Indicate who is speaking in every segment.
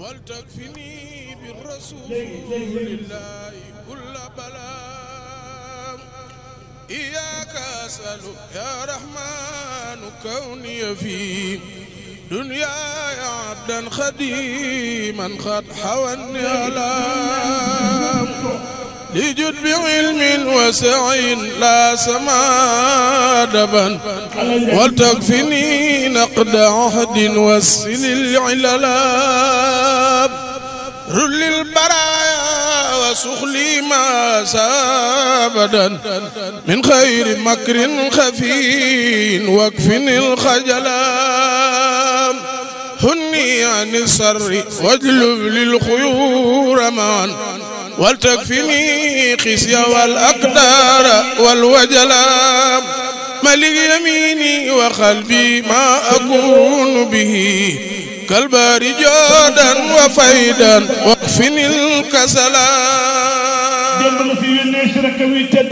Speaker 1: ولتكفني بالرسول لله كل بلاء إياك أسأل يا رحمن كوني في دنياي عبدا خديما قد حوى النعلام لجد بعلم وسعي لا سمادبا ولتكفني نقد عهد وسل العللاب رل البرايا وسخلي ما سابدا من خير مكر خفي واكفني الخجلام هني عن السر واجلب للخيور معا ولتكفني خزي والأقدار والوجلام ملك يميني وقلبي ما أكون به كالبار جودا وفيدا واكفني الكسلا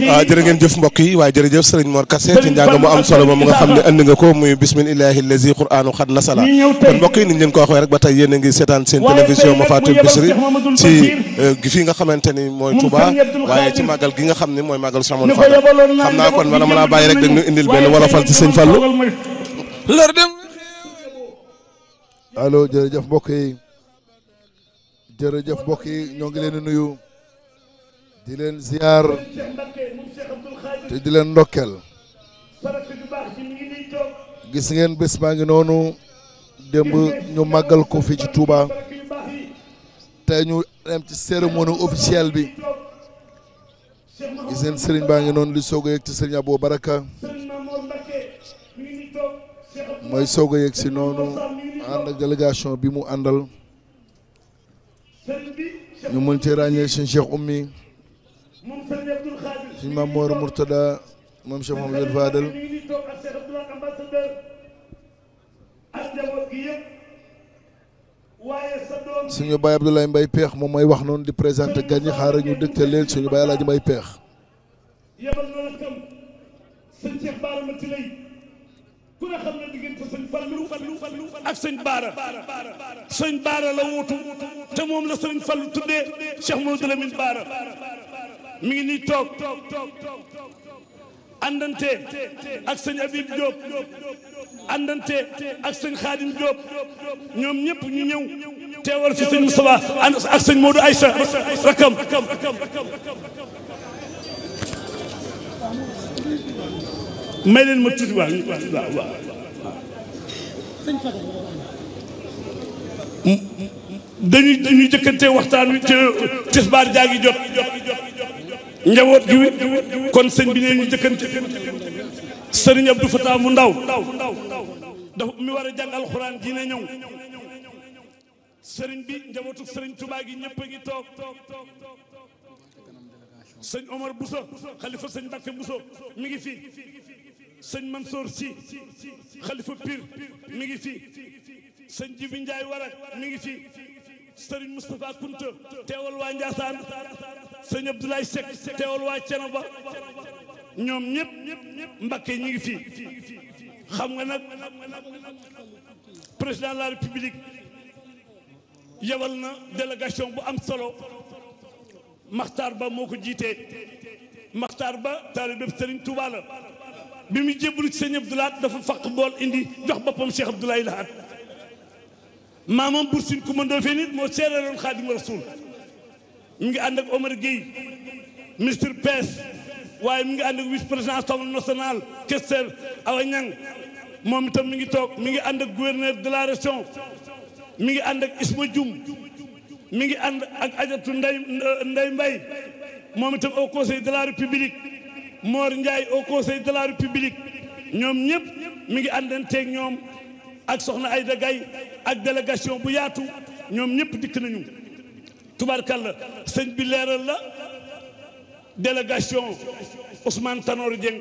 Speaker 2: waaw ah,
Speaker 3: jërë ngeen jëf mbokk yi waaye jërëjëf sëriñ Mor Kassé ci njàng mu am solo moom nga xam ne andi nga ko muy bismillahi lazi quranu xad nasala kon mbokk ko waxee rek ba tey yéen a ngi seetaan seen télévision Mafatul Bichri ci euh, fi nga xamante ni mooy Touba waaye ci màggal gi nga xam ne mooy màggal Samoul Fadal xam naa kon ma laa bàyyi rek dañ ñu indil benn wala fal ci sëñ
Speaker 4: Fallou jërëjëf mbokk yi mbokk yi ñoo ngi leen di nuyu di leen ziar te di leen ndokkeel gis ngeen bés baa ngi noonu démb ñu màggal ko fii ci Touba te ñu dem ci cérémonie officielle bi gis ngeen sëriñ baa ngi noonu li soog yëg ci sëriñ Abou Baraka mooy soog a yëg si noonu ànd ak bi mu àndal ñu mën ci ràññee seen Cheikh Oumy suñ maam Mor Mourtada moom Cheikh Mouhamadou Fadel suñu baay Abdoulaye Mbaye Peex moom mooy wax noonu di présenté gan ñi xaaral ñu dëgte leen suñu baay Alaaji Mbaye Peex
Speaker 2: ku ne xam ne diggante sëñ Fallu Fallu ak sëñ Baara sëñ Baara la wuutu te moom la sëñ Fallu tuddee Cheikh Mouhamadou Lamine Baara mi ngi nii toog àndante ak sëñ Habib Diop àndante ak sëñ Khadim Diop ñoom ñëpp ñu ñëw teewal fi sëñ Moustapha ànd ak sëñ Modou Aïssa rakam may leen ma tuuti waaw waaw waaw dañuy dañuy jëkkante waxtaan wi te tisbaar jaa ngi jot. njaboot gi kon sëñ bi nee ñu jëkkante sëriñ Abdou Fatah mu ndaw dafa mi war a jàng alxuraan dina ñëw sëriñ bi njabootu sëriñ Touba gi ñëpp a ngi toog sëñ Omar Bousso xalifa sëñ Mbacké Bousso mi ngi fii sëñ Mansour Sy xalifa Pire mi ngi fii sëñ Jibi Ndiaye Warak mi ngi fii sëriñ Moustapha Kounta teewal waa Ndiassane sëñ Abdoulaye Seck teewal waa Ceno ba ñoom ñëpp Mbakke ñi ngi fii xam nga nag président de la république yebal na délégation bu am solo Maxtaar Ba moo ko jiitee maxtar Ba taalibe Sëriñ Tuuba la bi mu jébbalu ci sëñ Abdoulaye dafa faq bool indi jox boppam Cheikh Abdoulaye Lahat maamam Boursine Coumba Ndofféne nit moo seeraloon Xaadimu Rasuul mi ngi ànd ak Omar Gueye ministre pêche waaye mi ngi ànd ak vice président assemblée nationale questeur Awa moom itam mi ngi toog mi ngi ànd ak gouverneur de la région mi ngi ànd ak Isma Dioum mi ngi ànd ak Adjatou Ndeye Ndeye mbay moom itam au conseil de la république Mor Ndiaye au conseil de la république ñoom ñëpp mi ngi àndanteeg ñoom ak soxna ay Gaye ak délégation bu yaatu ñoom ñëpp dikk nañu tubarkalla sëñ bi leeral la délégation Ousmane Tanor Dieng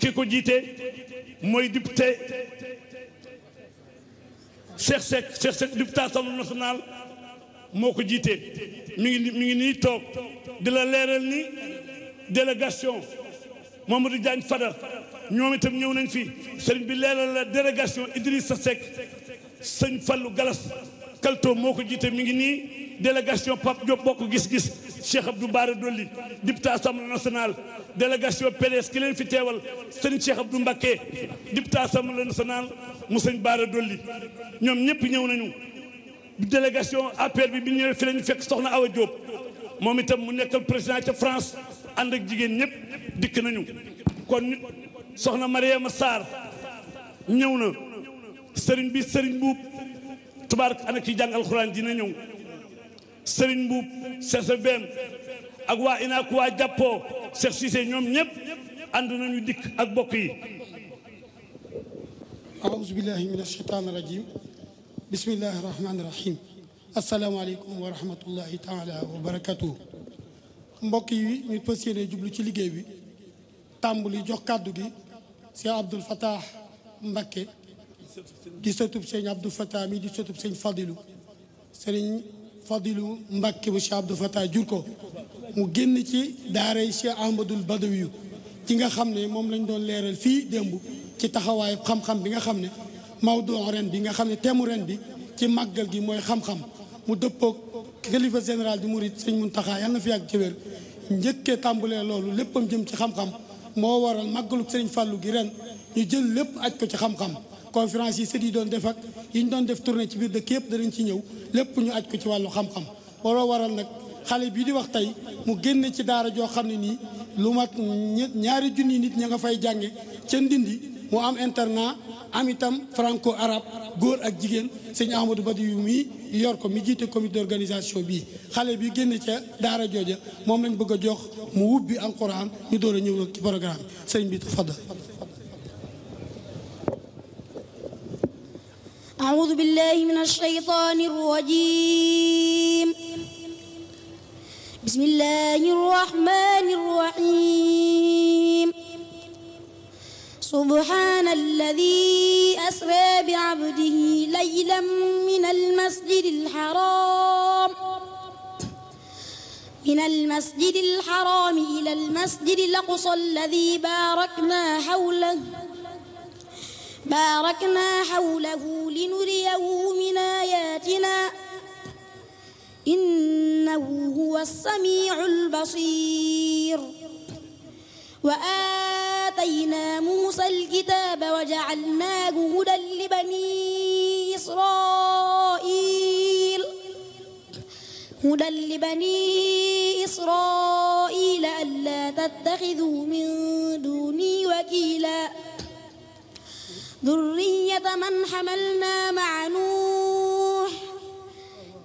Speaker 2: ki ko jiite mooy député Cheikh Seck Cheikh Seck député moo ko jiite mi ngi mi ngi nii toog di la leeral ni délégation moom Diagne Fada ñoom itam ñëw nañ fi sëñ bi leeral la délégation Idrissa Seck sëñ Fallou Galas Kalto moo ko jiite mi ngi nii délégation Pape Diop bokk gis-gis Cheikh Abdou Bara Dolly député assemblée nationale délégation PDS ki leen fi teewal sëñ Cheikh Abdou Mbacké député assemblée nationale mu sëñ Bara Dolly ñoom ñëpp ñëw nañu délégation APR bi bi ñëwee fi lañu fekk soxna aw a Diop moom itam mu nekkal président ca France ànd ak jigéen ñëpp dikk nañu kon soxna Mariama Sarr ñëw na sëriñ bi sëriñ buub tubaar ana ki jàng alxuraan dina ñëw Serigne Mbuub Cheikh sa ak waa inaak waa jàppoo Cheikh Cissé ñoom ñëpp ànd nañu dikk ak bokk yi
Speaker 5: aouzu billahi min asheytaan irajim bismillahi irahmani irahim asalaamaaleykum wa rahmatullahi taala wa yi ñu yéene jublu ci liggéey bi tàmbali jox kàddu gi Cheikh Abdoul Fattah Mbacké di sëtub sëñ Fadilu sëriñ Fadilu Mbàkke bu Cheikh Abdou Fatah jur ko mu génn ci daaray Cheikh Ahmadul Badawiyu ci nga xam ne moom lañ doon leeral fii démb ci taxawaayu xam-xam bi nga xam ne mawdu ren bi nga xam ne teemu ren bi ci màggal gi mooy xam-xam mu dëppoog xalifa général di murid sëñ Muntaxa yàlla na fi ak ci wér njëkkee tàmbalee loolu léppam jëm ci xam-xam moo waral màggalu sëriñ Fàllu gi ren ñu jël lépp aj ko ci xam-xam conférence yi sët yi doon def ak yi ñu doon def tournée ci biir dëkk yëpp danañ ci ñëw lépp ñu aj ko ci wàllu xam-xam looloo waral nag xale bii di wax tey mu génn ci daara joo xam ne nii lu mat ñaari junni nit ña nga fay jànge ca ndindi mu am internat am itam franco arabe góor ak jigéen sëñ Ahmadou Badiou mi yor ko mi jiite comité d'organisation bii xale bi génn ca daara jooja moom lañ bëgg a jox mu wubbi alquran ñu door a ñëw ci programme sëñ bi tafadal
Speaker 6: أعوذ بالله من الشيطان الرجيم بسم الله الرحمن الرحيم سبحان الذي أسرى بعبده ليلا من المسجد الحرام من المسجد الحرام إلى المسجد الأقصى الذي باركنا حوله باركنا حوله لنريه من آياتنا إنه هو السميع البصير وآتينا موسى الكتاب وجعلناه هدى لبني إسرائيل هدى لبني إسرائيل ألا تتخذوا من دوني وكيلاً ذرية من حملنا مع نوح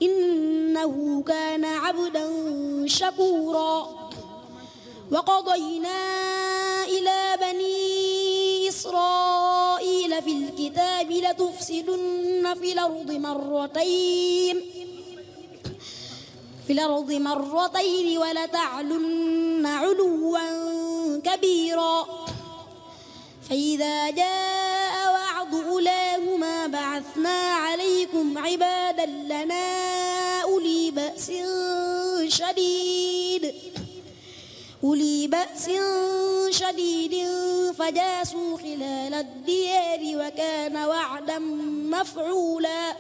Speaker 6: إنه كان عبدا شكورا وقضينا إلى بني إسرائيل في الكتاب لتفسدن في الأرض مرتين في الأرض مرتين ولتعلن علوا كبيرا فإذا جاء وعد أولاهما بعثنا عليكم عبادا لنا أولي بأس شديد أولي بأس شديد فجاسوا خلال الديار وكان وعدا مفعولا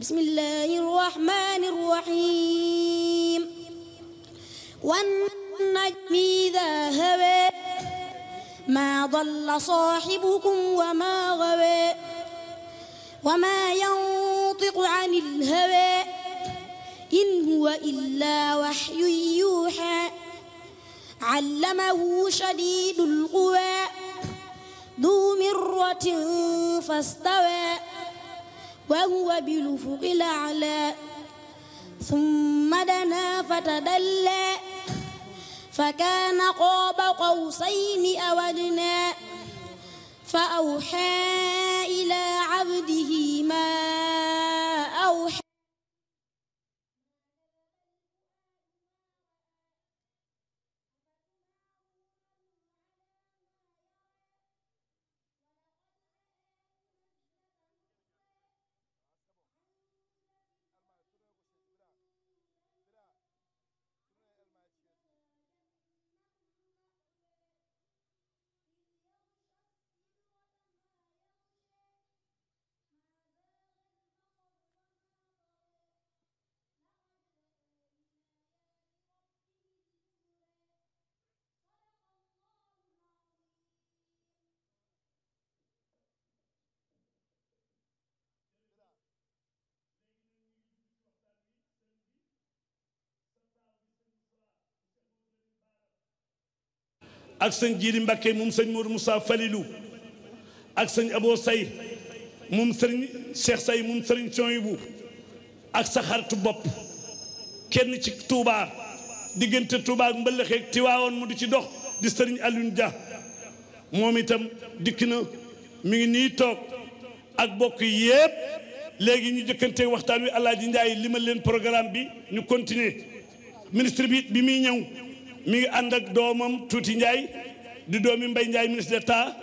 Speaker 6: بسم الله الرحمن الرحيم والنجم إذا هوى ما ضل صاحبكم وما غوى وما ينطق عن الهوى إن هو إلا وحي يوحى علمه شديد القوى ذو مرة فاستوى وهو بالأفق الأعلى ثم دنا فتدلى فكان قاب قوسين أو أدنى فأوحى إلى عبده ما
Speaker 2: ak sëñ jiiri Mbàkke moom sëñ Moodu Moussa Falilou ak sëñ Abo Say moom sëriñ Cheikh Say mu sëriñ Soyibu ak sa xaritu bopp kenn ci Touba diggante Touba ak mbëllëxeeg Tiwaawoon mu di ci dox di sëriñ Alioune Dia moom itam dikk na mi ngi nii toog ak bokk yépp léegi ñu jëkkante waxtaan wi Alaaji Njaay li ma leen programme bi ñu continuer ministre bi bi muy ñëw mi ngi ànd ak doomam Tuuti Njaay di doomi Mbay Njaay ministre d'État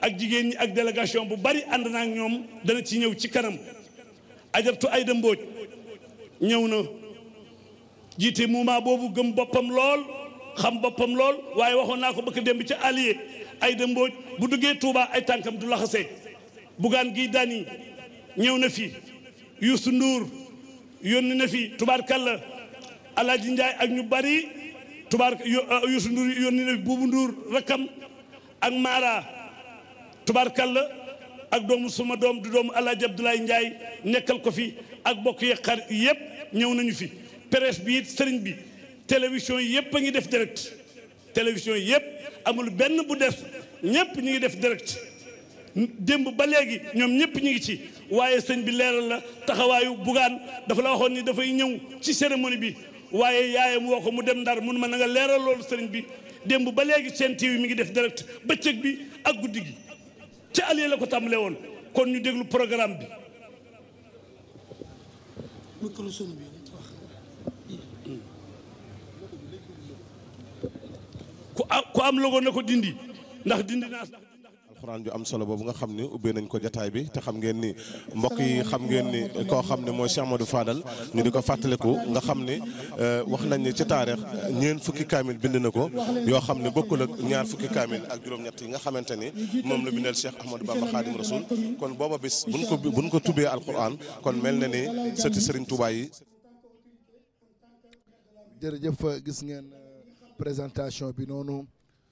Speaker 2: ak jigéen ñi ak délégation bu bari ànd naa ñoom dana ci ñëw ci kanam ajartu Ayda Mbóoj ñëw na jiite mouvement boobu gëm boppam lool xam boppam lool waaye waxoon naa ko bëgg dem ci allier ay Ayda Mbóoj bu duggee Touba ay tànkam du laxase bugaan gi dani ñëw na fi Youssou nduur yónni na fi tubaarkalla Alaaji Njaay ak ñu bari tubaar euh, Youssou Ndour yónni na Buubu Ndour rakkam ak Mara tubaarkalla ak doomu suma doom du doomu Alaaji Abdoulaye Ndiaye nekkal ko fi ak bokk yaqar yëpp ñëw nañu fi presse bi it sëriñ bi télévision yëpp a ngi def direct télévision yëpp amul benn bu def ñëpp ñu ngi def direct démb ba léegi ñoom ñëpp ñu ngi ci waaye sëñ bi leeral la taxawaayu bugaan dafa la waxoon ni dafay ñëw ci cérémonie bi waaye yaayam woo ko mu dem ndar mun ma na leeral loolu sëriñ bi démb ba léegi seen mi ngi def direct bëccëg bi ak guddi gi ci Aliou la ko tàmbalee woon kon ñu déglu programme bi. ku am logo na ko dindi ndax dindi naa.
Speaker 3: alxuraan ju am solo boobu nga xam ne ubbee nañ ko jataay bi te xam ngeen ni mbokk yi xam ngeen ni koo xam ne mooy Cheikh Amadou Fadal ñu di ko fàttaliku nga xam ne euh, wax nañ ne ci taarix ñeen fukki kaamil bind na ko yoo xam ne bokk ak ñaar fukki kaamil ak juróom-ñett yi nga xamante ni moom la bindal Cheikh Ahmadou Bamba Khadim Rasoul kon booba bis buñ ko buñ ko tubbee alxuraan kon mel na ni sëti seriñ Touba yi.
Speaker 4: jërëjëf gis ngeen euh, présentation bi noonu.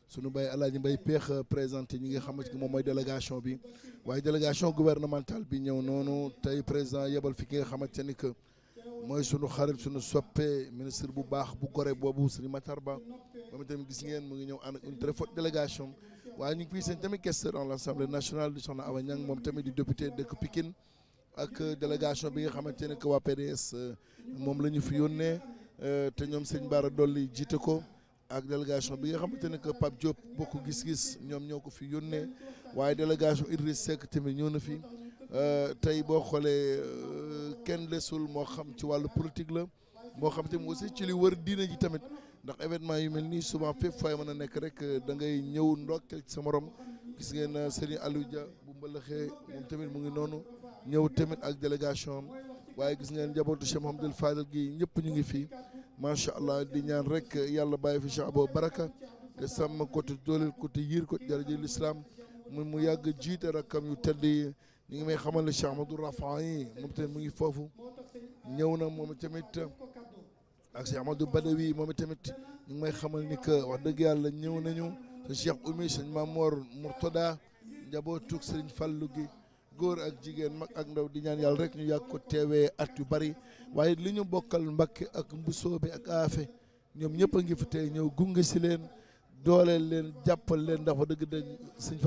Speaker 4: sunu bay alaaji mbay peex euh, présenté ñi nga xamante ni moom mooy délégation bi waaye délégation gouvernementale bi ñëw noonu tey président yebal fi ki nga xamante ni que mooy sunu xarit sunu soppe ministre bu baax bu gore boobu Serigne Matar Ba moom tamit gis ngeen mu ngi ñëw ànd ak une délégation waaye ñu ngi fii seen tamit l' assemblée nationale di soxna Awa Niang moom tamit di député dëkk Pikine ak euh, délégation bi nga xamante ne que waa PDS euh, moom la ñu fi yónnee te ñoom sëñ Bara Dolly jiite ko. ak délégation bi nga xamante ne que Pape Diop bokk gis-gis ñoom ñoo ko fi yónnee waaye délégation Idriss Seck tamit ñëw na fi euh, tey boo xoolee euh, kenn lesul moo xam ci wàllu politique la moo xam tamit aussi ci li war diine ji tamit ndax événement yu mel nii souvent fépp fay mën a nekk rek euh, da ngay ñëw ndokkeel sa morom gis ngeen Serigne Aliou bu mbalaxee moom tamit mu ngi noonu ñëw tamit ak délégation am waaye gis ngeen njabootu Cheikh del Fadal gi ñëpp ñu ngi fii macha allah di ñaan rek yàlla bàyyi fi Cheikh Abo Baraka te sàmm ko te dooleel ko te yiir ko jërëjëf lislaam mu mu yàgg jiite rakkam yu tedd yi ñu ngi may xamal ne Cheikh Amadou Rafa yi moom tamit mu ngi foofu ñëw na moom tamit ak Cheikh Amadou Badawi moom tamit ñu may xamal ni que wax dëgg yàlla ñëw nañu sa Cheikh Oumy sëñ Mamoor Murtada njabootug sëriñ Fàllu gi góor ak jigéen mag ak ndaw di ñaan yàlla rek ñu yàgg ko teewee at yu bari waaye li ñu bokkal Mbakke ak Mbusoobe ak Aafe ñoom ñëpp a ngi fi tey ñëw gunge si leen dooleel leen jàppal leen ndax dëgg dëgg Sëñ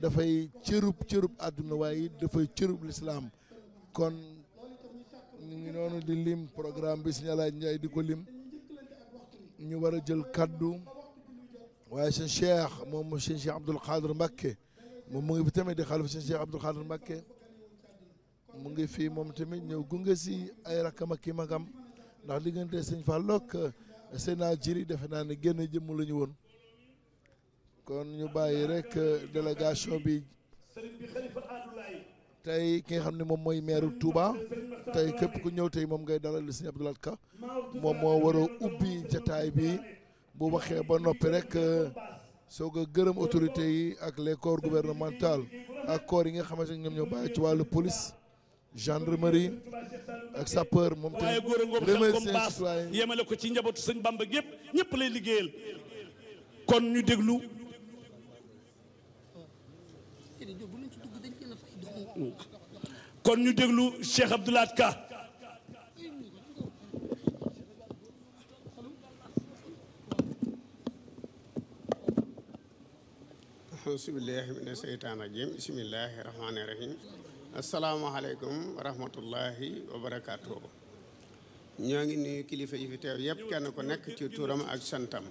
Speaker 4: dafay cërub cërub àdduna waaye dafay cërub lislaam kon ñu ngi noonu di lim programme bi Sëñ Alaaji Njaay di ko lim ñu war a jël kaddu waaye seen cheikh moom seen cheikh Abdul Xaadir Mbakke moom mu ngi fi tamit di xalifa seen cheikh Abdul Xaadir Mbakke mu ngi fii moom tamit ñëw gunge si ay rakkam ak i magam ndax diggante sëñ Fallou ak eh, seen jiri defe naa ne génn jëmm la ñu woon kon ñu bàyyi rek eh, délégation bi tey ki nga xam ne moom mooy maire Touba tey képp ku ñëw tey moom ngay dalal sëñ Abdou Lahad Ka moom moo war a ubbi jataay bi bu waxee ba noppi rek eh, soo ko gërëm autorités yi ak les corps gouvernementaux ak corps yi nga xamante ne ñoom ñoo bàyyi ci wàllu police gendarmerie ak sapeur moom tamit waaye góor a ngoom sax comme baas
Speaker 2: yemale ko ci njabootu sëñ Bamba gépp ñëpp lay liggéeyal kon ñu déglu kon ñu déglu Cheikh Abdou Lahad Ka
Speaker 7: asalaamaaleykum wa rahmatullahi wa barakaatu. ñoo ngi nuyu kilifa yi fi teew yëpp kenn ku nekk ci turam ak santam.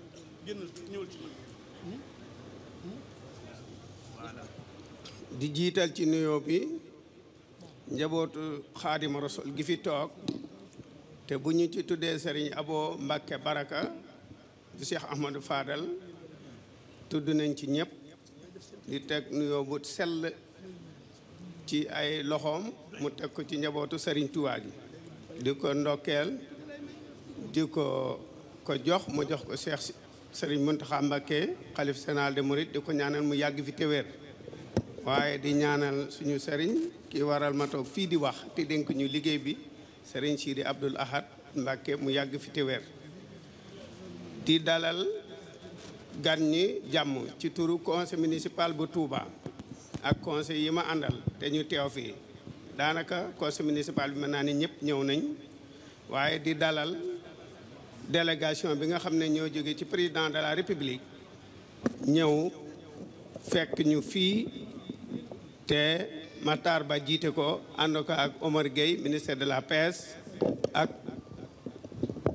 Speaker 7: di jiital ci nuyoo bi njabootu xaadima rasul gi fi toog te bu ñu ci tuddee sëriñ aboo Mbàkke Baraka bu Cheikh Ahmadou Fadal tudd nañ ci ñëpp di teg nuyoo bu sell ci ay loxoom mu teg ko ci njabootu sëriñ Touba gi di ko ndokkeel di ko ko jox mu jox ko Cheikh Serigne Mountakha Mbacké xalif général des mourides di ko ñaanal mu yàgg fi téwéer waaye di ñaanal suñu sëriñ ki waral ma toog fii di wax te dénk ñu liggéey bi Serigne Sidi Abdoul Ahad Mbacké mu yàgg fi téwéer di dalal gan ñi jàmm ci turu conseil municipal bu tuuba ak conseil yi ma àndal te ñu teew fii daanaka conseil municipal bi mën naa ni ñëpp ñëw nañ waaye di dalal délégation bi nga xam ne ñoo jóge ci président de la république ñëw fekk ñu fii te Matar Ba jiite ko ànd ko ak Omar Gueye ministre de la pêche ak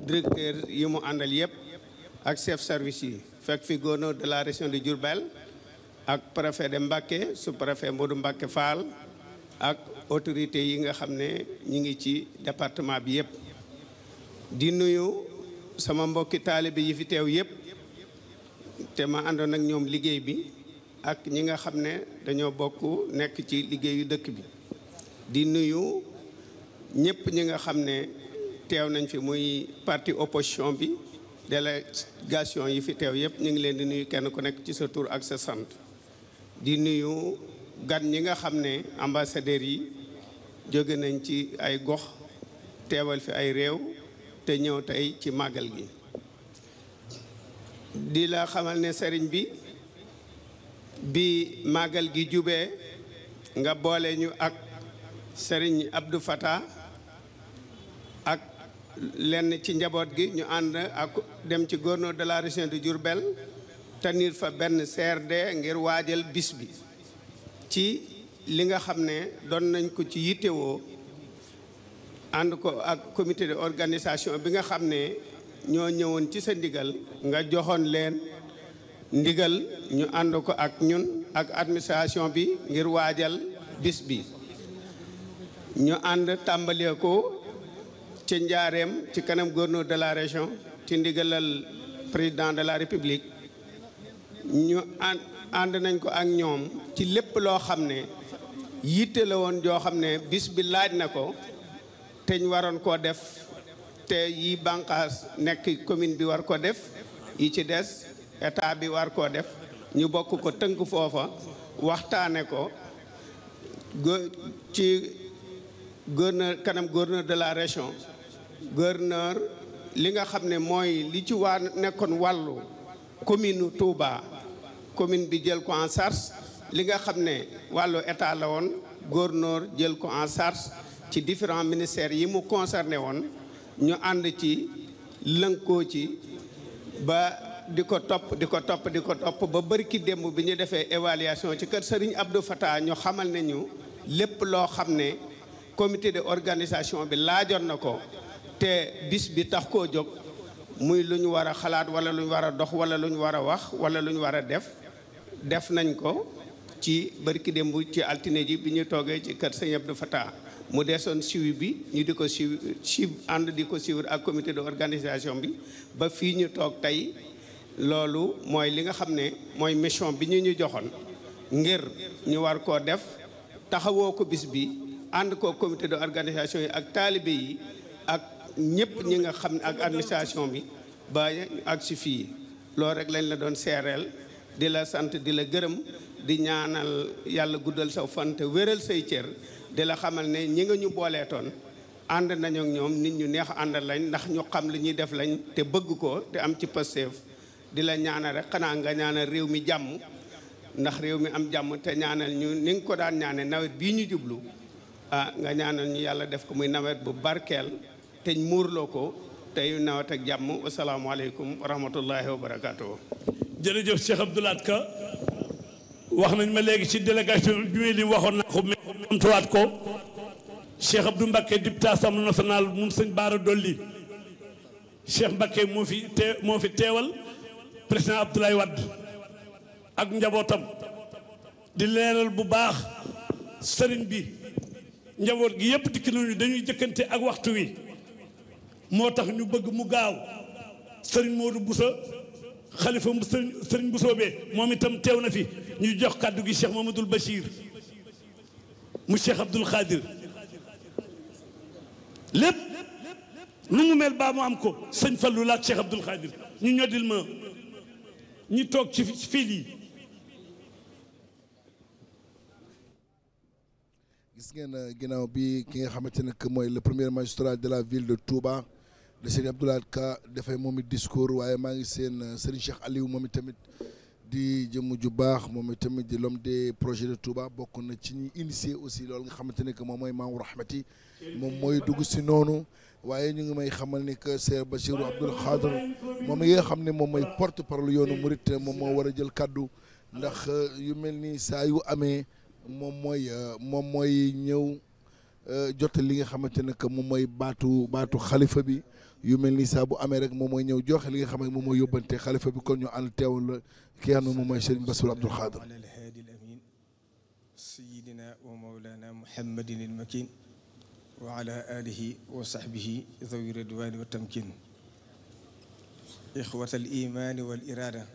Speaker 7: directeur yi mu àndal yëpp ak chef service yi fekk fi gouverneur de la région de Diourbel ak préfet de Mbacké su préfet Modou Mbacké Fall ak autorité yi nga xam ne ñi ngi ci département bi yëpp di nuyu sama mbokki taalibe yi fi teew yëpp te ma àndoon ak ñoom liggéey bi ak ñi nga xam ne dañoo bokk nekk ci liggéeyu dëkk bi di nuyu ñëpp ñi nga xam ne teew nañ fi muy parti opposition bi délégation yi fi teew yëpp ñu ngi leen di nuyu kenn ku nekk ci sa tur ak sa sant di nuyu gan ñi nga xam ne ambassadeurs yi jóge nañ ci ay gox teewal fi ay réew te ñëw tey ci màggal gi di la xamal ne sëriñ bi bi màggal gi jubee nga boole ñu ak sëriñ Abdou Fata ak lenn ci njaboot gi ñu ànd ak dem ci gouverneur de la région de Diourbel te tenir fa benn de ngir waajal bis bi ci li nga xam ne doon nañ ko ci yittewoo ànd ko ak comité de organisation bi nga xam ne ñoo ñëwoon ci sa ndigal nga joxoon leen ndigal ñu ànd ko ak ñun ak administration bi ngir waajal bis bi ñu ànd tàmbalee ko ci njaareem ci kanam gouverneur de la région ci ndigalal président de la république ñu ànd nañ ko ak ñoom ci lépp loo xam ne yitte la woon joo xam ne bis bi laaj na ko te ñu waroon koo def te yi bànqaas nekk commune bi war koo def yi ci des état bi war koo def ñu bokk ko tënk foofa waxtaane ko ci gouverneur kanam gouverneur de la région gouverneur li nga xam ne mooy li ci waa nekkoon wàllu commune Touba commune bi jël ko en charge li nga xam ne wàllu état la woon gouverneur jël ko en charge ci différent ministères yi mu concerné woon ñu ànd ci lënkoo ci ba di ko topp di ko topp di ko topp ba bëriki démb bi ñu defee évaluation ci kër Serigne Abdou Fattah ñu xamal ne ñu lépp loo xam ne commité de organisation bi laajoon na ko te bis bi tax koo jóg muy lu ñu war a xalaat wala lu ñu war a dox wala lu ñu war a wax wala lu ñu war a def def nañ ko ci barki démb ci altine ji bi ñu toogee ci kër sëñ Abdou Fatah mu desoon suivi bi ñu di ko suivi suivi ànd di ko suivre ak comité organisation bi ba fii ñu toog tey loolu mooy li nga xam ne mooy mission bi ñu ñu joxoon ngir ñu war koo def taxawoo ko bis bi ànd koo commité de d'organisation yi ak taalibe yi ak ñëpp ñi nga xam ak administration bi ba ak si fii loolu rek lañ la doon seereel di la sant di la gërëm di ñaanal yàlla guddal saw fan te wéral say cër di la xamal ne ñi nga ñu booleetoon ànd nañu ñoom nit ñu neex ànd lañ ndax ñu xam li ñuy def lañ te bëgg ko di am ci pasteef di la ñaana rek xanaa nga ñaanal réew mi jàmm ndax réew mi am jàmm te ñaanal ñu ni ko daan ñaane nawet bii ñu jublu ah nga ñaanal ñu yàlla def ko muy nawet bu barkeel teñ muurloo ko tey nawet ak jàmm asalaamualeykum wa rahmatullahi wa barakaatu. jërëjëf Cheikh Abdoulaye Ka wax nañ ma léegi ci
Speaker 2: délégation bi muy lim waxoon naa ko même tuwaat ko Cheikh Abdou Mbacké député Assemblée nationale moom sëñ Baara Dolli Cheikh Mbacké moo fi tee moo fi teewal président Abdoulaye Wade ak njabootam di leeral bu baax sëriñ bi njaboot gi yëpp dikk nañu dañuy jëkkante ak waxtu wi. moo tax ñu bëgg mu gaaw sëriñ Modou Boussa xalifa sëriñ sëriñ Boussobé moom itam teew na fi ñu jox kàddu gi Cheikh Mamadou Bachir mu Cheikh Abdoul Khadir lépp nu mu mel baa mu am ko sëñ fal lu laat Cheikh Abdoul Khadir ñu ñoddil ma ñi toog ci fil yi
Speaker 4: gis ngeen euh, ginnaaw bi ki nga xamante ne que mooy le premier magistrat de la ville de Touba la Serigne Abdoulaye Ka defee moom i discours waaye maa ngi seen euh, Serigne Cheikh Aliou moom tamit di jëm ju baax moom tamit di l'homme des projets de Touba bokk na ci indi initié aussi loolu nga xamante ni que moom mooy Maamu Rahmati moom mooy dugg si noonu waaye ñu ngi may xamal ni que Serigne Bachirou Abdoul Khadr moom mi nga xam ne moom mooy porte parole yoonu murit moom moo war a jël kaddu ndax euh, yu mel ni saa yu amee moom mooy euh, moom mooy ñëw jot li nga xamante ne que moom mooy baatu baatu xalifa bi. yu mel ni saa bu amee rek moom mooy ñëw joxe li nga xam ne moom mooy yóbbante xalifa bi kon ñu ànd teewal la ki nga xam ne moom mooy Sëriñ Bassirou Abdoul Khadr
Speaker 8: sayidina wa mawlana muhammadin ilmakin wa ala alihi wa saxbihi zawi ridwani wa tamkin ixwat alimaani wal iraada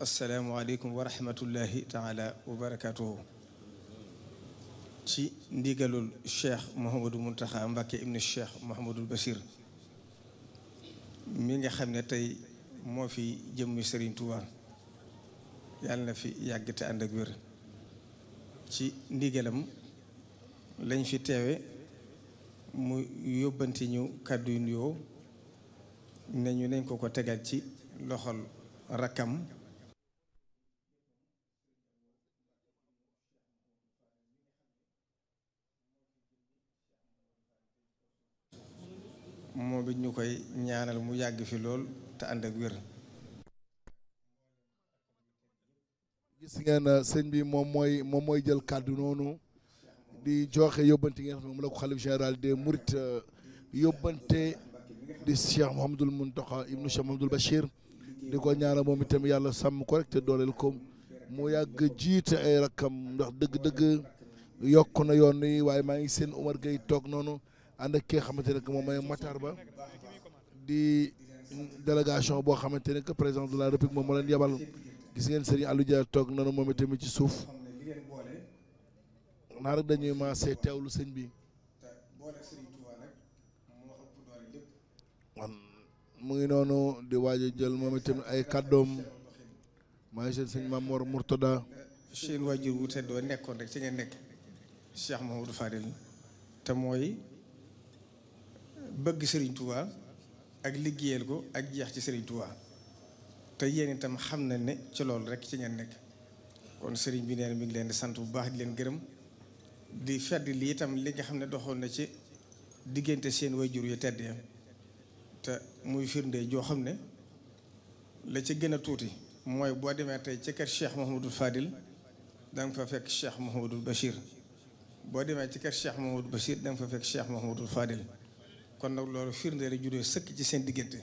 Speaker 8: assalaamu aleykum wa rahmatullahi taala wa barakatuhu ci ndigalul cheikh mohamadou muntaxa mbàkke ibnu cheikh mohamadul basir mi nga xam ne tey moo fi jëmmi Serigne Touba yàlla na fi yàgg te ànd ak wér ci ndigalam lañ fi teewe mu yóbbanti ñu kàddu yu nuyoo ne ñu nañ ko ko tegal ci loxol rakkam moom it ñu koy ñaanal mu yàgg fi lool te ànd ak wér.
Speaker 4: gis ngeen euh, sëñ bi moom mooy moom mooy jël kàddu noonu di joxe yóbbante ngeen xam ne moom la ko xalif général des Mourides euh, yóbbante di Cheikh Mouhamadul Mountakha ibnu Cheikh Mouhamadul Bachir di ko ñaanal moom itam yàlla sàmm ko rek te dooleel ko mu yàgg jiite ay rakkam ndax dëgg-dëgg yokk na yoon wi waaye maa ngi seen Umar Gueye toog noonu. ànd ak ki nga xamante ne que moom mooy Matar Ba di délégation boo xamante ne que président de la république moom moo leen yebal gis ngeen Serigne Aliou Dia toog nanu moom itamit ci suuf naa rek dañuy maasee teewlu sëñ bi mu ngi noonu di waaj jël moom itamit ay kàddoom maa ngi seen sëñ Mamour Mourtada
Speaker 8: seen waajur wu tedd nekkoon rek ci ngeen nekk Cheikh Mahamadou Fadil te mooy bëgg sëriñ Touba ak liggéeyal ko ak jeex ci Serigne Touba te yéen itam xam na ne ci loolu rek ci ngeen nekk kon Serigne bi neen mi ngi leen di sant bu baax di leen gërëm di fedd lii itam li nga xam ne doxoon na ci diggante seen way jur yu tedd te muy firnde joo xam ne la ci gën a tuuti mooy boo demee tey ci kër Cheikh Mouhamadou Fadil da nga fa fekk Cheikh Mouhamadou Bachir boo demee ci kër Cheikh Mouhamadou Bachir da nga fa fekk Cheikh kon nag loolu firnde la sëkk ci seen diggante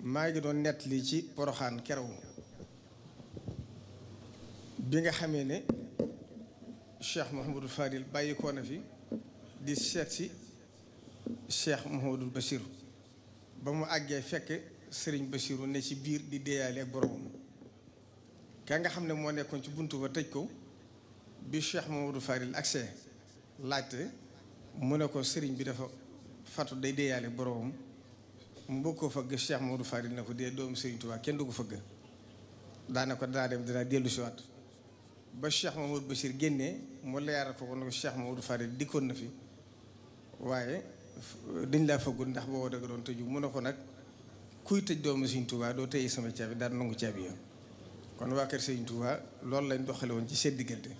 Speaker 8: maa ngi doon nett li ci poroxaan keroog bi nga xamee ne cheikh Mouhamadou Fadil bàyyi koo na fi di seet si cheikh Mouhamadou Bachir ba mu àggee fekk sëriñ Bachiru ne ci biir di deeyaale ak boromam ka nga xam ne moo nekkoon ci bunt ba tej ko bi cheikh Mouhamadou Fadil accès laajte mu ne ko sëriñ bi dafa fatu day deeyaale boroom mu bokkoo fëgg Cheikh Modou Farid na ko dee doom Serigne Touba kenn du ko fëgg daana ko daa dem dinaa dellu waat ba Cheikh Mamadou Bachir génnee mu leeral ko kon Cheikh Mamadou Farid dikkoon na fi waaye dañ laa fëggul ndax boo da nga doon tëju ko nag kuy tëj doomu Serigne doo tëye sama caabi daan nangu caabi yoon kon waa kër Serigne Touba loolu lañ doxale woon ci seen diggante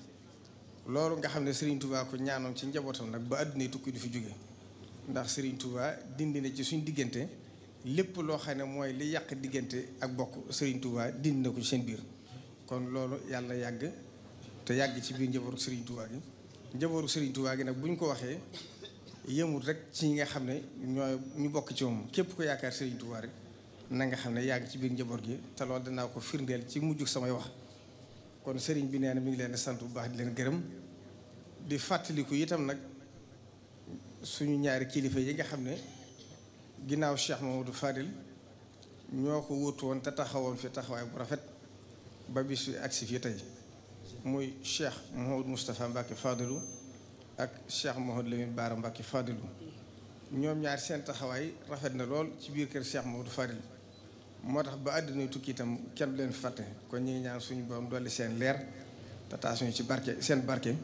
Speaker 8: loolu nga xam ne Serigne Touba ko ñaanoon ci njabootam nag ba àdduna tukki du fi jóge ndax Serigne Touba dindi na ci suñ diggante lépp loo xam ne mooy li yàq diggante ak bokk Serigne Touba dindi na ko ci seen biir kon loolu yàlla yàgg te yàgg ci biir njabootu Serigne Touba gi njabootu Serigne nag bu ñu ko waxee yëmut rek ci ñi nga xam ne ñooy ñu bokk ci moom képp ko yaakaar Serigne Touba rek na nga xam ne yàgg ci biir njaboot gi te loolu danaa ko firndeel ci mujj samay wax kon sëriñ bi nee na mi ngi leen sant bu baax di leen gërëm di fàttaliku itam nag. suñu ñaari kilifa yi nga xam ne ginnaaw Cheikh Mamadou Fadil ñoo ko wuutu woon te taxawoon fi taxawaay bu rafet ba bis bi agsi fii tey muy Cheikh Mamadou Moustapha Mbacke Fadilu ak Cheikh Mamadou Lamine Baara Mbacke Fadilu ñoom ñaar seen taxawaay rafet na lool ci biir kër Cheikh Mamadou Fadil moo tax ba àddina tukki itam kenn leen fàtte kon ñu ngi ñaan suñu boom dolli seen leer te taasuñu ci barke seen barke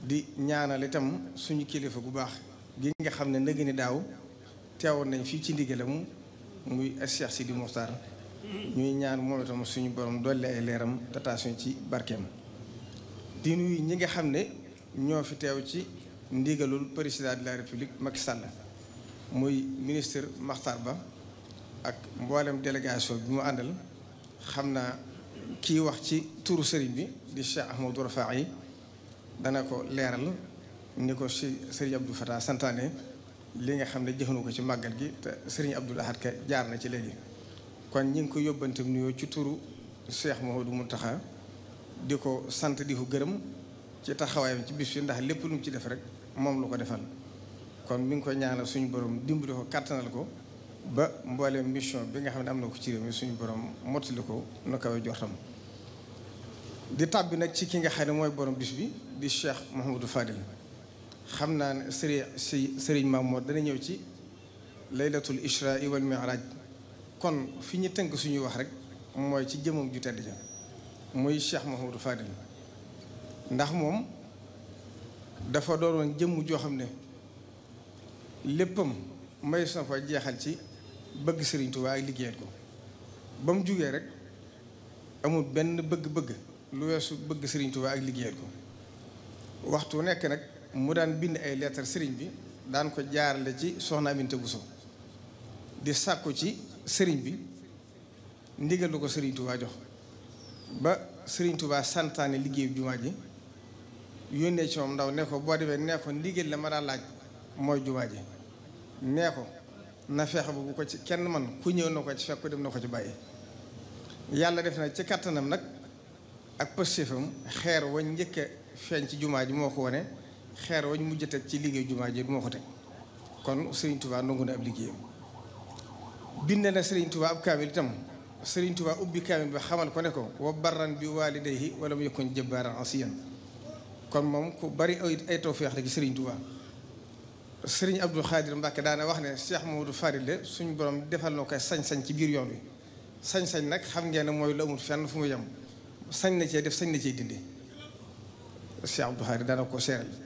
Speaker 8: di ñaanal itam suñu kilifa gu baax gi nga xam ne ndëgg ni daaw teewoon nañ fii ci ndigalam muy Cheikh Sidi Mokhtar ñuy ñaan moom suñu borom dolli ay leeram tataasuñ ci barkeem di nuyu ñi nga xam ne ñoo fi teew ci ndigalul président de la république Macky Sall muy ministre Makhtar Ba ak mboolem délégation bi mu àndal xam naa kii wax ci turu sëriñ bi di Cheikh Ahmadou Rafahi dana ko leeral ni ko si sëriñ Abdou Fatah santaane li nga xam ne jëfandu ko ci màggal gi te sëriñ Abdoul Ahad ka jaar na ci léegi kon ñi ngi ko yóbbantam nuyoo ci turu Cheikh Mouhamadou Mountakha di ko sant di ko gërëm ci taxawaayam ci bis yi ndax lépp lu ci def rek moom lu ko defal kon mi ngi koy ñaanal suñu borom dimbali ko kàttanal ko ba mbooleem mission bi nga xam ne am na ko ci réew mi suñu borom mottali ko nu kawe jortam di tàbbi nag ci ki nga xam ne mooy borom bis bi di Cheikh Mouhamadou Fadil xam naa ne sëriñ si sëriñ Mamour dana ñëw ci laylatul isra wal mi'raj kon fi ñu tënk suñuy wax rek mooy ci jëmam ju tedd ja muy Cheikh Mahamadou Fadil ndax moom dafa doon jëmm joo xam ne léppam may sa fa jeexal ci bëgg sëriñ Tuubaa ak liggéeyal ko ba mu jugee rek amul benn bëgg-bëgg lu weesu bëgg sëriñ Tuubaa ak liggéeyal ko waxtu nekk nag mu daan bind ay lettre sëriñ bi daan ko jaarale ci soxna bu Bousso di sàkku ci sëriñ bi ndigal lu ko sëriñ Touba jox ba sëriñ Touba santaane liggéey jumaa ji yónnee ci moom ndaw ne ko boo demee nee ko ndigal la ma daan laaj mooy jumaa ji nee ko na feex bu ko ci kenn man ku ñëw na ko ci fekk dem na ko ci bàyyi yàlla def na ci kattanam nag ak pëstéefam xeer wa njëkk feeñ ci jumaa ji moo ko wone xeer wañ mujj teg ci liggéey jumaa ji moo ko teg kon Serigne Touba nangu na ab liggéey bind na Serigne Touba ab kaamil itam Serigne Touba ubbi kaamil ba xamal ko ne ko wa barran bi waalidayhi walam yakun jabbaaran asiyan kon moom ku bari ay tawfeex la ci sëriñ Touba Serigne Abdou Khadir Mbacke daana wax ne Cheikh Mamadou Farid la suñ borom defal na ko sañ-sañ ci biir yoon wi sañ-sañ nag xam ngeen ne mooy lu amul fenn fu mu yem sañ na cee def sañ na cee dindi Cheikh Abdou ko seeral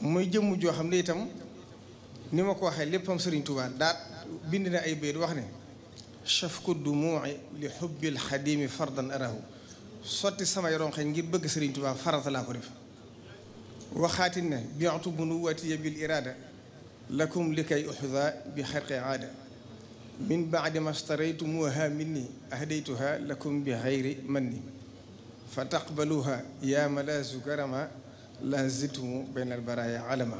Speaker 8: muy jëmm joo xam ne itam ni ma ko waxee léppam Sëriñ Tuubaa daat na ay béyt wax ne chafku dumuuci li xubbil xadimi fardan arahu sotti samay ronxañ ngir bëgg Sëriñ Tuubaa farata laa ko def waxaati ne biatu bunuwatiya bil iraada lakum li kay bi xarqi aada min baadi ma staraytumuha minni ahdaytuha lakum bi xayri manni fa taqbaluha yaa malaasu karama la zitumu benn baraaya alama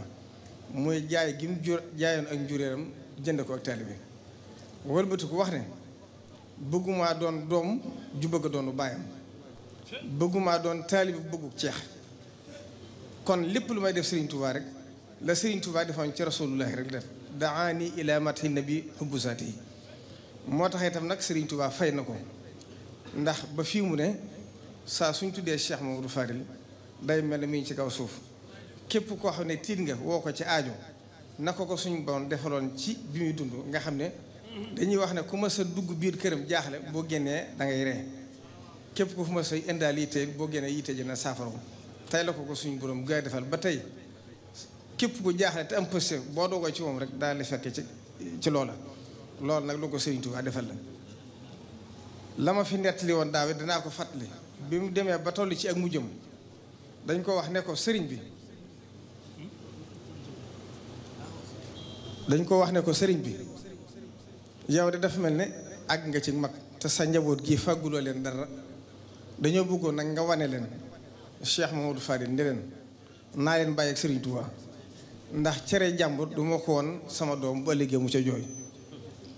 Speaker 8: mooy jaay gi mu jur jaayoon ak njuréeram jënd ko ak taalibe bi wëlbatiku wax ne bëggumaa doon doom ju bëgg a doonu baayam bëggumaa doon taalibe bu bëggu ceex kon lépp lu may def Serigne Touba rek la Serigne Touba defoon ci rasulullahi rek def daani ila mati bi hubbu saati yi moo tax itam nag Serigne Touba fay na ko ndax ba fii mu ne saa suñ tuddee Cheikh Mamadou Fadil day mel ne mi ngi ci kaw suuf képp koo xam ne tiit nga woo ko ci aajo na ko ko suñu borom defaloon ci bi muy dund nga xam ne dañuy wax ne ku ma sa dugg biir këram jaaxle boo génnee da ngay ree képp ku fu ma sa indaal yitte boo génnee yitte ji na saafara tey la ko ko suñu borom gaa defal ba tey képp ku jaaxle te am posté boo doogoo ci moom rek daal di fekk ci loola loolu nag lu ko Sëriñ Tuubaa defal la la ma fi nettali woon daaw danaa ko fàttali bi mu demee ba toll ci ak mujjam dañ ko wax ne ko sëriñ bi dañ ko wax ne ko sëriñ bi yow de dafa mel ne àgg nga ci mag te sa njaboot gi fàgguloo leen dara dañoo bëggoon nag nga wane leen Cheikh Mamadou Fadil ne leen naa leen bàyyi ak sëriñ ndax cere jàmbur du ko woon sama doom bu ëllëgee mu ca jooy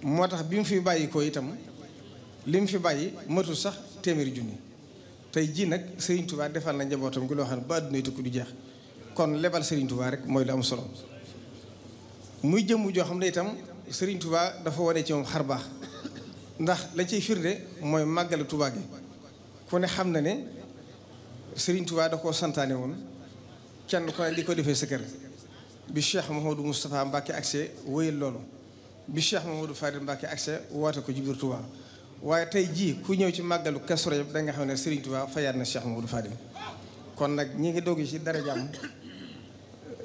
Speaker 8: moo tax bi mu fi bàyyi ko itam li mu fi bàyyi matul sax téeméeri junni tey jii nag Serigne tubaa defal na njabootam gi loo xam ne ba àdduna tukki du jeex kon lebal Serigne Touba rek mooy lu am solo muy jëmm joo xam ne itam sëriñ tubaa dafa wane ci moom xar baax ndax la ciy firnde mooy màggalu Touba gi ku ne xam na ne sëriñ tubaa da koo santaane woon kenn ku ne di ko defee bi kër bi Cheikh Mouhamadou Moustapha Mbacke accès wéyal loolu bi Cheikh Mouhamadou Fadil Mbacke accès woote ko ci biir waaye tey jii ku ñëw ci màggalu Kazu Rajab da nga xam ne Serigne Touba fayaat na Cheikh Mamadou Fadim kon nag ñi ngi dogg ci dara jàmm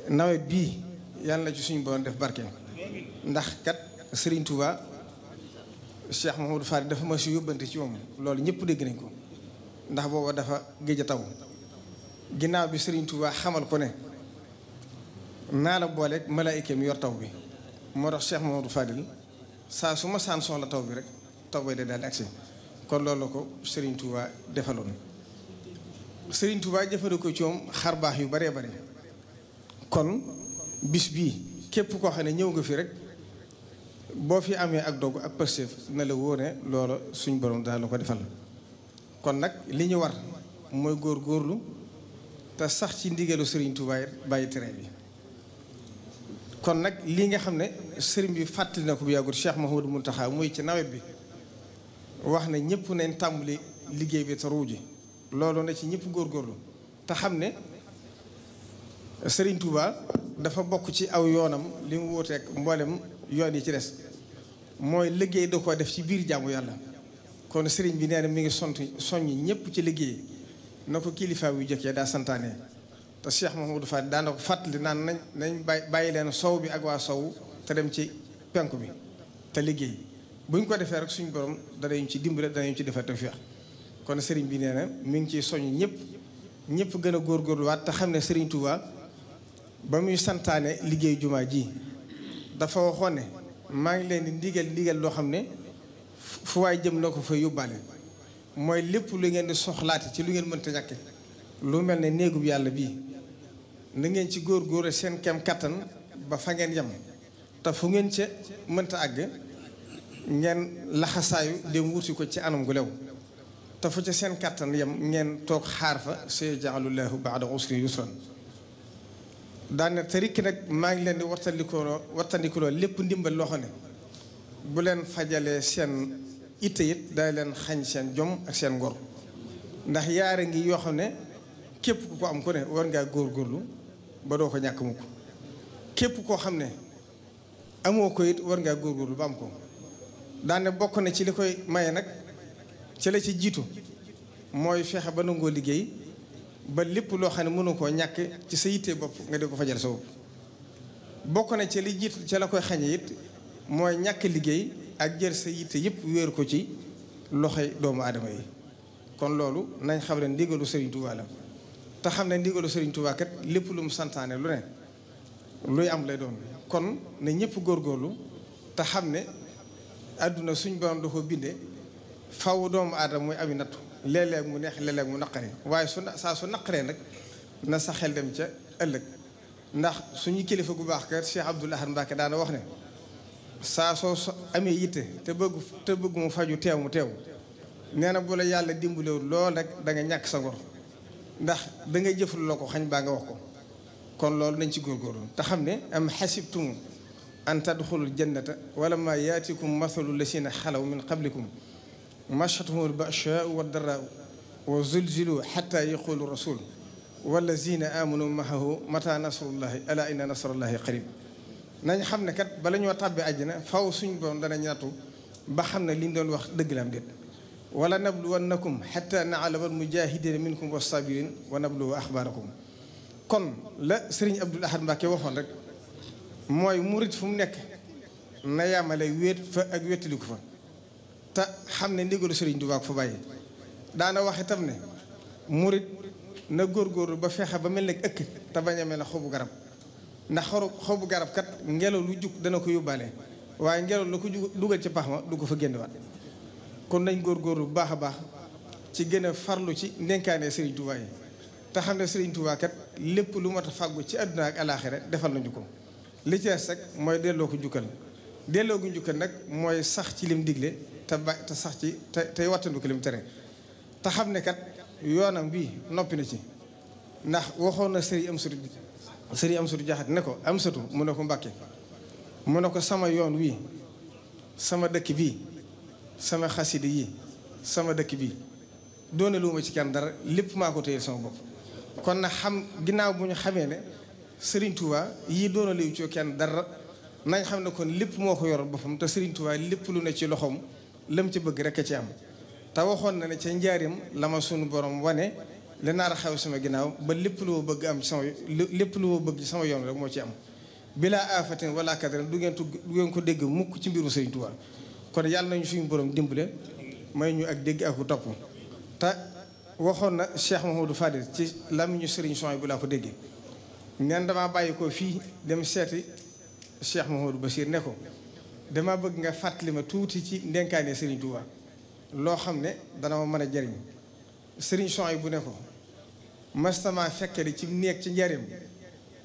Speaker 8: nawet bii yàlla na ci suñu bon def barke ndax kat Serigne Touba Cheikh Mamadou Fadim dafa ma si yóbbante ci moom loolu ñëpp dégg nañ ko ndax booba dafa géej a taw ginnaaw bi Serigne Touba xamal ko ne naa la booleeg malaayika mi yor taw bi moo tax Cheikh Mamadou Fadil saa su ma saan soxla taw bi rek. tawba de daal di agsi kon loolu la ko sëriñ Touba defaloon Serigne Touba jëfandikoo ci moom xar baax yu baree bare kon bis bi képp koo xam ne ñëw nga fi rek boo fi amee ak dogu ak pësteef na la wóone loola suñ borom daal la ko defal kon nag li ñu war mooy góor góorlu te sax ci ndigalu Serigne Touba bàyyi tere bi kon nag lii nga xam ne sëriñ bi fàttali na ko bu yàggul Cheikh Mouhamadou Mountakha muy ci nawet bi wax na ñëpp nañ tàmbuli liggéey bi te ruuji loolu na ci ñëpp góorlu te xam ne sëriñ tuuba dafa bokk ci aw yoonam li mu wuuteeg mboolem yoon yi ci des mooy liggéey da ko def ci biir jaamu yàlla kon Serigne bi nee na mi ngi sont soññ ñëpp ci liggéey na ko kilifa yu jëkkee daa santaane te Cheikh Mahamadou Fadi daana ko fàttali naan nañ nañ bàyyi leen sow bi ak waa sow te dem ci penku bi te liggéey bu ñu ko defee rek suñu borom ñu ci dimbale ñu ci defar tawfeex kon sëriñ bi nee na mi ngi ciy soññ ñëpp ñëpp gën a góorgóorluwaat te xam ne sëriñ Touba ba muy santaane liggéey jumaa ji dafa waxoon ne maa ngi leen di ndigal ndigal loo xam ne fu waay jëm na ko fa yóbbaale mooy lépp lu ngeen di soxlaate ci lu ngeen mënta ñàkke lu mel ne néegub yàlla bi na ngeen ci góor góorgóor seen kem kattan ba fa ngeen yem te fu ngeen ca mënta àgg ngeen laxasaayu dem wuti ko ci anam gu lew te fu ca seen kàttan yam ngeen toog xaar fa sayaj'alullaahu ba'da usrin yusran daane te rikki nag maa ngi leen di wattandikuloo wattandikuloo lépp ndimbal loo xam bu leen fajalee seen itte it leen xañ seen jom ak seen ngor ndax yaara ngi yoo ne képp ku am ku war ngaa góorgóorlu ba doo ko ñàkk képp koo xam ne amoo ko it war ngaa góorgóorlu ba am ko daane bokk na ci li koy maye nag ci la ci jiitu mooy fexe ba nangoo liggéey ba lépp loo xam ne mënu koo ñàkk ci sa yittee bopp nga di ko fajal sa bopp bokk na ci li jiit ca la koy xañe it mooy ñàkk liggéey ak jël sa yitte yëpp wéer ko ci loxoy doomu aadama yi kon loolu nañ xam ne ndigalu Serigne Touba te xam ne ndigalu Serigne Touba lépp lu mu santaane lu ne luy am lay doon kon ne ñëpp góorgóorlu te xam ne àdduna suñ borom da ko bindee faw doomu aadama muy ami nattu léeg mu neex léeg-léeg mu naqaree waaye su saa su naqaree nag na sa xel dem ca ëllëg ndax suñu kilifa gu baax ka Cheikh Abdoul Ahad Mbacké daana wax ne saa soo amee yitte te bëgg te bëgg faju teew mu teew nee na bu yàlla dimbalewul lool rek da nga ñàkk sa ngor ndax da nga jëfal ko xañ baa nga wax ko kon loolu nañ ci góorgóorlu te xam ne am xasibtum an tadxulul jannata wala ma yaatikum mathalu lasina xalaw min qablikum mashathumul bashaau waddaraau wa zulzilu xata yaqulu rasul wallazina amanu mahahu mata nasrullahi ala inna nasrullahi qarib nañ xam ne kat bala ñoo tàbbi àjjana faw suñ borom dana ñattu ba xam ne liñ doon wax dëgg la am déet wala nabluwannakum xata naalama almujahidina minkum wasabirin wa nabluwa axbaarakum kon la sëriñ Abdul Ahad Mbàkke waxoon rek mooy murit fu mu nekk na yamale wéet fa ak wéetali ko fa te xam ne ndigalu Sëriñ Tuubaa fa bàyyi daana wax itam ne murit na góor góorlu ba fexe ba mel ne ëkk te bañ a mel na xobu garab ndax xoru xobu garab kat ngelaw lu jug dana ko yóbbaale waaye ngelaw la ko dugal ci pax ma du ko fa génn waat kon nañ góor bu baax a baax ci gën a farlu ci ndenkaane Sëriñ Tuubaa te xam ne Sëriñ Tuubaa lépp lu mat a fàggu ci àdduna ak alaaxira defal nañu ko li ci rek mooy delloo ko njukkal delloo ko njukkal nag mooy sax ci lim digle te ba te sax ci te tey wattandu ko lim tere te xam ne kat yoonam bii noppi na ci ndax waxoon na sëriñ am satu sëriñ am satu jaxat ne ko am satu mu ne ko mbàkke mu ne ko sama yoon wii sama dëkk bii sama xasida yi sama dëkk bii doone lu ci kenn dara lépp maa ko téyel sama bopp kon na xam ginnaaw bu ñu xamee ne Serigne Touba yii doon a liw ci kenn dara nañ xam ne kon lépp moo ko yor boppam te Serigne Touba lépp lu ne ci loxoom lam ci bëgg rek a ci am te waxoon na ne ca njaarim la ma sunu borom wane li naar a xew sama ginnaaw ba lépp lu bëgg am ci sama lépp lu bëgg ci sama rek moo ci am bilaa afatin wala kadarin du ngeen du ngeen ko dégg mukk ci mbiru Serigne Touba yàlla nañu suñu borom dimbale may ñu ak dégg ak topp te waxoon na ma Cheikh Mahamadou Fadil ci làmmiñu Serigne Souhaïbou bu laa ko déggee neen dama bàyyi ko fii dem seeti Cheikh Mahamadou Bachir ne ko dama bëgg nga fàttali ma tuuti ci ndenkaane Serigne Touba loo xam ne dana ma mën a jariñ Serigne Souhaïbou bu ne ko mastama fekkali ci néeg ci njariñ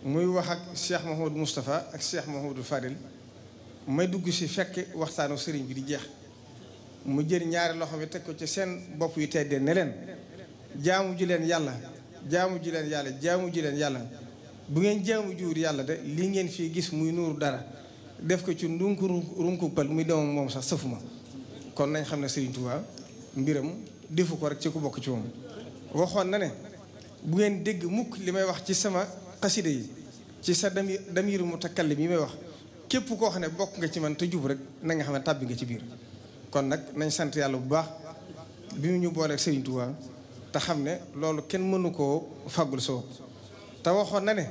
Speaker 8: muy wax ak Cheikh Mahamadou Moustapha ak Cheikh Mahamadou Fadil may dugg si fekk waxtaanu sëriñ bi di jeex mu jël ñaari loxo bi teg ko ci seen bopp yu teddee ne leen jaamu ji leen yàlla jaamu ji leen yàlla jaamu ji leen yàlla bu ngeen jaamu jur yàlla de lii ngeen fii gis muy nuuru dara def ko ci ndunku runku pal muy demam moom sax sëfuma kon nañ xam ne Sëriñ Tuubaa mbiram defu ko rek ci ku bokk ci moom waxoon na ne bu ngeen dégg mukk li may wax ci sama xasida yi ci sa dami damiru mutakallim yi may wax képp koo xam ne bokk nga ci man te jub rek nanga xam ne tàbbi nga ci biir kon nag nañ sant yàlla bu baax bi mu ñu booleeg Sëriñ te xam ne loolu kenn mënu koo fàggul sa bopp te waxoon na ne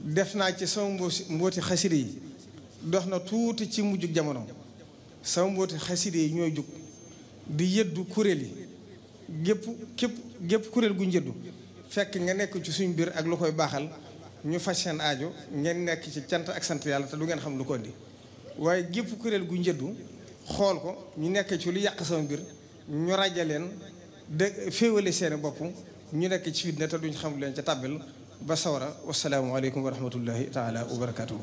Speaker 8: def naa ci sama mbooti mbooti xaside yi dox na tuuti ci mujj jamono sama mbooti xaside yi ñooy jóg di yëddu kuréel yi gépp képp gépp kuréel gu njëddu fekk nga nekk ci suñ biir ak lu koy baaxal ñu faj seen aajo ngeen nekk ci cant ak sant yàlla te du ngeen xam lu ko indi waaye gépp kuréel gu njëddu xool ko ñu nekk ci lu yàq sama mbir ñu rajaleen de féewale seeni bopp ñu nekk ci fitna te duñ xam leen ca tàbbil ba sawra wasalaamualeykum wa rahmatullahi taala wa barakaatu.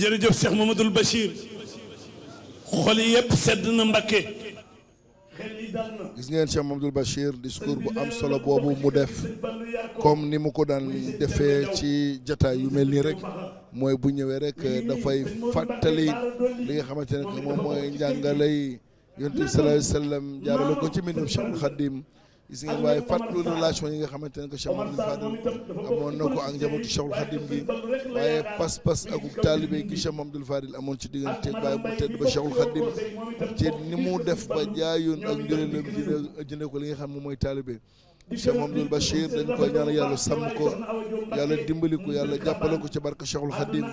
Speaker 8: jërëjëf Cheikh Mamadou Bachir xol yëpp
Speaker 2: sedd na Mbakke.
Speaker 4: gis ngeen Cheikh Mamadou Bachir discours bu am solo boobu mu def comme ni mu ko daan defee ci jataay yu mel nii rek mooy bu ñëwee rek euh, dafay fàttali li nga xamante ne moom mooy njàngalay yonent bi sallallahu alayhi wa sallam jaarale ci mbindum gis ngeen waaye fàttali relation yi nga xamante ne que Cheikh Mouhamadou Fadel amoon na ko ak njabootu Cheikhul Khadim gi waaye pas-pas akub taalibe gi Cheikh Mouhamadou Fadel amoon ci diggante bàyyi bu tedd ba Cheikhul Khadim ci ni mu def ba jaayoon ak njëriñam jëndee ko li nga xam moom mooy taalibe Cheikh Mamadou Bachir dañ koy ñaan yàlla sàmm ko yàlla dimbali ko yàlla jàppale ko ci barke Cheikhul Khadim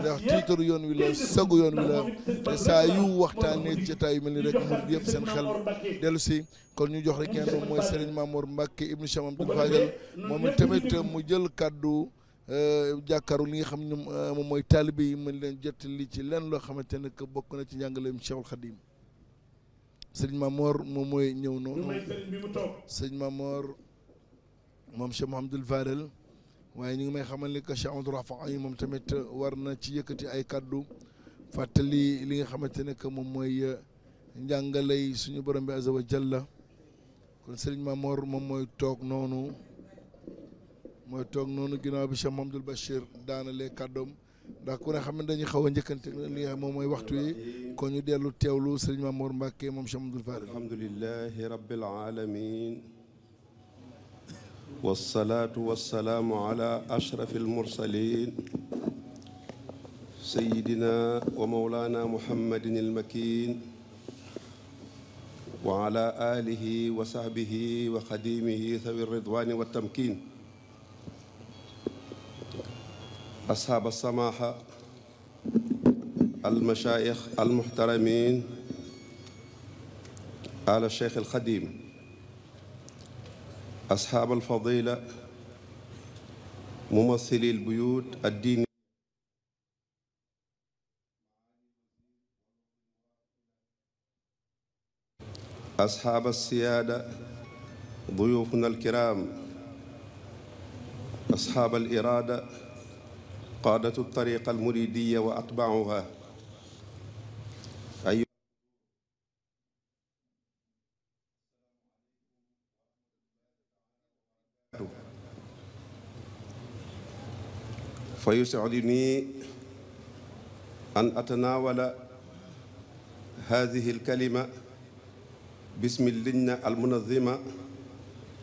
Speaker 2: ndax tiitaru yoon wi la sagu yoon wi saa
Speaker 4: yu waxtaanee ci jotaay yu mel ni rek murid yëpp seen xel dellu si kon ñu jox rek kenn mooy Serigne Mamour Mbacke Ibn Cheikh Mamadou Fadel moom tamit mu jël kaddu. Euh, jàkkaaru li nga xam ne euh, moom mooy taalibe yi leen jot li ci lenn loo xamante ne que bokk na ci njàngaleem Cheikhul Khadim ma Mamor moom mooy ñëw noonu sëriñ ma mu toog sëriñ Mamor moom Cheikh Mouhamadul Varel waaye ñu ngi may xamal ni que Cheikh Amadou Rafa yi moom tamit war na ci yëkkati ay kaddu fàttali li nga xamante ne que moom mooy njàngalay suñu borom bi azza wa jalla kon ma Mamor moom mooy toog noonu mooy toog noonu ginnaaw bi Cheikh Mouhamadul Bachir daanalee kàddoom ndax ku ne xam ne dañuy xaw a njëkkante li moom mooy waxtu yi ko ñu dellu teewlu
Speaker 9: sëriñ Mamour Mbacke moom Cheikh Abdoul Farid alhamdulillahi rabbil alamin wassalatu wassalamu ala ashrafil mursalin sayyidina wa mawlana muhammadin al-makin wa ala alihi wa sahbihi wa xadimihi thawi ridwani wa tamkin أصحاب السماحة المشايخ المحترمين آل الشيخ الخديم أصحاب الفضيلة ممثلي البيوت الدينية أصحاب السيادة ضيوفنا الكرام أصحاب الإرادة qaadatu tariqa almuridiya wa atbauha fa yus'aduni an atanaawala haadihi alkalima bismi llijna almunazima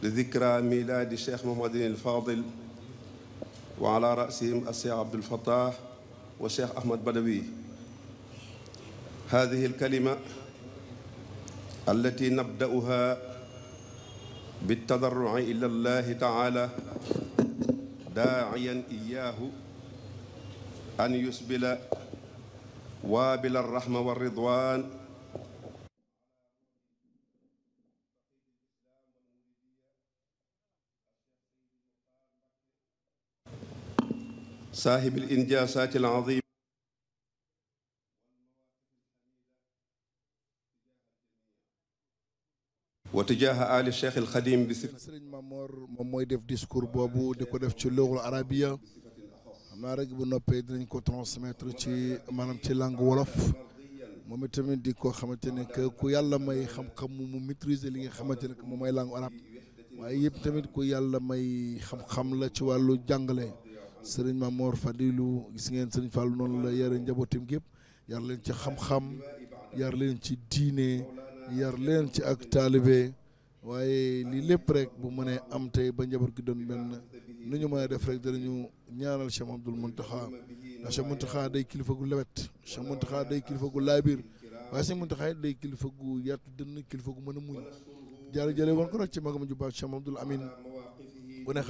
Speaker 9: li dikra milaadi cheikh Mouhamadin alfaadil wa ala rasihim alcheikh abdul fattah wa cheikh ahmad badawi hadihi alkalima allati nabda'uha بالتضرع إلى الله تعالى داعيا إياه أن يسبل وابل الرحمة والرضوان صاحب الإنجازات العظيمة wa tijaaha ali cheikh al xadim bi si sëriñ
Speaker 4: Mamor moom mooy def discours boobu di ko def ci lughul arabia xam naa bu noppee dinañ ko transmettre ci maanaam ci langue wolof moom itamit di ko xamante ne que ku yàlla may xam mu maîtriser li nga xamante ne que moom mooy langue arabe yëpp tamit ku yàlla may xam la ci wàllu jàngale sëriñ Mamor Fadilu gis ngeen sëriñ Fàllu noonu la yare njabootam gépp yar leen ci xam-xam yar leen ci diine yar leen ci ak taalibe waaye lii lépp rek bu mënee am tey ba njaboot gi doon benn nu ñu mën a def rek danañu ñaanal Cheikh Abdoul Mountakha ndax Cheikh Mountakha day kilifa gu lewet Cheikh Mountakha day kilifa gu laabir waaye Cheikh Mountakha day kilifa gu yàttu dënn kilifa gu mën a muñ jaara jële woon ko nag ci magam ju baax Cheikh Abdoul Amin bu ne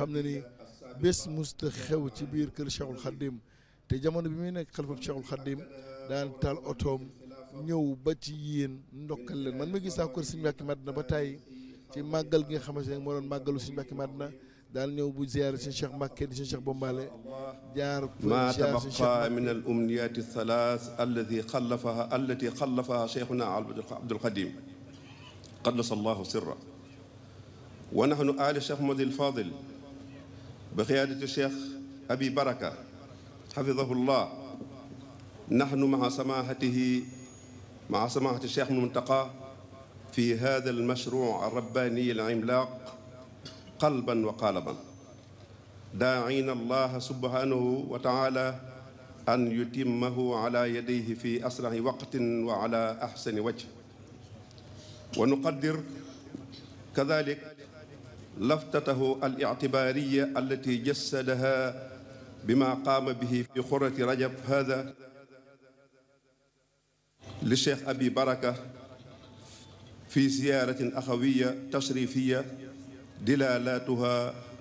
Speaker 4: bés musta xew ci biir kër Cheikhul Khadim te jamono bi muy nekk xalifab Cheikhul Khadim daan taal otoom ñëw ba ci yéen ndokkal leen man ma gis naa kër Sëñ Mbàkke Madina ba tàyyi ci màggal gi nga xamante ne moo doon màggalu Sëñ Mbàkke Madina daal ñëw bu ziyaar Sëñ Cheikh Mbàkke di Sëñ Cheikh Bombale jaar ma tabaqa
Speaker 9: min al umniyati thalath allati xalafaha allati xalafaha cheikhuna Abdul Khadim qaddasa allahu sirra wa nahnu aali Cheikh Madi al Fadil بقيادة الشيخ أبي بركة حفظه الله نحن مع سماحته مع سماحة الشيخ المنتقى في هذا المشروع الرباني العملاق قلبا وقالبا داعين الله سبحانه وتعالى أن يتمه على يديه في أسرع وقت وعلى أحسن وجه ونقدر كذلك laftatahu al ictibaariya allati jassadaha bima qaama bihi fi xurati rajab hada li cheikh abi baraka fi ziyaaratin axawiya tashrifiya dilaalaatuha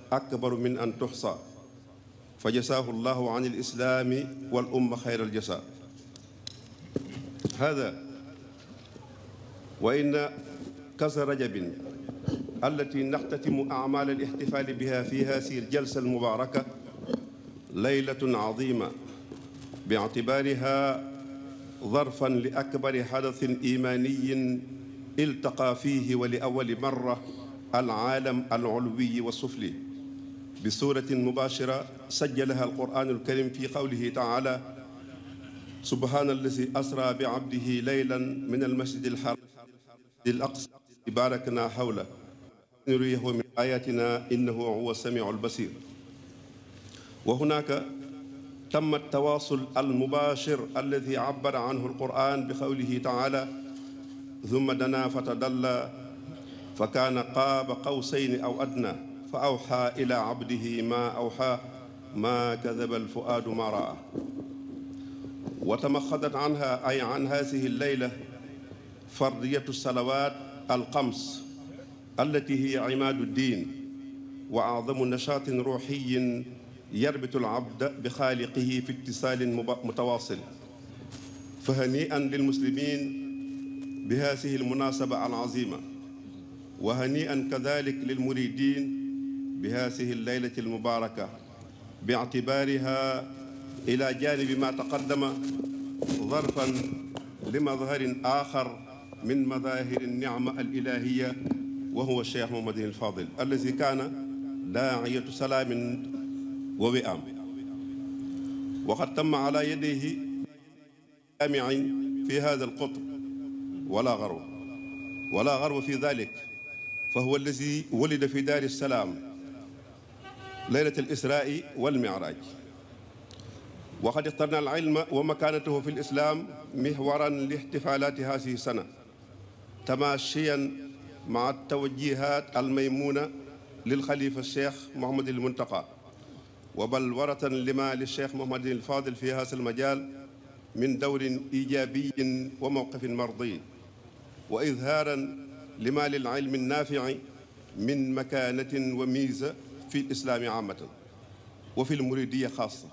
Speaker 9: akbaru min an tuxsa fa jasaahu llahu an alislaami wal umma xayra aljasa hada wa inna kasa rajabin التي نختتم أعمال الاحتفال بها في هذه الجلسة المباركة ليلة عظيمة باعتبارها ظرفا لأكبر حدث إيماني التقى فيه ولأول مرة العالم العلوي والسفلي بصورة مباشرة سجلها القرآن الكريم في قوله تعالى سبحان الذي أسرى بعبده ليلا من المسجد الحرام الأقصى باركنا حوله يريه من آياتنا إنه هو السميع البصير وهناك تم التواصل المباشر الذي عبر عنه القرآن بقوله تعالى ثم دنا فتدلى فكان قاب قوسين أو أدنى فأوحى إلى عبده ما أوحى ما كذب الفؤاد ما رأى وتمخضت عنها أي عن هذه الليلة فرضية الصلوات الخمس التي هي عماد الدين وأعظم نشاط روحي يربط العبد بخالقه في اتصال متواصل فهنيئا للمسلمين بهذه المناسبة العظيمة وهنيئا كذلك للمريدين بهذه الليلة المباركة باعتبارها إلى جانب ما تقدم ظرفا لمظهر آخر من مظاهر النعمة الإلهية wa huwa cheikh Muhammadin al-Fadil allazi kaana daa'iyatu salaamin wa wi'aam waqad tamma ala yadayhi jaami'in fi haadha al-qutb wala garwa wala garwa fi dhalik fa huwa allazi wulida fi daari salaam laylata al-israa'i wal-mi'raaj وقد اخترنا العلم ومكانته في الإسلام محورا لاحتفالات هذه السنة تماشيا maa tawjihat almaymuna lil xalifa cheikh mohamad al muntaqa wa balwaratan lima li cheikh mohamad al fadil fi hasa al majal min dawrin ijabiyin wa mawqifin mardi wa izhaaran lima lil ilmi naafici min makaanatin wa miisa fi lislaami aamatan wa fi lmuridiya xaasa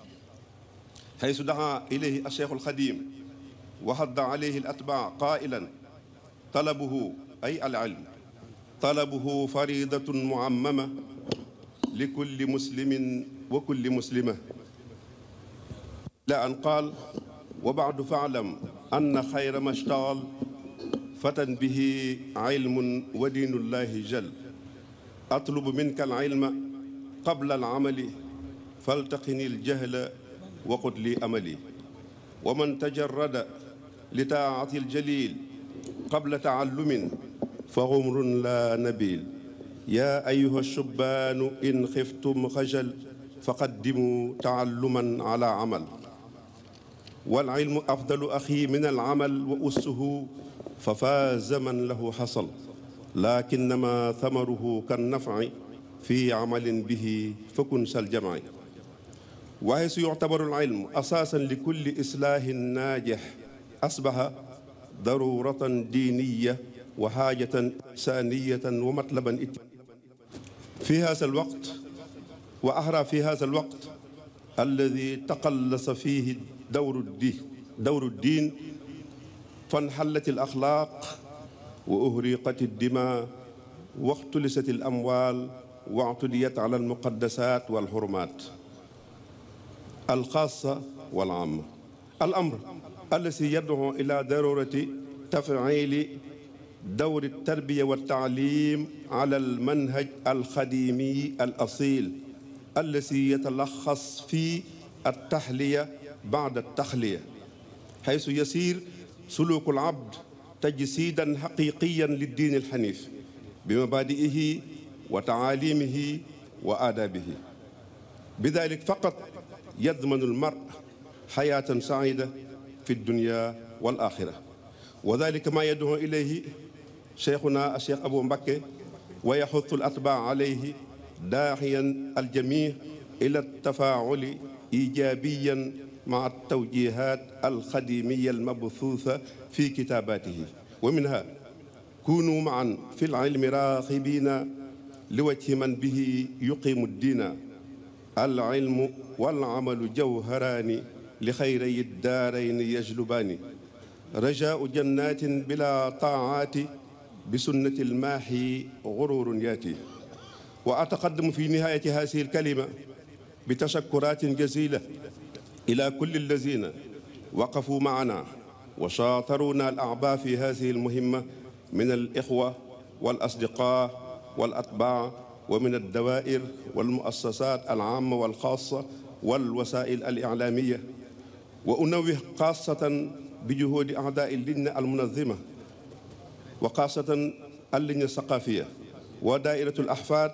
Speaker 9: xaysu daxa ilayhi alcheikhu alxadim wa hadda alayhi alatbaa qaa'ilan talabuhu ay alilm talabuhu faridatun muammama li kulli muslimin wa kulli muslima la an qaal wa baadu faalam anna xayra ma shtaal fatan bihi ilmun wa diinullahi jal atlubu minka alilma qabla alamali faltaqini aljahla wa qud li amali wa man tajarrada li taa'ati aljalil qabla taallumin فغمر لا نبيل يا أيها الشبان إن خفتم خجل فقدموا تعلما على عمل والعلم أفضل أخي من العمل وأسه ففاز من له حصل لكنما ثمره كالنفع في عمل به فكن سالجمع وحيث يعتبر العلم أساسا لكل إصلاح ناجح أصبح ضرورة دينية wa xaajatan insaaniyatan wa matlaban it fi haasa alwaqt wa ahra fi haasa alwaqt alladi taqallasa fihi dawru di dawru diin fanxallat alaxlaaq wa uhriqat aldima wa axtulisat alamwaal wa axtuliyat ala almuqaddasaat walxurumaat alxaasa walaama alamr alladi yadcu ila darurati tafciili دور التربية والتعليم على المنهج الخديمي الأصيل الذي يتلخص في التحلية بعد التخلية حيث يسير سلوك العبد تجسيدا حقيقيا للدين الحنيف بمبادئه وتعاليمه وآدابه بذلك فقط يضمن المرء حياة سعيدة في الدنيا والآخرة وذلك ما يدعو إليه cheikhuna cheikh abou mbakke wa yaxutu al atbaa alayhi daaxiyan al jamii ila tafauli ijabiyan maa tawjihat alxadimiya almabthuusa fi kitaabatihi wa minha kunu maan fi lilmi raaxibina liwajhi man bihi yuqimu diina alilmu walamalu jawharaani li xayrayi daarayni yajlubaani rajaau jannatin bila taaati بسنة الماحي غرور ياتي وأتقدم في نهاية هذه الكلمة بتشكرات جزيلة إلى كل الذين وقفوا معنا وشاطرونا الأعباء في هذه المهمة من الإخوة والأصدقاء والأتباع ومن الدوائر والمؤسسات العامة والخاصة والوسائل الإعلامية وأنوه خاصة بجهود أعداء اللجنة المنظمة وخاصة اللجنة الثقافية ودائرة الأحفاد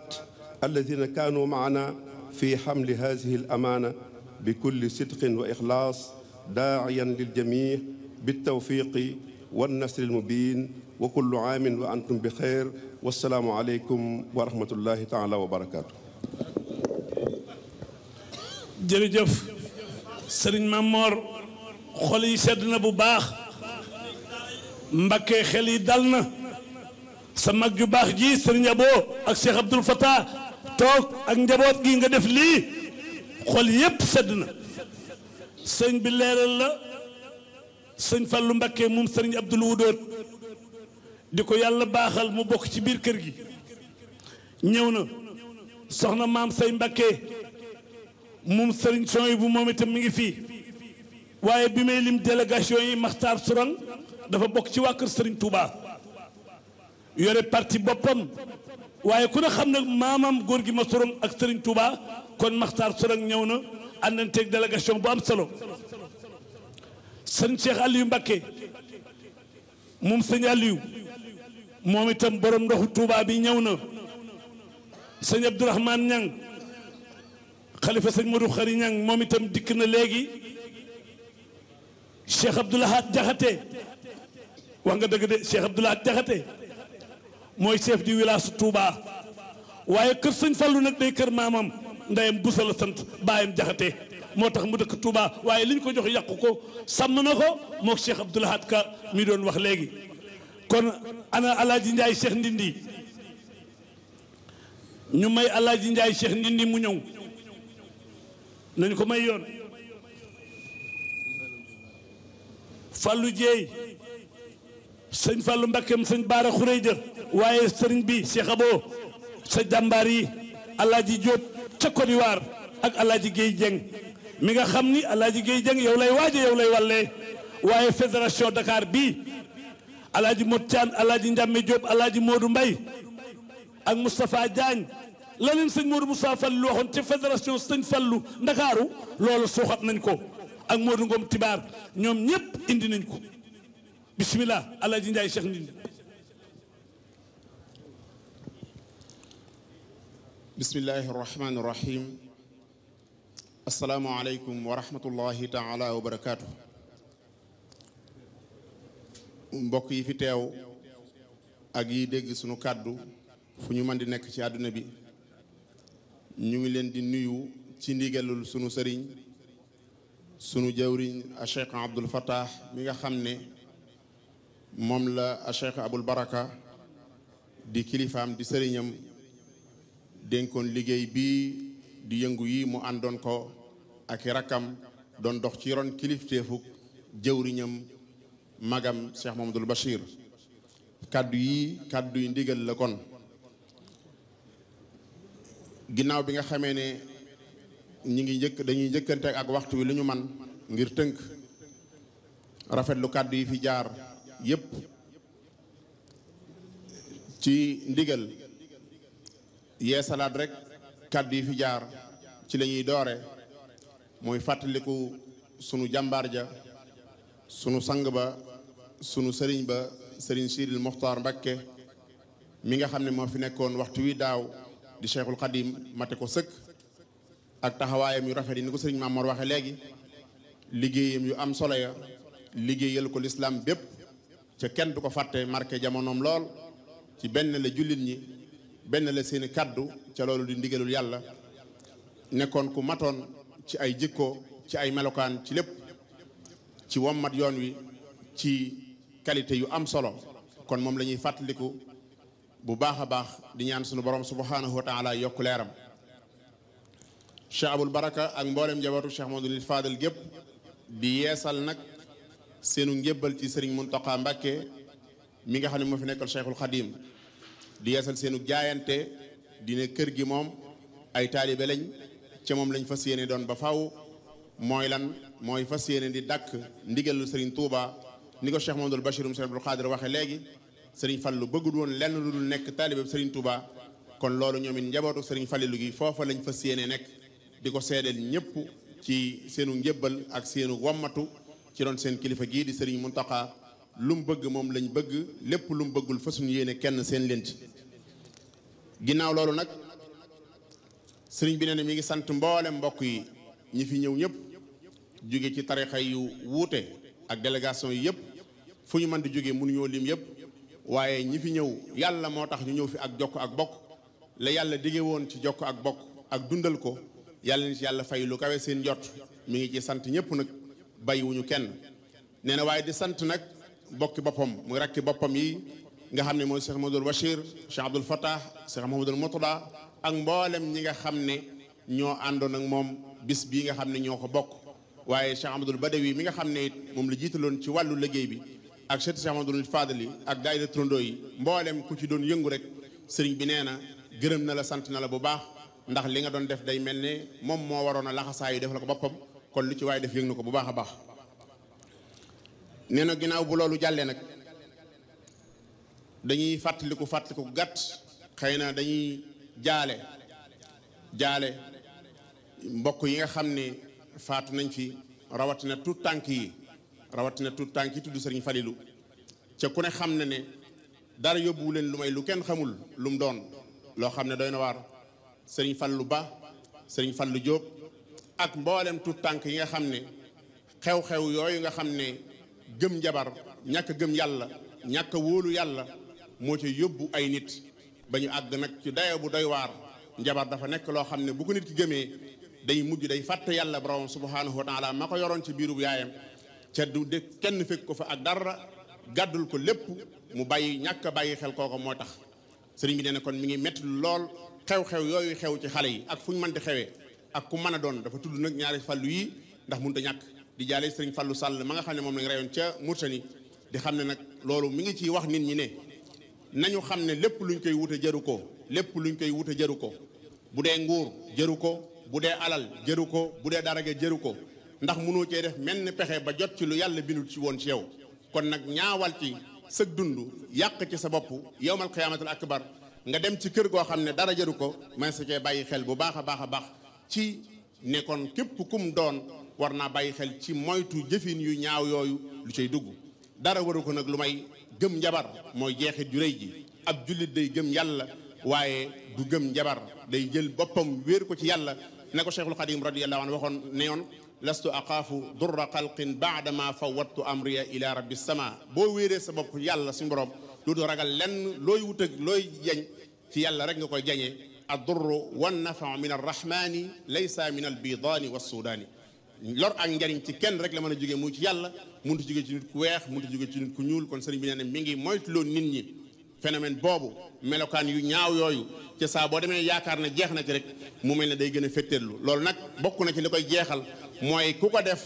Speaker 9: الذين كانوا معنا في حمل هذه الأمانة بكل صدق وإخلاص داعيا للجميع بالتوفيق والنصر المبين وكل عام وأنتم بخير والسلام عليكم ورحمة الله تعالى وبركاته
Speaker 2: jërëjëf Serigne Mamor xol yi sedd na bu baax mbakke xel yi dal na sa mag ju baax ji sëriñ Aboo ak Cheikh Abdoul Fattah toog ak njaboot gi nga def lii xol yépp sedd na sëñ bi leeral la sëñ Fallou Mbakke mum sëriñ Abdoul Wudoot di ko yàlla baaxal mu bokk ci biir kër gi ñëw na soxna maam say Mbakke moom sëriñ son yi bu moom itam mi ngi fii waaye bi may lim délégation yi Maxtaar Surang dafa bokk ci waa kër Serigne Touba yore parti boppam waaye ku ne xam ne maamam góor gi ma sorong ak sëriñ Touba kon Maxtaar Sorong ñëw na àndanteeg délégation bu am solo sëñ Cheikh Aliou Mbacké moom sëñ Aliou moom itam borom ndoxu Touba bi ñëw na sëñ Abdourahmane Niang xalifa sëñ Modou Khari Niang moom itam dikk na léegi Cheikh Abdoulahat Diakhaté wax nga dëgg de Cheikh Abdoulaye Jaxate mooy chef du village Touba waaye kër sëñ Fallou nag day kër maamam ndeyam busa la sant baayam Jaxate moo tax mu dëkk Touba waaye li ñu ko jox yàqu ko sàmm na ko moog Cheikh Abdoulaye Ka mi doon wax léegi kon ana Alaaji Njaay Cheikh Ndindi ñu may Alaaji Njaay Cheikh Ndindi mu ñëw nañ ko may yoon Fallou Dieye sëñ Fallou Mbakkeem sëñ Baara Khureyja waaye sëriñ bi Cheikh Abo sa jàmbaar yi Alaaji Diop ca Côte d'Ivoire ak Alaaji Guèye Dieng mi nga xam ni Alaaji Guèye Dieng yow lay waaje yow lay wallee waaye fédération Dakar bii Alaaji Modou Thian Alaaji Ndiame Diop Alaaji Modou Mbaye ak Moustapha Diagne la leen sëñ Modou Moustapha Fallou waxoon ca fédération sëñ Fallou Ndakaaru loolu suuxat nañ ko ak Modou Ngom Tibaar ñoom ñëpp indi nañ ko bismillah alaaji njaay cheikh ndindi
Speaker 10: bismillahi rahmaani rahim asalaamu aleykum wa rahmatullahi wa barakaatu mbokk yi fi teew ak yi dégg sunu kàddu fu ñu mën di nekk ci àdduna bi ñu ngi leen di nuyu ci ndigalul sunu sëriñ sunu jawriñ a cheikh abdul fatah mi nga xam ne moom la Cheikh Abul Baraka di kilifaam di sëriñam dénkoon liggéey bi di yëngu yi mu àndoon ko ak rakkam doon dox ci ron kilifteefuk jëwriñam magam Cheikh Mamadul Bachir kàddu yi kàddu yi ndigal la kon ginnaaw bi nga xamee ne ñi ngi njëkk dañuy jëkkante ak waxtu wi lu man ngir tënk rafetlu kàddu yi fi jaar yépp ci ndigal yeesalaat rek kàddu yi fi jaar ci lañuy doore mooy fàttaliku sunu jàmbaar ja sunu sang ba sunu sëriñ ba sëriñ Siidil Moxtaar Mbakke mi nga xam ne moo fi nekkoon waxtu wi daaw di Cheikhul Xadim mate ko sëkk ak taxawaayam yu rafet yi ni ko sëriñ Maamoor waxe léegi liggéeyam yu am solo ya liggéeyal ko lislaam bépp ca kenn du ko fàtte marke jamonoom lool ci benn la jullit ñi benn la seeni kàddu ca loolu di ndigalul yàlla nekkoon ku matoon ci ay jikko ci ay melokaan ci lépp ci wommat yoon wi ci qualité yu am solo kon moom lañuy ñuy fàttaliku bu baax a baax di ñaan sunu borom subhanahu wa taala yokku leeram Abul Baraka ak mboolem njabootu Cheikh Mamadou Fadel gépp di yeesal nag seenu njébbal ci sëriñ Muntaqa Mbàkke mi nga xam ne moo fi nekkal Cheikhul Xadim di yeesal seenu jaayante dina kër gi moom ay taalibe lañ ca moom lañ fas yéene doon ba faw mooy lan mooy fas yéene di dàkk ndigalu sëriñ Touba ni ko Cheikh Mamadul Bachir um Sëriñ Abdul Xaadir waxe léegi sëriñ lu bëggul woon lenn lu dul nekk taalibe sëriñ Touba kon loolu ñoom it njabootu sëriñ Fallilu gi foofa lañ fa yéene nekk di ko seedeel ñëpp ci seenu njëbal ak seenu wammatu ci doon seen kilifa gii di sëriñ Muntaxa lu mu bëgg moom lañ bëgg lépp lu mu bëggul fasuñ yéene kenn seen leen ci ginnaaw loolu nag sëriñ bi nee na mi ngi sant mboolem mbokk yi ñi fi ñëw ñëpp jóge ci tarixa yu wuute ak délégation yi yëpp fu ñu mën di jóge mënuñoo lim yëpp waaye ñi fi ñëw yàlla moo tax ñu ñëw fi ak jokk ak bokk la yàlla dige woon ci jokk ak bokk ak dundal ko yàlla ni ci yàlla fay lu kawe seen jot mu ngi ci sant ñëpp nag bàyyiwuñu kenn nee na waaye di sant nag bokki boppam muy rakki boppam yi nga xam ne mooy Cheikh Mahmadul Bachir Cheikh Abdoul Fattah Cheikh Mahmadul Murtada ak mboolem ñi nga xam ne ñoo àndoon ak moom bis bii nga xam ne ñoo ko bokk waaye Cheikh Ahmadul Badawi mi nga xam ne it moom li jiitaloon ci wàllu liggéey bi ak Cheikh Ahmadul Fadali ak daayira turandoo yi mboolem ku ci doon yëngu rek sëriñ bi nee na gërëm na la sant na la bu baax ndax li nga doon def day mel ne moom moo waroon a laxasaa def la ko boppam kon lu ci waaye def yëg na ko bu baax a baax nee na ginnaaw bu loolu jàllee nag dañuy fàttaliku fàttaliku gat xëy na dañuy jaale jaale mbokk yi nga xam ne faatu nañ fi rawatina tuut tànk yi rawatina tuut tànk yi tudd sëriñ Falilu ca ku ne xam na ne daal yóbbuwu leen lu may lu kenn xamul lu mu doon loo xam ne doy na waar sëriñ Fallu Ba sëriñ Fallu Jóob ak mboolem tuut tànk yi nga xam ne xew-xew yooyu nga xam ne gëm njabar ñàkk gëm yàlla ñàkk wóolu yàlla moo ci yóbbu ay nit ba ñu àgg nag ci dayo bu doy waar njabar dafa nekk loo xam ne bu ko nit ki gëmee day mujj day fàtte yàlla borom subhanahu wa taala ma ko yoroon ci biiru bu yaayam ca du de kenn fekk ko fa ak dara gàddul ko lépp mu bàyyi ñàkk bàyyi xel kooko moo tax sëriñ bi nee na kon mi ngi métti lool xew-xew yooyu xew ci xale yi ak fu ñu mënti xewee ak ku mën a doon dafa tudd nag ñaari fàllu yi ndax mënut a ñàkk di jaale sëriñ fàllu sàll ma nga xam ne moom lañ rayoon ca Mauritanie di xam ne nag loolu mi ngi ciy wax nit ñi ne nañu xam ne lépp luñ koy wute jaru ko lépp luñ koy wute jaru ko bu dee nguur jaru ko bu dee alal jëru ko bu dee daraja jëru ko ndax mënoo cee def menn pexe ba jot ci lu yàlla bindul ci woon ci yow kon nag ñaawal ci sëg dund yàq ci sa bopp yowmal xiyaamatul akbar nga dem ci kër goo xam ne dara jëru ko man sa cee bàyyi xel bu baax a baax a baax ci ne képp kum doon war naa bàyyi xel ci moytu jëfin yu ñaaw yooyu lu cay dugg dara waru ko nag lu may gëm njabar mooy jeexit ju rëy ji ab jullit day gëm yàlla waaye du gëm njabar day jël boppam wéer ko ci yàlla ne ko cheikhul xadim radiallahu anhu waxoon ne yoon lastu aqaafu durra xalqin baadama fawattu amriya ila rabbi sama boo wéeree sa bopp yàlla suñu borom dootu ragal lenn looy wut looy jañ ci yàlla rek nga koy jañee addurru wannafau min arrahmani laysa min albidaani wassudaani lor ak njariñ ci kenn rek la man a jógee mu ci yàlla mënut a jógee ci nit ku weex mënut a jógee ci nit ku ñuul kon sëriñ bi nee na mi ngi moytuloo nit ñi phénomène boobu melokaan yu ñaaw yooyu ci saa boo demee yaakaar na jeex na ci rek mu mel na day gën a féttéerlu loolu nag bokk na ci li koy jeexal mooy ku ko def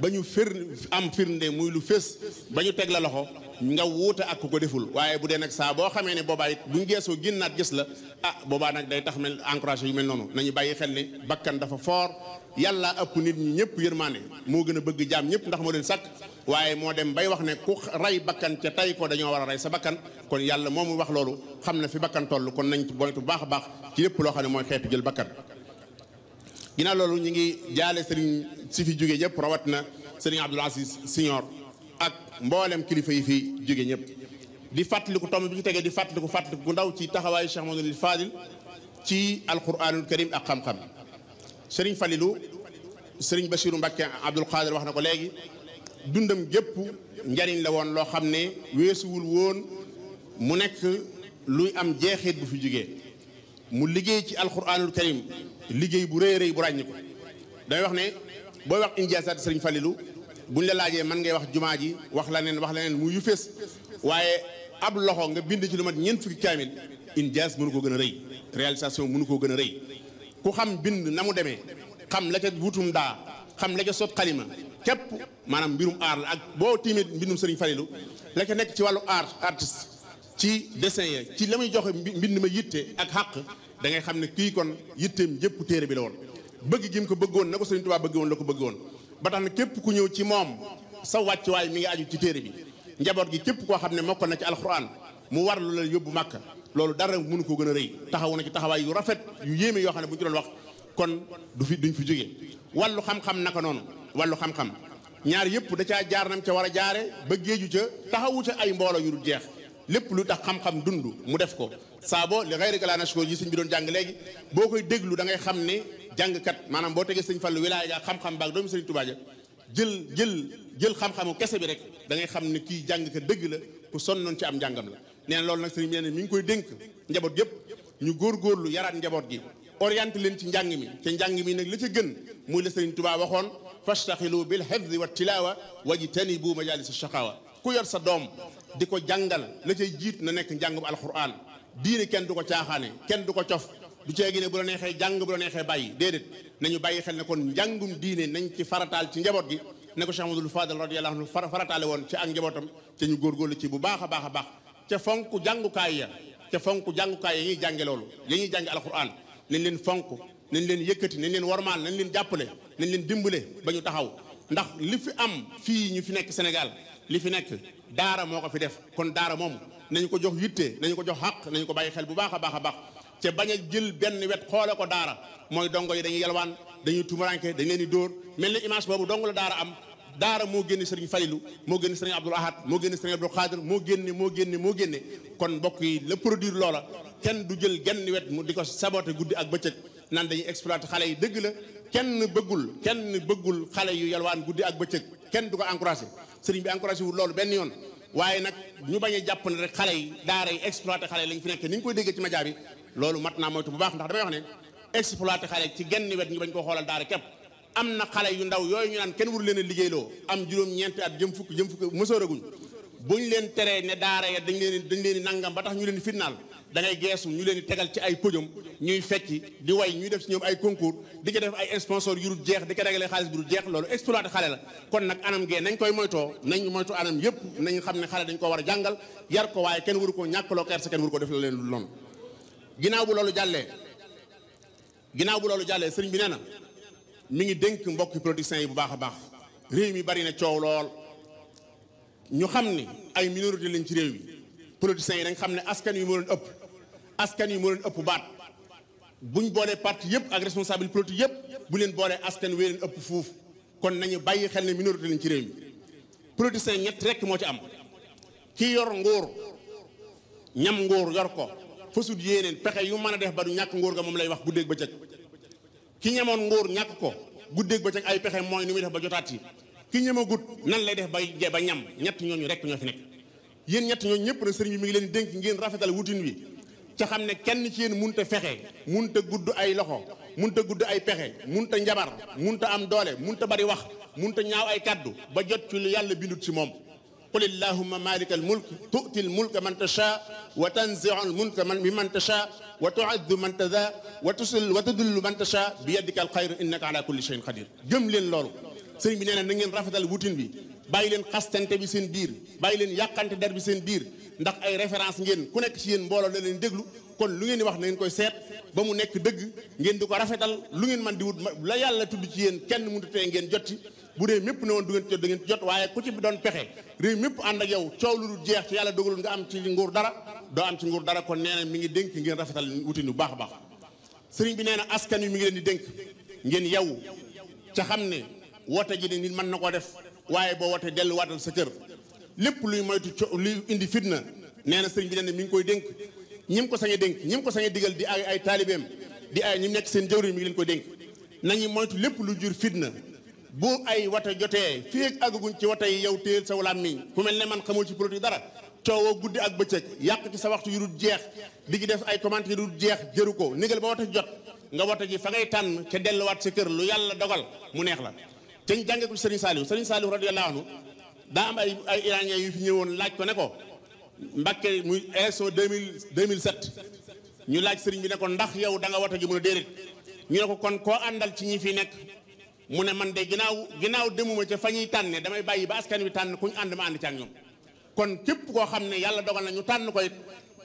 Speaker 10: ba ñu fir am firnde muy lu fés ba ñu teg la loxo nga wuute ak ku ko deful waaye bu dee nag saa boo xamee ne boobaay it buñ geesoo génnaat gis la ah boobaa nag day tax mel encouragé yu mel noonu nañu bàyyi xel ne bakkan dafa foor yàlla ëpp nit ñi ñëpp yërmaane moo gën a bëgg jaam ñëpp ndax moo leen sàkk waaye moo dem bay wax ne ku rey bakkan ca tay dañoo war a rey sa bakkan kon yàlla moomu wax loolu xam na fi bakkan toll kon nañ boytu baax a baax ci lépp loo xam ne mooy xeetu jël bakkan ginnaaw loolu ñu ngi jaale sëriñ si fi jógee yëpp rawat na sëriñ Abdoul Aziz Signor mboolem kilifa yi fi jóge ñëpp di fàttaliku tomb bi ci tegee di fàttaliku fàttaliku ndaw ci taxawaayu Cheikh Mamadou Fadil ci alquranul karim ak xam-xam sëriñ Falilou sëriñ Bachirou Mbacke Abdoul Khadir wax na ko léegi dundam gépp njariñ la woon loo xam ne weesuwul woon mu nekk luy am jeexeet bu fi jógee mu liggéey ci alquranul karim liggéey bu rëy rëy bu ràññ ko day wax ne booy wax injaasaat sëriñ Falilou buñ la laajee man ngay wax jumaa ji wax la neen wax la neen mu yu fees waaye ab loxo nga bind ci lu mat ñeent fukki kaamil injaas mënu ko gën a rëy réalisation mënu koo gën a rëy ku xam bind na mu demee xam la ca wutum daa xam la ca sot xalima képp maanaam mbirum aar la ak boo tiimee mbindum sëriñ Falilu la ca nekk ci wàllu art artiste ci dessin ya ci la muy joxe mbind ma yitte ak xàq dangay xam ne kii kon yitteem jëpp téere bi la woon bëgg gi ko bëggoon na ko sëriñ Tuubaa bëgg woon la ko bëgg ba tax na képp ku ñëw ci moom sa wàccuwaay mi ngi aju ci téere bi njaboot gi képp koo xam ne mokkoon na ci alxuraan mu war lu la yóbbu màkk loolu dara mënu koo gën a rëy taxawu na ci taxawaay yu rafet yu yéeme yoo xam ne bu ñu ci doon wax kon du fi duñ fi jógee wallu xam-xam naka noonu wàllu xam-xam ñaar yëpp da caa jaar nam ca war a jaare ba géeju ca taxawu ca ay mbooloo yu dul jeex lépp lu tax xam-xam dund mu def ko saabo li xëy rek laa nas ko yi sëñ bi doon jàng léegi boo koy déglu da ngay xam ne jàngkat maanaam boo tegee sëñ Fallu wilaaya ga xam-xam baag doomu sëriñ Tuubaa ja jël jël jël xam-xamu kese bi rek da ngay xam ne kii jàngkat dëgg la ku sonnoon ci am njàngam la nee na loolu nag sëriñ bi nee na mi koy dénk njaboot yëpp ñu góorgóorlu yaraat njaboot gi orienté leen ci njàng mi te njàng mi nag la ca gën muy la sëriñ Tuubaa waxoon fastaxilu bil hifzi wa wa tilaawa wajtanibu sa shaqawa ku yor sa doom di ko jàngal la cay jiit na nekk njàngum alquran diine kenn du ko caaxaane kenn du ko cof du ceegi ne bu la neexee jàng bu la neexee bàyyi déedéet nañu bàyyi xel ne kon njàngum diine nañ ci farataal ci njaboot gi ne ko Cheikh Amadou Fadal radiyallahu anhu farataale woon ci ak njabootam te ñu góorgóorlu ci bu baax a baax a baax ca fonk jàngukaay ya ca fonk jàngukaay ya ñuy jànge loolu ya ñuy jànge alquran nañ leen fonk nañ leen yëkkati nañ leen warmaal nañ leen jàppale nañ leen dimbale ba ñu taxaw ndax li fi am fii ñu fi nekk Sénégal li fi nekk daara moo ko fi def kon daara moom nañu ko jox yitte nañu ko jox xàq nañu ko bàyyi xel bu baax a baax a baax te bañ jël benn wet xoole ko daara mooy dongo yi dañuy yalwaan dañuy tumuranke dañ leen di dóor mel ni image boobu dong la daara am daara moo génne sëriñ Falilu moo génne sëriñ Abdul Ahad moo génne sëriñ Abdul Xaadir moo génne moo génne moo génne kon mbokk yi la produire loola kenn du jël genn wet mu di ko saboté guddi ak bëccëg nan dañuy exploité xale yi dëgg la kenn bëggul kenn bëggul xale yu yalwaan guddi ak bëccëg kenn du ko encouragé sëriñ bi encouragé wul loolu benn yoon waaye nag ñu bañ a jàpp ne rek xale yi daara yi exploité xale yi lañ fi nekk ni déggee ci média bi loolu mat naa moytu bu baax ndax damay wax ne exploité xale ci genn wet ñu bañ koo xoolal daara képp am na xale yu ndaw yooyu ñu naan kenn wuru leen a liggéeyloo am juróom-ñeenti at jëm fukk jëm fukk mësooraguñ bu ñu leen teree ne daara ya dañ leen dañ leen nangam ba tax ñu leen fitnaal da ngay geesu ñu leen tegal ci ay podium ñuy fecci di way ñuy def ci ñoom ay concours di ko def ay sponsor yu dul jeex di ko réglé xaalis bu jeex loolu exploité xale la kon nag anam gee nañ koy moytoo nañ moytu anam yëpp nañ xam ne xale dañ ko war a jàngal yar ko kenn wuru ko ñàkkaloo kersa kenn ko def leen lu loon ginnaaw bu loolu jàllee ginnaaw bu loolu jàllee sëriñ bi nee na mi ngi dénk mbokki politiciens yi bu baax a baax réew mi bari na coow lool ñu xam ni ay minorité lañ ci réew yi politiciens yi nañ xam ne askan yi moo leen ëpp askan wi moo leen ëpp baat buñ boolee parti yëpp ak responsable politique yëpp bu leen boole askan wee leen ëpp fuuf kon nañu bàyyi xel ne minorité lañ ci réew mi politiciens ñett rekk moo ci am ci yor nguur ñam nguur yor ko fasut yéeneen pexe yu mën a def ba du ñàkk nguur ga moom lay wax guddeeg bëccëg ki ñemoon nguur ñàkk ko guddeeg bëccëg ay pexe mooy nu muy def ba jotaat yi ki ñemagut nan lay def bay ba ñam ñett ñooñu rek ñoo fi nekk yéen ñett ñooñu ñëpp na sëriñ bi mi ngi leen dénk ngeen rafetal wutin wi ca xam ne kenn ci yéen munta fexe munta gudd ay loxo munta gudd ay pexe munta njabar munta am doole munta bari wax munta ñaaw ay kàddu ba jot ci lu yàlla bindut ci moom qul allahuma malika almulk tu'ti almulka man tasha wa tanzi'u almulka man mimman tasha wa tu'azzu man tasha wa tusil wa tudillu man tasha bi yadika alxayr innaka ala kulli shay'in qadir gëm leen loolu sëriñ bi nee na na ngeen rafetal wutin bi bàyyi leen xastante bi seen biir bàyyi leen yàqante der bi seen biir ndax ay référence ngeen ku nekk ci yéen mbooloo la leen déglu kon lu ngeen di wax na ngeen koy seet ba mu nekk dëgg ngeen di ko rafetal lu ngeen man di wut la yàlla tudd ci yéen kenn mënut tee ngeen jot ci bu réew mépp ne woon du ngeen jot da ngeen jot waaye ku ci doon pexe réew mépp ànd ak yow coow lu dul jeex ci yàlla dogalul nga am ci nguur dara doo am ci nguur dara kon nee na mi ngi dénk ngeen rafetal wutin bu baax a baax sëriñ bi nee na askan wi mi ngi di dénk ngeen yow ca xam ne woote ji ne mën na ko def waaye boo wootee delluwaatal sa kër lépp luy moytu co luy indi fitna nee na sëriñ bi nee na mi ngi koy dénk ñim ko sañ a dénk ñim ko sañ digal di ay ay taalibeem di ay ñim nekk seen jawriñ mi ngi leen koy dénk nañu moytu lépp lu jur fitna bu ay wata jotee fii ak àggaguñ ci wata yow téel sa làmmiñ ku mel ne man xamul ci politique dara coowoo guddi ak bëccëg yàq ci sa waxtu yu dul jeex di ci def ay commentaire yu dul jeex jëru ko ndigal ba wata jot nga wata ji fa ngay tànn ca delluwaat sa kër lu yàlla dogal mu neex la te jàngee ko Serigne Saliou Serigne Saliou radiyallahu anhu daa am ay ay iranien yu fi ñëwoon laaj ko ne ko Mbàkke muy élection mill 2007 ñu laaj sëriñ bi ne ko ndax yow da nga wata ji mën a déedéet ñu ne ko kon koo àndal ci ñi fi nekk mu ne man de ginnaaw ginnaaw demuma ca fa ñuy tànne damay bàyyi ba askan wi tànn ku ànd ma ànd ci ak ñoom kon képp koo xam ne yàlla dogal na ñu tànn ko it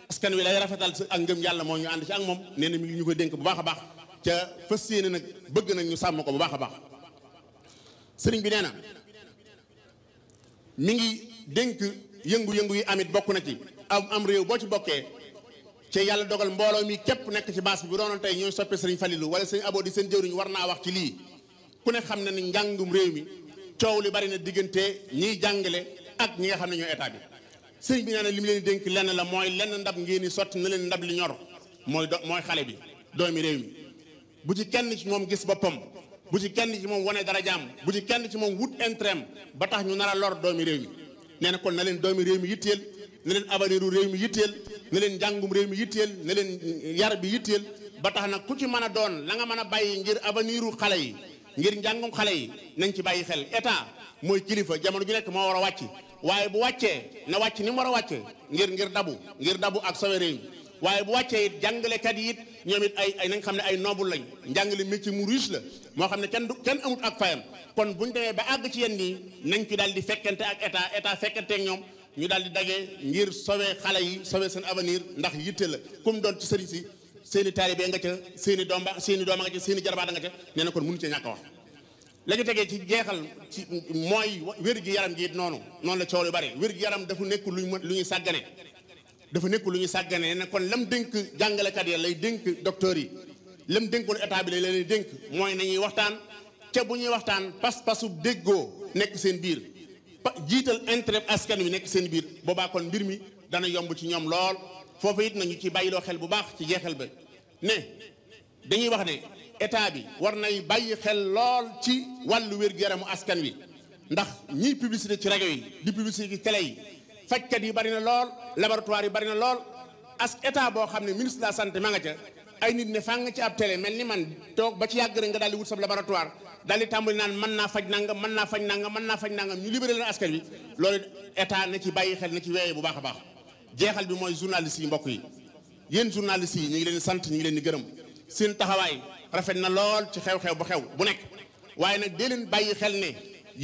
Speaker 10: askan wi lay rafetal ak ngëm yàlla moo ñu ànd ci ak moom nee ñu koy dénk bu baax a baax ca fas yéene nag bëgg nag ñu sàmm ko bu baax a baax sëriñ bi nee na mi ngi dénk yëngu-yëngu yi amit bokk na ci am am réew boo ci bokkee ci yàlla dogal mbooloo mi képp nekk ci baas bi bu doonoon tey ñooy sa sëriñ Falilu wala sëriñ Abo di seen jëwriñ war naa wax ci lii ku ne xam na ni njàngum réew mi coow li bari na diggante ñiy jàngale ak ñi nga xam ne ñoo état bi sëriñ bi nee na li mu leen dénk lenn la mooy lenn ndab ngeen di sotti na leen ndab li ñor mooy do mooy xale bi doomi réew mi bu ci kenn moom gis boppam bu ci kenn ci moom wane dara jaam bu ci kenn ci moom wut intérêt ba tax ñu nar a lor doomi réew mi nee kon na leen doomi réew mi yitteel na leen avenir réew mi yitteel na leen njàngum réew mi yitteel na leen yar bi yitteel ba tax nag ku ci mën a doon la nga mën a bàyyi ngir avenir xale yi ngir njàngum xale yi nañ ci bàyyi xel état mooy kilifa jamono ju nekk moo war a wàcc waaye bu wàccee na wàcc ni war a wàcce ngir ngir dabu ngir dabu ak sowe réew waaye bu wàccee it jàngalekat yi ñoom it ay ay na nga xam ne ay noble lañ njàngale métier mu riche la moo xam ne kenn du kenn amut ak fayam kon bu ñu demee ba àgg ci yenn nii nañ ci daal di fekkente ak état état fekkante ak ñoom ñu daal di dagee ngir sauver xale yi sauver seen avenir ndax yitte la comme doon ci sëriñ si seen i taalibe nga ca seen i domba seen i dooma nga ca seen i nga ca nee kon mënu cee ñàkk wax la ñu tegee ci jeexal ci mooy wér gi yaram gi noonu noonu la coow lu bari wér gi yaram dafa nekk luñ lu ñuy sàggane dafa nekk lu ñu sàgganee ne kon lam dénk jàngalekat ya lay dénk docteur yi lam dénkoon état bi lay leen dénk mooy nañuy waxtaan ca bu ñuy waxtaan pas-pasu déggoo nekk seen biir pa jiital intérêt askan wi nekk seen biir boobaa kon mbir mi dana yomb ci ñoom lool foofu it nañu ci bàyyiloo xel bu baax ci jeexal ba ne dañuy wax ne état bi war nay bàyyi xel lool ci wàllu wér garamu askan wi ndax ñiy publicité ci rajo yi di publicité ci télé yi fajkat yi bari na lool laboratoire yi bari na lool as état boo xam ne ministre de la santé ma nga ca ay nit ne fàng ci ab télé mel ni man toog ba ci yàgg rek nga daal di wut sab laboratoire daal di tàmbali naan mën naa faj nangam mën naa faj nangam mën naa faj nangam ñu libéré leen askan wi loolu état na ci bàyyi xel na ci weeye bu baax a baax jeexal bi mooy journaliste yi mbokk yi yéen journaliste yi ñu ngi leen di sant ñu ngi leen di gërëm seen taxawaay rafet na lool ci xew-xew bu xew bu nekk waaye nag dee leen bàyyi xel ne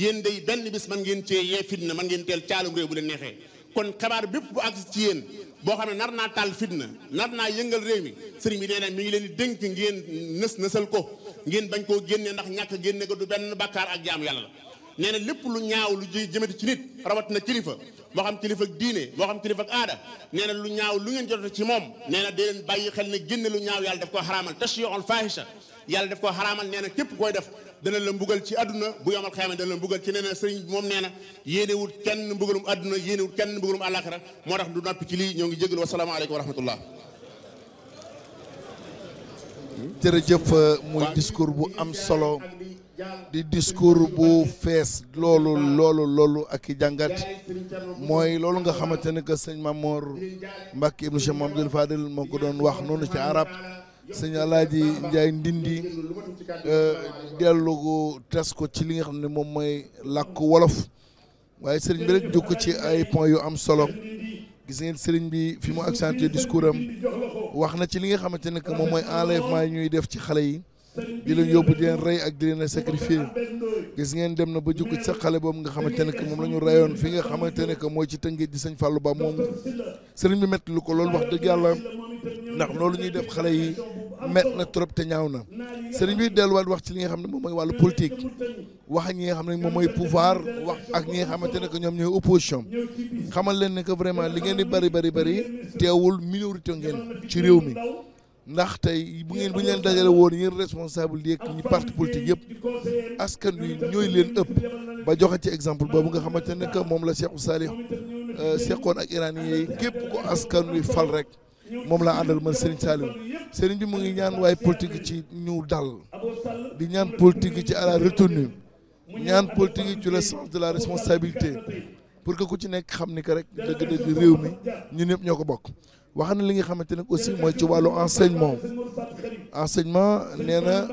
Speaker 10: yéen day benn bis man ngeen cee yee fitna man ngeen teel caalum réew bu leen neexee kon xabaar bépp bu agsi ci yéen boo xam ne nar naa taal fitna nar naa yëngal réew mi sëriñ bi nee na mi ngi leen di dénk ngeen nës nësal ko ngeen bañ koo génnee ndax ñàkk génne ko du benn bàkkaar ak jaamu yàlla la nee na lépp lu ñaaw lu jëmati ci nit rawat na kilifa moo xam kilifa ak diine moo xam kilifa ak aada nee na lu ñaaw lu ngeen jotee ci moom nee na dee leen bàyyi xel ne génne lu ñaaw yàlla daf ko xaraamal tashyi'ul fahisha yàlla daf ko xaraamal nee na képp koy def dana la mbugal ci àdduna bu yomal xayma dana la mbugal ci nee sëñ moom nee na yéenewut kenn mbugalum àdduna yéenewut kenn mbugalum àllaaxira moo tax du noppi ci lii ñoo ngi jégalu
Speaker 4: wasalaamaaleykum wa rahmatullah jërëjëf euh, muy discours bu am solo di discours bu fees loolu loolu loolu ak i jàngat mooy loolu nga xamante ne que sëñ Mamour Mbacke ibnu Cheikh Mamadou Fadil moo ko doon wax noonu ci arab sëñ Alaaji Njaay Ndindi euh, dellu ko tas ko ci li nga xam ne moom mooy làkk wolof waaye sëriñ bi rek jóg ko ci ay point yu am solo gis ngeen sëriñ bi fi mu accentué discours am wax na ci li nga xamante ne que moom mooy enlèvement yi ñuy def ci xale yi di leen yóbbu di rey ak di leen sacrifié gis ngeen dem na ba jukk sax xale boobu nga xamante ne que moom la ñu reyoon fi nga xamante ne que mooy ci tëngéej di sëñ Fallou Ba moom seriñ bi métti lu ko loolu wax dëgg yàlla ndax loolu ñuy def xale yi met na trop te ñaaw na sëriñ bi delluwaat wax ci li nga xam ne moom mooy wàllu politique wax ak ñi nga xam ne moom mooy pouvoir wax ak ñi nga xamante ñoom ñooy opposition xamal leen ne que vraiment li ngeen di bari bari bari teewul minorité ngeen ci réew mi ndax tey bu ngeen bu ñu leen dajale woon yéen responsable yeeg ñi parti politique yëpp askan wi ñooy leen ëpp ba joxe ci exemple boobu nga xamante ne que moom la Cheikhou Salih euh, seqoon ak iran yi képp ko askan wi fal rek. moom laa àndal man Serigne Saliou Serigne bi mu ngi ñaan waaye politique ci ñu dal di ñaan politique ci à la retenue ñaan politique ci le sens de la responsabilité pour que ku ci nekk xam ni que rek dëgg-dëgg réew mi ñun ñëpp ñoo ko bokk. wax na li nga xamante ne aussi mooy ci wàllu enseignement enseignement nee na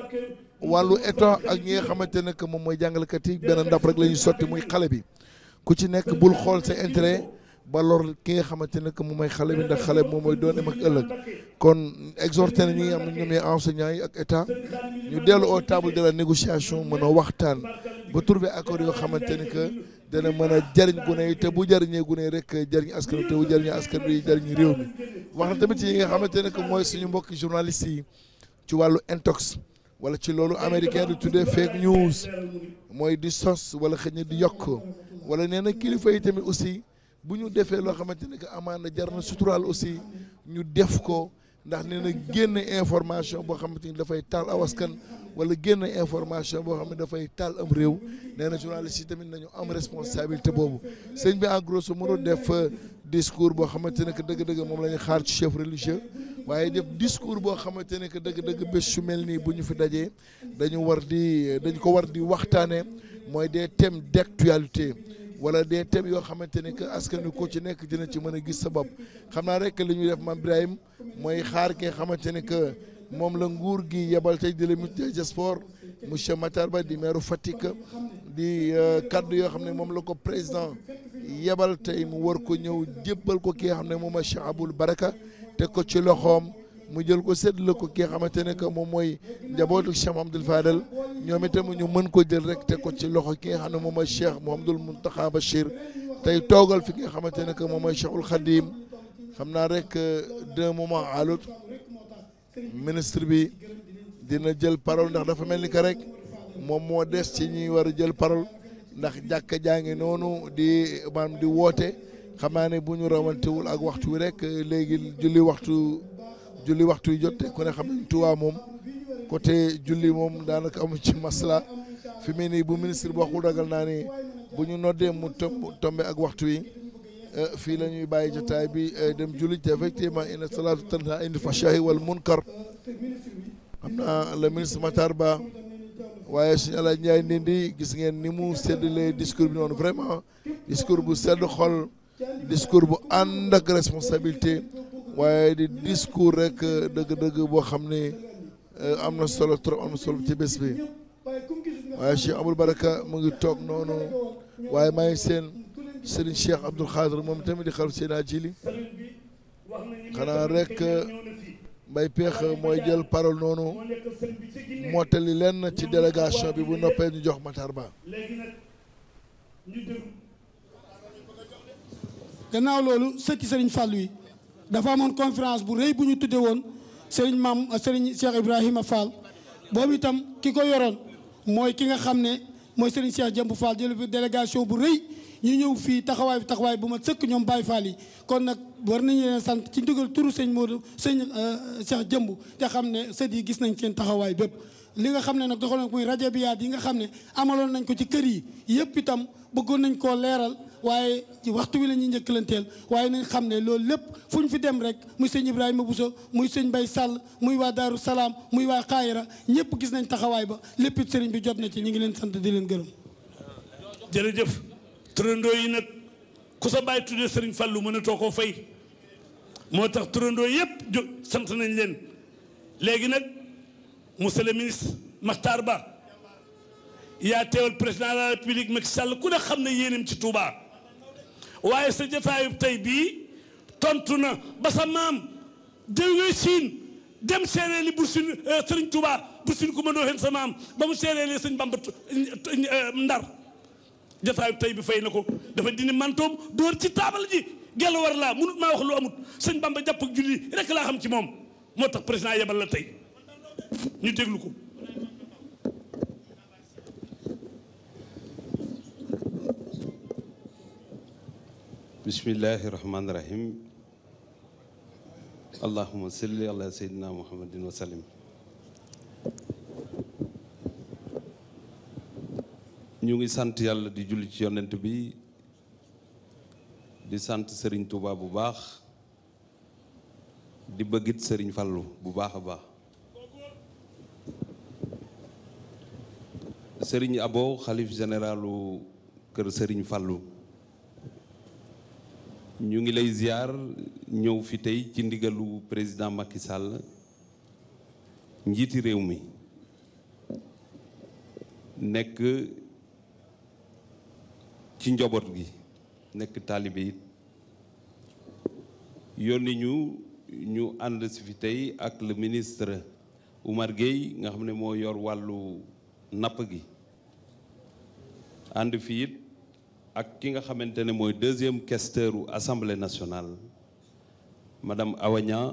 Speaker 4: wàllu état ak ñi nga xamante ne que moom mooy jàngalekat yi benn ndap rek la ñuy sotti muy xale bi ku ci nekk bul xool sa intérêt. ba lor ki nga xamante ne que moom mooy xale bi ndax xale bi moom mooy dooneem ak ëllëg kon exhorté na ñuy am ñoom enseignants yi ak état ñu dellu au table de la négociation mën a waxtaan ba trouver accord yoo xamante ne que dana mën a jariñ gune yi te bu jariñee gune yi rek jariñ askan wi te bu jariñee askan wi jariñ réew mi wax na tamit ci yi xamante ne que mooy suñu mbokki journalistes yi ci wàllu intox wala ci loolu américain di tuddee fake news mooy di sos wala xëy di yokk wala nee na kilifa yi tamit aussi bu ñu defee loo xamante ne que amaana jar na suturaal aussi ñu def ko ndax nee na génn information boo xamante ni dafay taal awaskan wala génn information boo xam ne dafay taal am réew neena na journaliste tamit nañu am responsabilité boobu sëñ bi en grosso modo def euh, discours boo xamante ne que dëgg-dëgg moom la ñu xaar ci chef religieux waaye def discours boo xamante ne que dëgg-dëgg bés su mel nii bu ñu fi dajee dañu war di dañ ko war di waxtaanee mooy des thèmes d'actualité wala des thèmes yoo xamante ni que askan wi ko ci nekk dina ci mën a gis sa bopp xam naa rek li ñuy def ma Ibrahim mooy xaar ki nga xamante ni que moom la nguur gi yebal tey di la ministre des monsieur Matar Ba di maire Fatick di euh, kaddu yoo xam ne moom la ko président yebal tey mu war ko ñëw jébbal ko ki nga xam ne moom a Cheikh Aboul Baraka te ko ci loxoom. mu jël ko séddale ko ki nga xamante ne que moom mooy njabootu Cheikh Mouhamadoul Fadel ñoom itam ñu mën ko jël rek te ko ci loxo ki nga xam ne moom mooy Cheikh Mouhamadoul Mountakha Bachir tey toogal fi nga xamante ne que moom mooy Cheikhul Khadim xam naa rek euh, d'un moment à l'autre ministre bi dina jël parole ndax dafa mel ni que rek moom moo des ci ñuy war a jël parole ndax jàkka jaa ngi noonu di maanaam di woote xam naa bu ñu rawantewul ak waxtu wi rek euh, léegi julli waxtu. julli waxtu wi jot te ku ne xam nañ Touba moom côté julli moom daanaka amu ci masla fi mu nii bu ministre bi waxul ragal naa ni bu ñu noddee mu tombe ak waxtu yi eh, fii la ñuy bàyyi jotaay bi eh, dem julli te effectivement inna salaatu tanha anil fahshaa'i wal munkar xam na le ministre Matar Ba waaye suñu Alaaji Njaay Ndindi gis ngeen ni mu séddalee discours bi noonu vraiment discours bu sedd xol discours bu ànd ak responsabilité waaye di discours rek euh, dëgg-dëgg boo xam ni euh, am na solo trop am na solo ci bés bi waaye Cheikh Abul Baraka mu ngi toog noonu waaye maa ngi seen Serigne Cheikh Abdoul Khadir moom tamit di xalif seen ajili
Speaker 2: xanaa rekk euh, mbay peex mooy jël parole noonu mottali lenn ci délégation bi bu noppee ñu jox Matar Ba.
Speaker 5: gannaaw loolu sëcc Serigne Fallou yi. dafa amoon conférence bu rëy bu ñu tuddee woon sëriñ maam euh, sëriñ Cheikh Ibrahima Fall boobu itam ki ko yoroon mooy ki nga xam ne mooy sëriñ Cheikh Jëmb jël délégation bu rëy ñu ñëw fii taxawaay bi taxawaay bu ma sëkk ñoom Baye Fall yi kon nag war nañu leen sant ci ndigal turu sëñ Modou sëñ euh, Cheikh Jëmb te xam ne sët yi gis nañ seen taxawaay bépp li nga xam ne nag doxaloon muy rajo bi yi nga xam ne amaloon nañ ko ci kër yi yëpp itam bëggoon nañ koo leeral waaye ci waxtu wi la ñuy njëkkalanteel waaye nañ xam ne loolu lépp fu ñu fi dem rek muy sëñ Ibrahima Bousso muy sëñ Bay Sàll muy waa Daaru Salaam muy waa Xaayira ñëpp gis nañ taxawaay ba lépp it sëriñ bi jot na ci ñu ngi leen sant di leen gërëm jërëjëf
Speaker 2: turandoo yi nag ku sa bàyyi tuddee sëriñ mën a toogoo fay moo tax turandoo yëpp jo sant nañ leen léegi nag monsieur le ministre Makhtar Ba yaa teewal président de la république Macky Sall ku ne xam na yéenam ci Touba waaye sa jataayub tey bii tontu na ba sa maam déwee siin dem seeree li bur sin euh, sëriñ Tuubaa bur sin ku ma dooxeen sa maam ba mu seeree li sëñ Bamba euh, ndar jataayub tey bi fay na ko dafa dindi mantoom dóor ci taabal ji gel war laa munut maa wax lu amut sëñ Bamba jàpp ak julli rek laa xam ci moom moo tax président yebal la tey ñu déglu ko
Speaker 11: bismillahi rahmaani rahim allahuma salli ala seydina muhammadin wa sallim ñu ngi sant yàlla di julli ci yonent bi di sant sëriñ Touba bu baax di bëggit sëriñ Fallu bu baax a baax sëriñ Abo xalif généralu kër sëriñ Fallu ñu ngi lay ziar ñëw fi tey ci ndigalu président Macky Sall njiiti réew mi nekk ci njaboot gi nekk taalibe it yónni ñu ñu ànd si fi tey ak le ministre Oumar Gueye nga xam ne moo yor wàllu napp gi ànd fi it ak ki nga xamante ne mooy deuxième questeur u assemblée nationale madame Awaña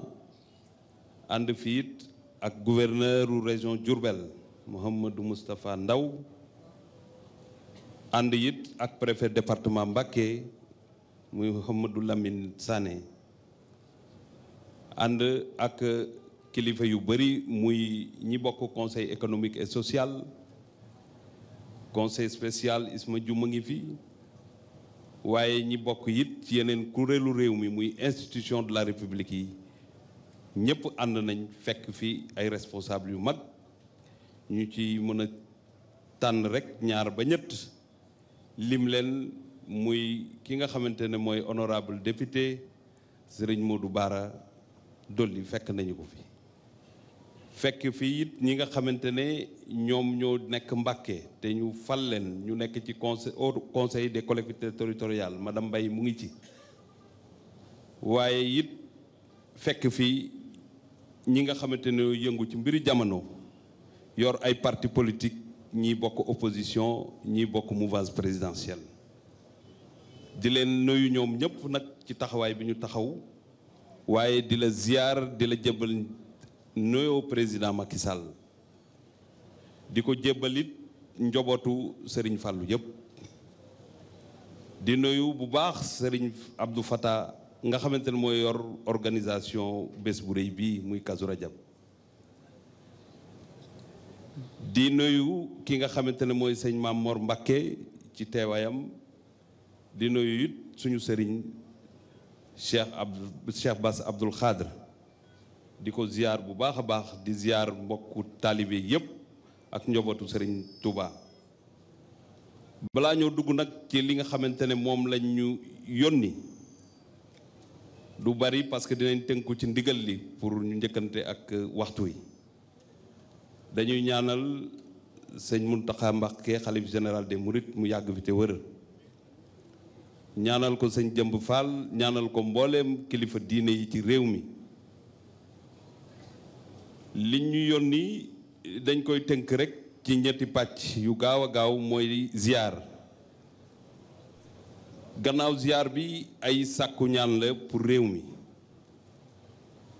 Speaker 11: ànd fiit ak gouverneur u région Diourbel Mouhamadou Moustapha Ndaw ànd it ak préfet département Mbacké muy Mouhamadou Lamine Sané ànd ak kilifa yu bëri muy ñi bokk conseil économique et social conseil spécial Isma Dioum a ngi fi waaye ñi bokk yit ci yeneen kuréelu réew mi muy institution de la république yi ñëpp ànd nañ fekk fi ay responsable yu mag ñu ci mën a tànn rek ñaar ba ñett lim leen muy ki nga xamante ne mooy honorable député Serigne Modou Bara Dolly fekk nañu ko fi fekk fii it ñi nga xamante ne ñoom ñoo nekk Mbàkke te ñu fal leen ñu nekk ci conseil au conseil des collectivités territoriales madame Mbaye mu ngi ci waaye it fekk fii ñi nga xamante ne yëngu ci mbiru jamono yor ay parti politique ñi bokk opposition ñi bokk mouvance présidentielle di leen nuyu ñoom ñëpp nag ci taxawaay bi ñu taxaw waaye di la ziar di la jëbal nuyoo président Macky Sall di ko jébbalit njobootu sëriñ fàllu yëpp di nuyu bu baax sëriñ Abdou Fata nga xamante ne mooy yor organisation bés bu réy bii muy Kazu Rajab di nuyu ki nga xamante ne mooy sëñ Maam Mor Mbakke ci teewaayam di nuyu it suñu sëriñ Cheikh Abdou Cheikh Bass Abdoul di ko ziar bu baax a baax di ziar mbokku taalibe yépp ak njobootu sëriñ Touba. balaa ñoo dugg nag ci li nga xamante ne moom lañ ñu yónni du bari parce que dinañ tënku ci ndigal li pour ñu njëkkante ak waxtu wi dañuy ñaanal sëñ Mountakha Mbacké xalif général des murit mu yàgg fi te wër ñaanal ko sëñ Jëmb Fall ñaanal ko mbooleem kilifa diine yi ci réew mi li ñu yónni dañ koy tënk rek ci ñetti pàcc yu gaaw a gaaw mooy ziar gannaaw ziar bi ay sàkku ñaan la pour réew mi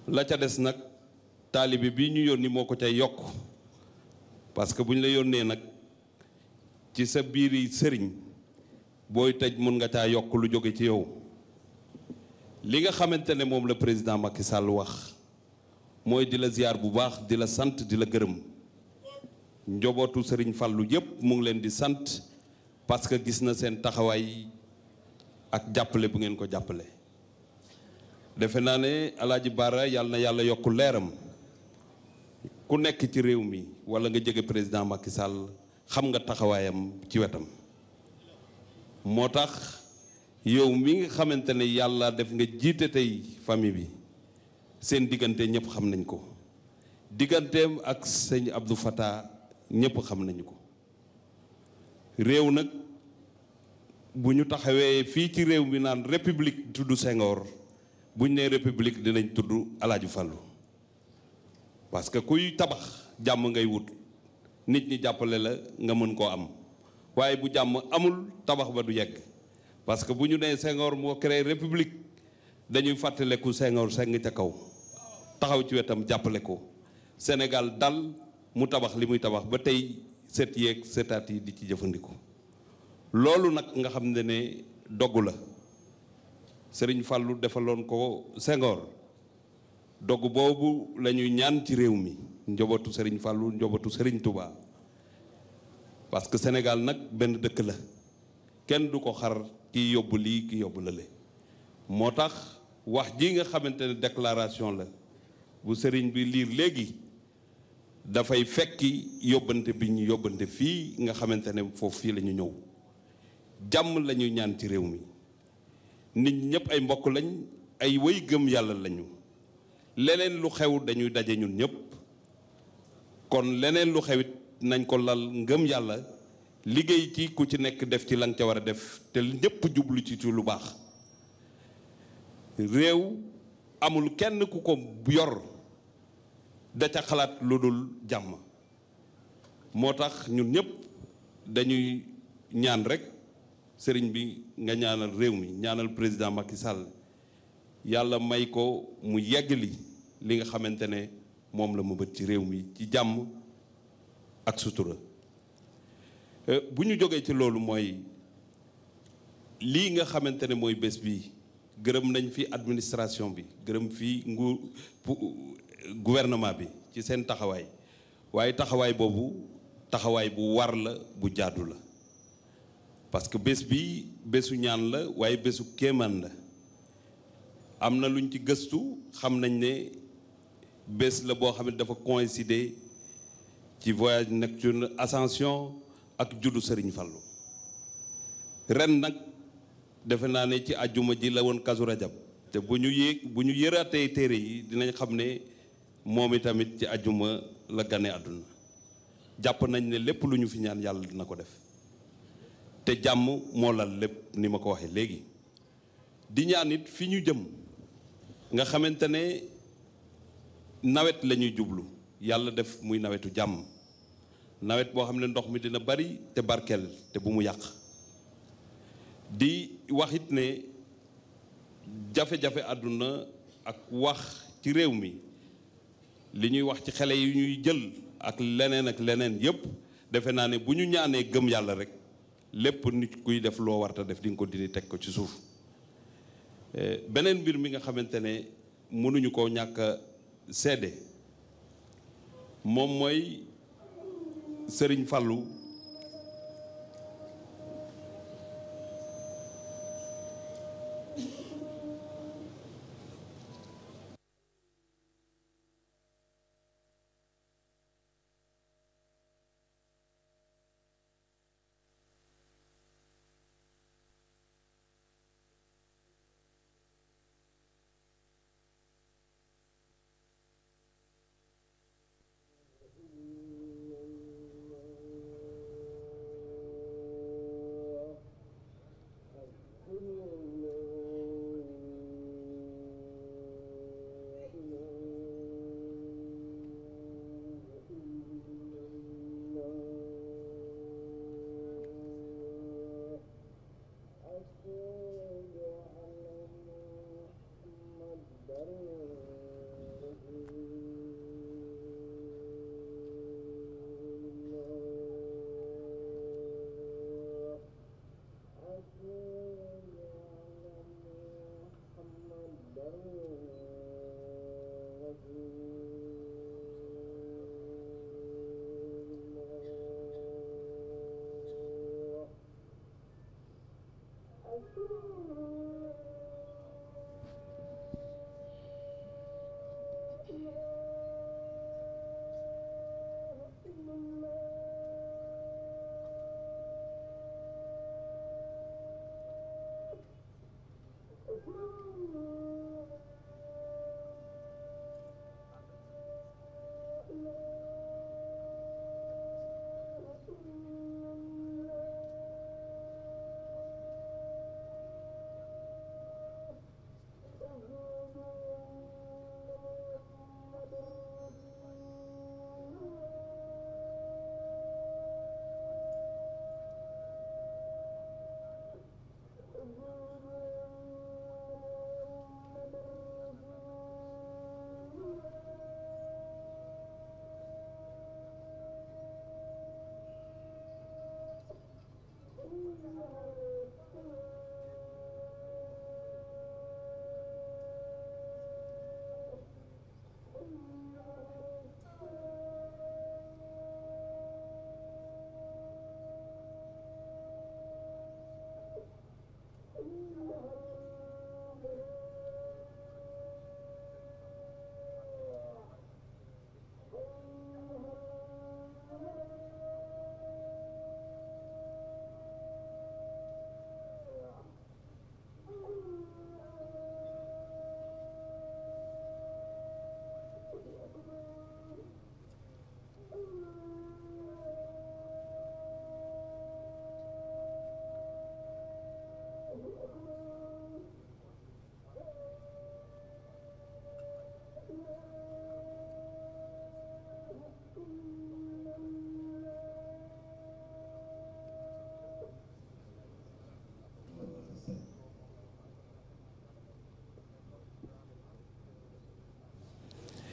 Speaker 11: la ca des nag taalibe bi ñu yónni moo ko ca yokk parce que bu ñu la yónnee nag ci sa biir biiri sëriñ booy tëj mën nga caa yokk lu jóge ci yow li nga xamante ne moom la président Macky Sall wax mooy di la ziar bu baax di la sant di la gërëm njobootu sëriñ Fallou yëpp mu ngi leen di sant parce que gis na seen taxawaay ak jàppale bu ngeen ko jàppale defe naa ne Alaaji Baara yàlla na yàlla yokk leeram ku nekk ci réew mi wala nga jege président Macky sàll xam nga taxawaayam ci wetam moo tax yow mi nga xamante ne yàlla def nga jiite tey famille bi seen diggante ñëpp xam nañ ko digganteem ak sëñ Abdou Fattah ñëpp xam nañu ko réew nag bu ñu taxawee fii ci réew mi naan république tudd Senghor bu ñu nee république dinañ tudd alaaju Fàllu parce que kuy tabax jàmm ngay wut nit ñi jàppale la nga mën koo am waaye bu jàmm amul tabax ba du yegg parce que bu ñu nee sengoor moo créé république dañuy fàttaleku Senghor seng ca kaw taxaw ci wetam jàppale ko Sénégal dal mu tabax li muy tabax ba tey seet yeeg setaat yi di ci jëfandikoo loolu nag nga xam ne ne dogg la Sëriñ Fàllu defaloon ko Senghor dogg boobu la ñaan ci réew mi njobootu Sëriñ Fàllu njobootu Sëriñ Tuubaa parce que Sénégal nag benn dëkk la kenn du ko xar ki yóbbu lii ki yóbbu lële moo tax wax ji nga xamante ne déclaration la bu sëriñ bi liir léegi dafay fekki yóbbante bi ñu yóbbante fii nga xamante ne foofu fii la ñu ñëw jàmm lañuy ñaan ci réew mi nit ñëpp ay mbokk lañ ay way gëm yàlla lañu leneen lu xew dañuy daje ñun ñëpp kon leneen lu xewit nañ ko lal ngëm yàlla liggéey ci ku ci nekk def ci lan ca war a def te ñëpp jublu ci ci lu baax réew amul kenn ku ko yor da ca xalaat lu dul jàmm moo tax ñun ñëpp dañuy ñaan rek sëriñ bi nga ñaanal réew mi ñaanal président Macky Sall yàlla may ko mu yeggali li nga xamante ne moom la mu bët ci réew mi ci jàmm ak sutura euh, bu ñu jógee ci loolu mooy lii nga xamante ne mooy bés bi gërëm nañ fi administration bi gërëm fi nguur gouvernement bi ci seen taxawaay waaye taxawaay boobu taxawaay bu war la bu jaadu la parce que bés bi bésu ñaan la waaye bésu kéemaan la am na luñ ci gëstu xam nañ ne bés la boo xam ne dafa coïncider ci voyage nocturne assention ak juddu Serigne Fallou ren nag defe naa ne ci àjjuma ji la woon Kazu Rajab te bu ñu yëraatee téere yi dinañ xam ne moom itamit ci ajuma la gane àdduna jàpp nañ ne lépp lu ñu fi ñaan yàlla dina ko def te jàmm moo lal lépp ni ma ko waxee léegi di ñaan it fi ñu jëm nga xamante ne nawet la ñuy jublu yàlla def muy nawetu jàmm nawet boo xam ne ndox mi dina bari te barkel te bu mu yàq di waxit ne jafe-jafe àdduna ak wax ci réew mi li ñuy wax ci xale yi ñuy jël ak leneen ak leneen yépp defe naa ne bu ñu ñaanee gëm yàlla rek lépp nit kuy def loo warta def di nga ko dindi teg ko ci suuf eh, beneen mbir mi nga xamante ne mënuñu koo ñàkk sedde moom mooy Sëriñ Fàllu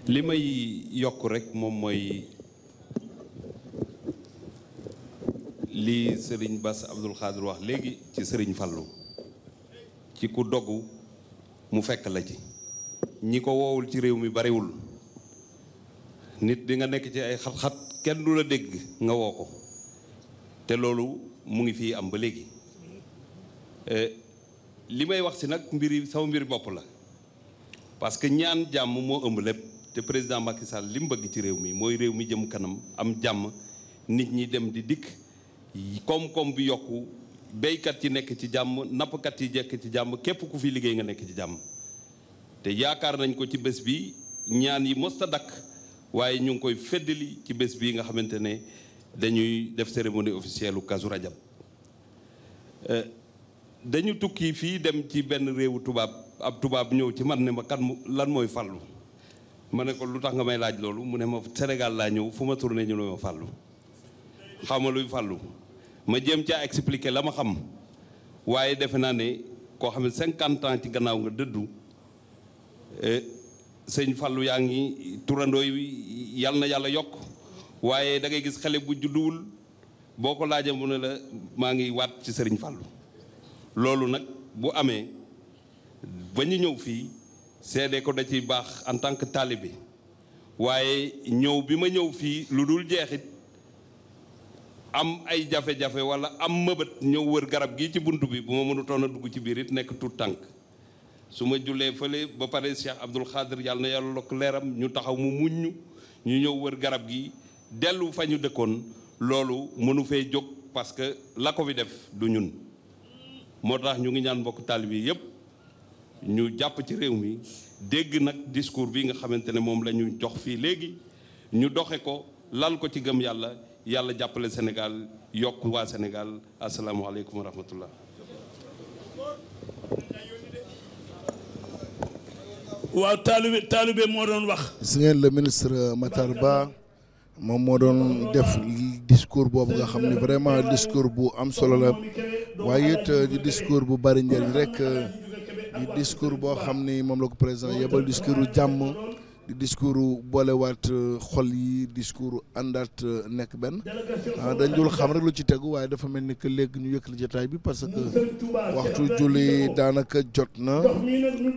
Speaker 11: li may yokk rek moom mooy lii sëriñ Bass Abdou Khadre wax léegi ci sëriñ Fallou ci ku dogu mu fekk la ci ñi ko woowul ci réew mi bariwul nit di nga nekk ci ay xat-xat kenn du la dégg nga woo ko te loolu mu ngi fii am ba léegi eh, li may wax si nag mbiri sama mbir bopp la parce que ñaan jàmm moo ëmb lépp te président Macky Sall li bëgg ci réew mi mooy réew mi jëm kanam am jàmm nit ñi dem di dikk koom-koom bi yokku béykat yi nekk ci jàmm nappkat yi jekk ci jàmm képp ku fi liggéey nga nekk ci jàmm te yaakaar nañ ko ci bés bi ñaan yi mosta dakk waaye ñu ngi koy feddali ci bés bi nga xamante ne dañuy def cérémonie officielle u Kazu Rajab euh, dañu tukki fii dem ci benn réewu tubaab ab tubaab ñëw ci man ne ma kan lan mooy fàllu ma ne ko lu tax nga may laaj loolu mu ne ma Sénégal laa ñëw fu ma tourné ñu ne ma fàllu xaw ma luy fàllu ma jëm ca expliquer la ma xam waaye defe naa ne koo xam ne cinquante ans ci gannaaw nga dëddu e, sëñ fàllu yaa ngi turandoo yi yal na yàlla yokk waaye da ngay gis xale bu judduwul boo ko laajee mu ne la maa ngi waat ci sëriñ fàllu loolu nag bu amee ba ñu ñëw fii seede ko da ci baax en tant que taalibe waaye ñëw bi ma ñëw fii lu dul jeexit am ay jafe-jafe wala am mëbët ñëw wër garab gi ci bunt bi bu ma mënutoon a dugg ci biir it nekk tout tànk su ma julee fële ba pare Cheikh Abdoul Khadir yàlla na yàlla lokk leeram ñu taxaw mu muñ ñu ñu ñëw wër garab gi dellu fa ñu dëkkoon loolu mënu fee jóg parce que la ko fi def du ñun moo tax ñu ngi ñaan mbokk taalibe yi yépp ñu jàpp ci réew mi dégg nag discours bi nga xamante ne moom la ñu jox fii léegi ñu doxe ko lal ko ci gëm yàlla yàlla jàppale Sénégal yokk waa Sénégal asalaamualeykum wa rahmatullah
Speaker 2: waaw taalibe moo doon wax.
Speaker 4: gis ngeen le ministre Matar Ba moom moo doon def discours boobu nga xam ne vraiment discours bu am solo la waaye it euh, discours bu bari njëriñ rek. Euh, di discours boo xam ni moom la ko président yebal discours jàmm di discours boolewaat euh, xol yi discours àndaat euh, nekk benn ah, dañ dul xam rek lu ci tegu waaye dafa mel ni que léegi ñu yëkkali jotaay bi parce que waxtu julli daanaka jot na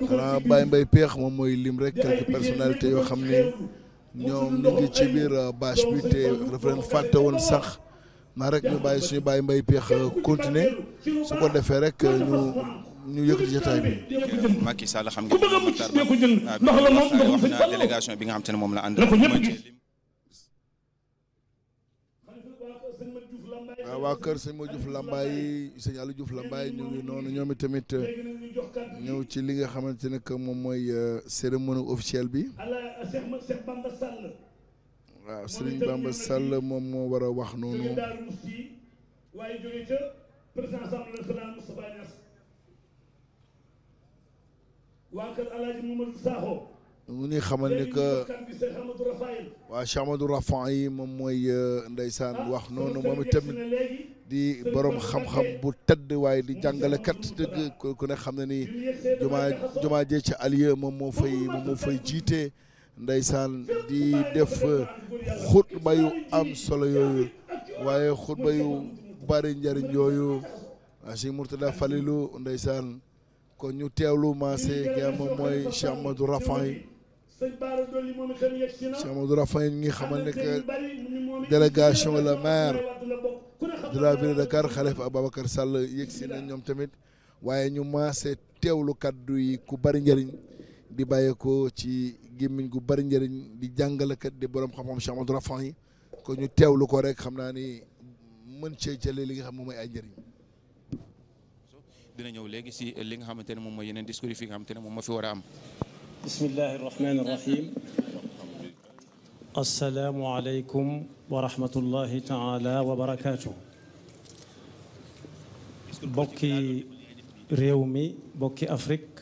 Speaker 4: xanaa Baye Mbaye Peex moom mooy lim rek quelques personnalités yoo xam ne ñoom ñu ngi ci biir euh, bâche bi te dafa fàtte woon sax naa rek ñu bàyyi suñu Baye Mbaye Peex continuer su ko defee rek
Speaker 3: ñu yëkkati jotaay bi bi nga xam te ne moom la ànd
Speaker 4: waaw waa kër sëñ Mo Diouf Lambaye sëñ Aliou ñu ngi noonu ñoom tamit uh, ñëw ci li nga xamante ne moom mooy uh, cérémonie bi waaw moom moo war wax noonu. waa kër mu ngi xamal ni que waa Cheikh Amadou Rafa yi moom mooy euh, ndeysaan ah, wax noonu moom itamit di borom xam-xam bu tëdd waaye di jàngalekat dëgg ku ne xam ne ni jumaa jumaa jee ci Alieu moom moo fay moom moo fay jiite ndeysaan di def euh, xutba yu am solo yooyu waaye xutba yu bari njariñ yooyu waa si Murtada Falilu ndeysaan ko ñu teewlu maase gi moom mooy Cheikh Amadou Rafan yi
Speaker 2: Cheikh
Speaker 4: ngi xamal ne que délégation la maire de la ville de Dakar Khalifa Ababacar Sall yëg si nañ ñoom tamit waaye ñu maase teewlu kaddu yi ku bari njëriñ di bàyyeekoo ci gémmiñ ku bari njëriñ di jàngalekat di borom xam-xam Cheikh Amadou Rafan yi kon ñu teewlu ko rek xam naa ni mën cee jëlee li nga xam moom mooy ay njëriñ.
Speaker 7: dina ñëw léegi si li xamante ne moom mooy yeneen discours yi fi nga xamante ne moom moo fi war a am bismillahi rahmaani rahim
Speaker 12: assalaamu bokki réew mi bokki Afrique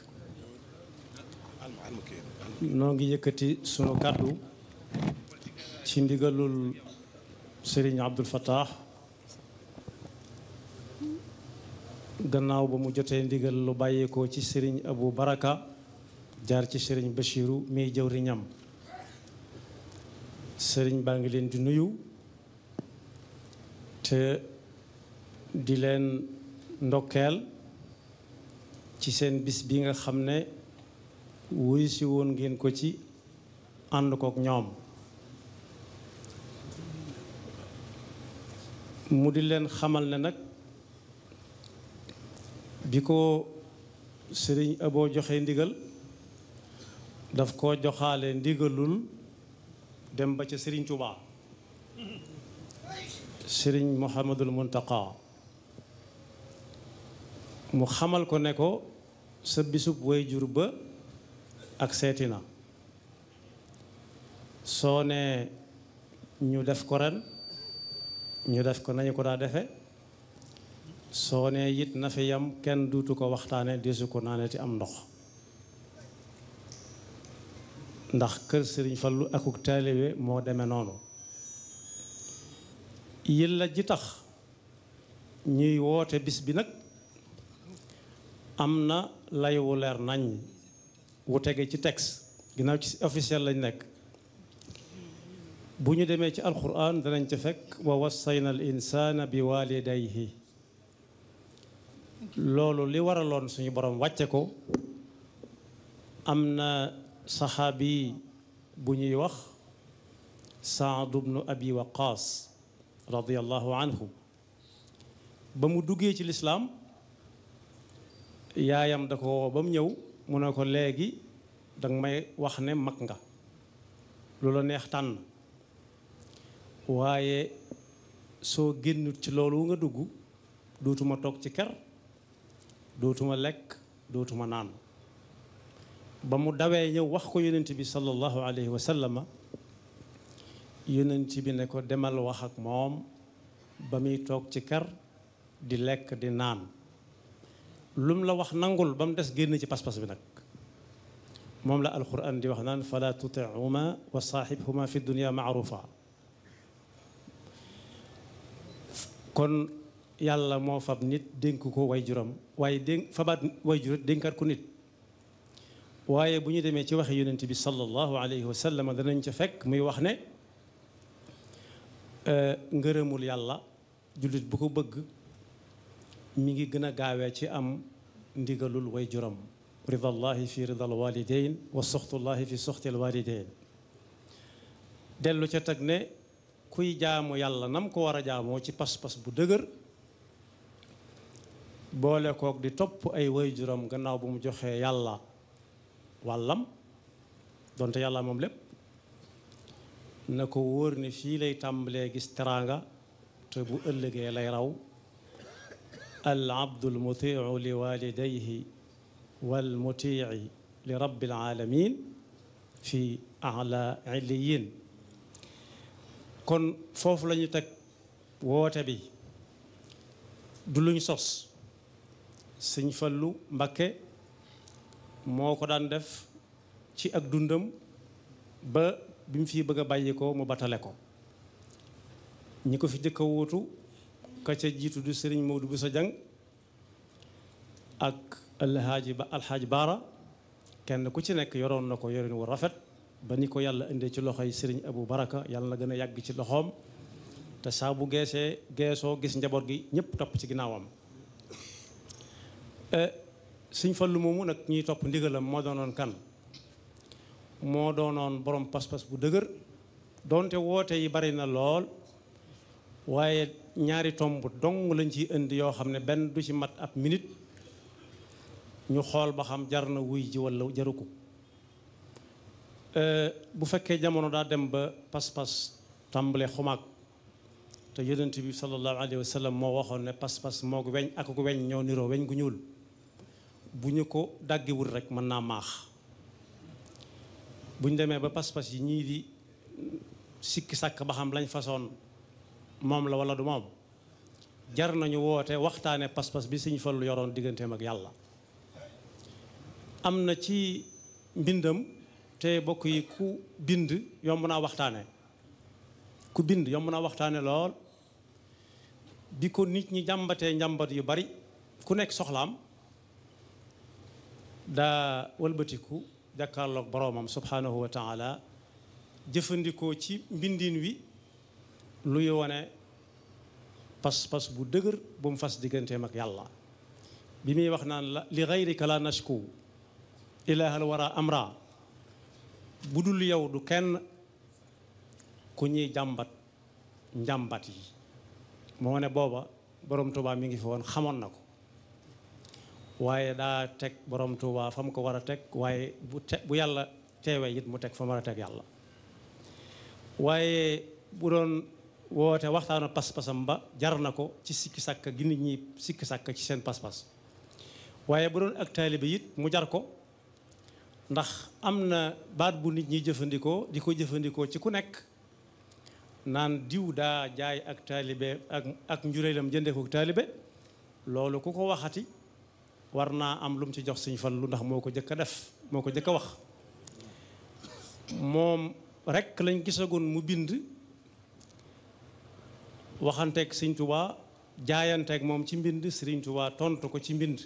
Speaker 12: noo ngi yëkkati sunu kàddu ci ndigalul Serigne Abdul gannaaw ba mu jotee ndigal lu bàyyeekoo ci sëriñ Abu Baraka jaar ci sëriñ Bachiru miy jëwriñam sëriñ baa ngi leen di nuyu te di leen ndokkeel ci seen bis bi nga xam ne wuyu woon ngeen ko ci ànd kook ñoom mu di leen xamal ne nag bi ko sëriñ aboo joxe ndigal daf ko joxaale ndigalul dem ba ca sëriñ Tuubaa sëriñ Muhammadul Muntaqa mu xamal ko ne ko sa bisub jur ba ak seeti na soo ne ñu def ko ren ñu def ko nañu ko daa defe soo nee it na fi yam kenn duutu ko waxtaanee desu ko ti am ndox ndax kër sëriñ Fallu akuk taalibe moo deme noonu yilla ji tax ñuy woote bis bi nag am na lay wu leer nañ wu tege ci texte ginnaaw ci officiel lañ nekk bu ñu demee ci alquran danañ ci fekk wa wassayna al insana bi walidayhi loolu li waraloon suñu boroom wàcce ko am na saxaabi bu ñuy wax saadu bnu abi waqaas radiallahu anhu ba mu duggee ci lislaam yaayam da ko ba mu ñëw mu ne ko léegi danga may wax ne mag nga lu la neex tànn waaye soo génnut ci loolu nga dugg dootuma toog ci kër dootuma lekk dootuma naan ba mu dawee ñëw wax ko yonent bi sallallahu alayhi wa sallama yonent bi ne ko demal wax ak moom ba muy toog ci kër di lekk di naan lum la wax nangul ba mu des génn ci pas-pas bi nag moom la alquran di wax naan fala tutihuma wa saaxibhuma fi dunia maarufa kon yàlla moo fab nit dénk ko way waaye dénk fabaat way jur dénkaat ko nit waaye bu ñu demee ci waxe yonent bi sallallahu alayhi wa sallam danañ ca fekk muy wax ne euh, ngërëmul yàlla jullit bu ko bëgg mu ngi gën a gaawee ci am ndigalul way juram ridallahi fi ridal walidain wa soxtullahi fi soxtil walidain dellu ca teg ne kuy jaamu yàlla nam ko war a jaamoo ci pas-pas bu dëgër boole kook di topp ay waajuram gannaaw bu mu joxee yàlla wàllam donte yàlla moom lépp na ko wóor ni fii lay tàmbalee gis teraanga te bu ëllëgee lay raw al abdul mutiu li walidayhi wal mutii li rabbil alamin fi ala iliyin kon foofu lañu ñu teg woote bi du luñ sos sëñ Fallu Mbakke moo ko daan def ci ak dundam ba bi mu fi bëgg a bàyyi ko mu batale ko ñi ko fi jëkk a wuutu ka ca jiitu du sëriñ Maodo Bousso Dieng ak alxaaji ba alxaaj baara kenn ku ci nekk yoroon na ko yorin wu rafet ba ni ko yàlla indee ci loxoy sëriñ Abu Baraka yàlla na gën a yàgg ci loxoom te saa bu geesee geesoo gis njaboot gi ñëpp topp ci ginnaawam Eh, sëñ Fallu moomu nag ñuy topp ndigalam moo doonoon kan moo doonoon borom pas-pas bu dëgër donte woote yi bari na lool waaye ñaari tomb dong lañ ci indi yoo xam ne benn du ci mat ab minute ñu xool ba xam jar na wuy ji walla jaru ko eh, bu fekkee jamono daa dem ba pas-pas tàmbale xumaag te yonent bi sallallahu alayhi wa moo waxoon ne pas-pas moo ko weñ ak ko weñ ñoo niroo weñ gu ñuul bu ñu ko dàggewul rek mën naa maax bu ñu demee ba pas-pas yi ñii di sikki sàkk ba xam lañ façon moom la walla du moom jar nañu woote waxtaane pas-pas bi Sëñ Fallu yoroon digganteem ak yàlla am na ci mbindam te bokk yi ku bind yomb naa waxtaane ku bind yomb naa waxtaane lool bi ko nit ñi jàmbatee njàmbat yu bari ku nekk soxlaam daa wëlbatiku jàkkaarloog boroomam subhanahu wa taala jëfandikoo ci mbindiin wi luy wone pas-pas bu dëgër bu mu fas digganteem ak yàlla bi muy wax naan la li gayrika la nashku ilaahal wara amra bu dul yow du kenn ku ñuy jàmbat njàmbat yi moo ne booba boroom Tuubaa mi ngi fi woon xamoon na ko waaye daa teg borom Touba fa mu ko war a teg waaye bu te bu yàlla teewee it mu teg fa mu war a teg yàlla waaye bu doon woote waxtaan waxtaanu pas-pasam ba jar na ko ci sikki sàkk gi nit ñi sikki sàkk ci seen pas-pas waaye bu doon ak taalibe it mu jar ko ndax am na baat bu nit ñi jëfandikoo di ko jëfandikoo ci ku nekk naan diw daa jaay ak taalibe ak ak njureelam jëndee ko taalibe loolu ku ko waxati war naa am lu mu ci jox sëñ lu ndax moo ko jëkk def moo ko jëkk a wax moom rekk lañ gisagoon mu bind waxanteeg sëñ Tuubaa jaayanteeg moom ci mbind sëriñ Tuubaa tontu ko ci mbind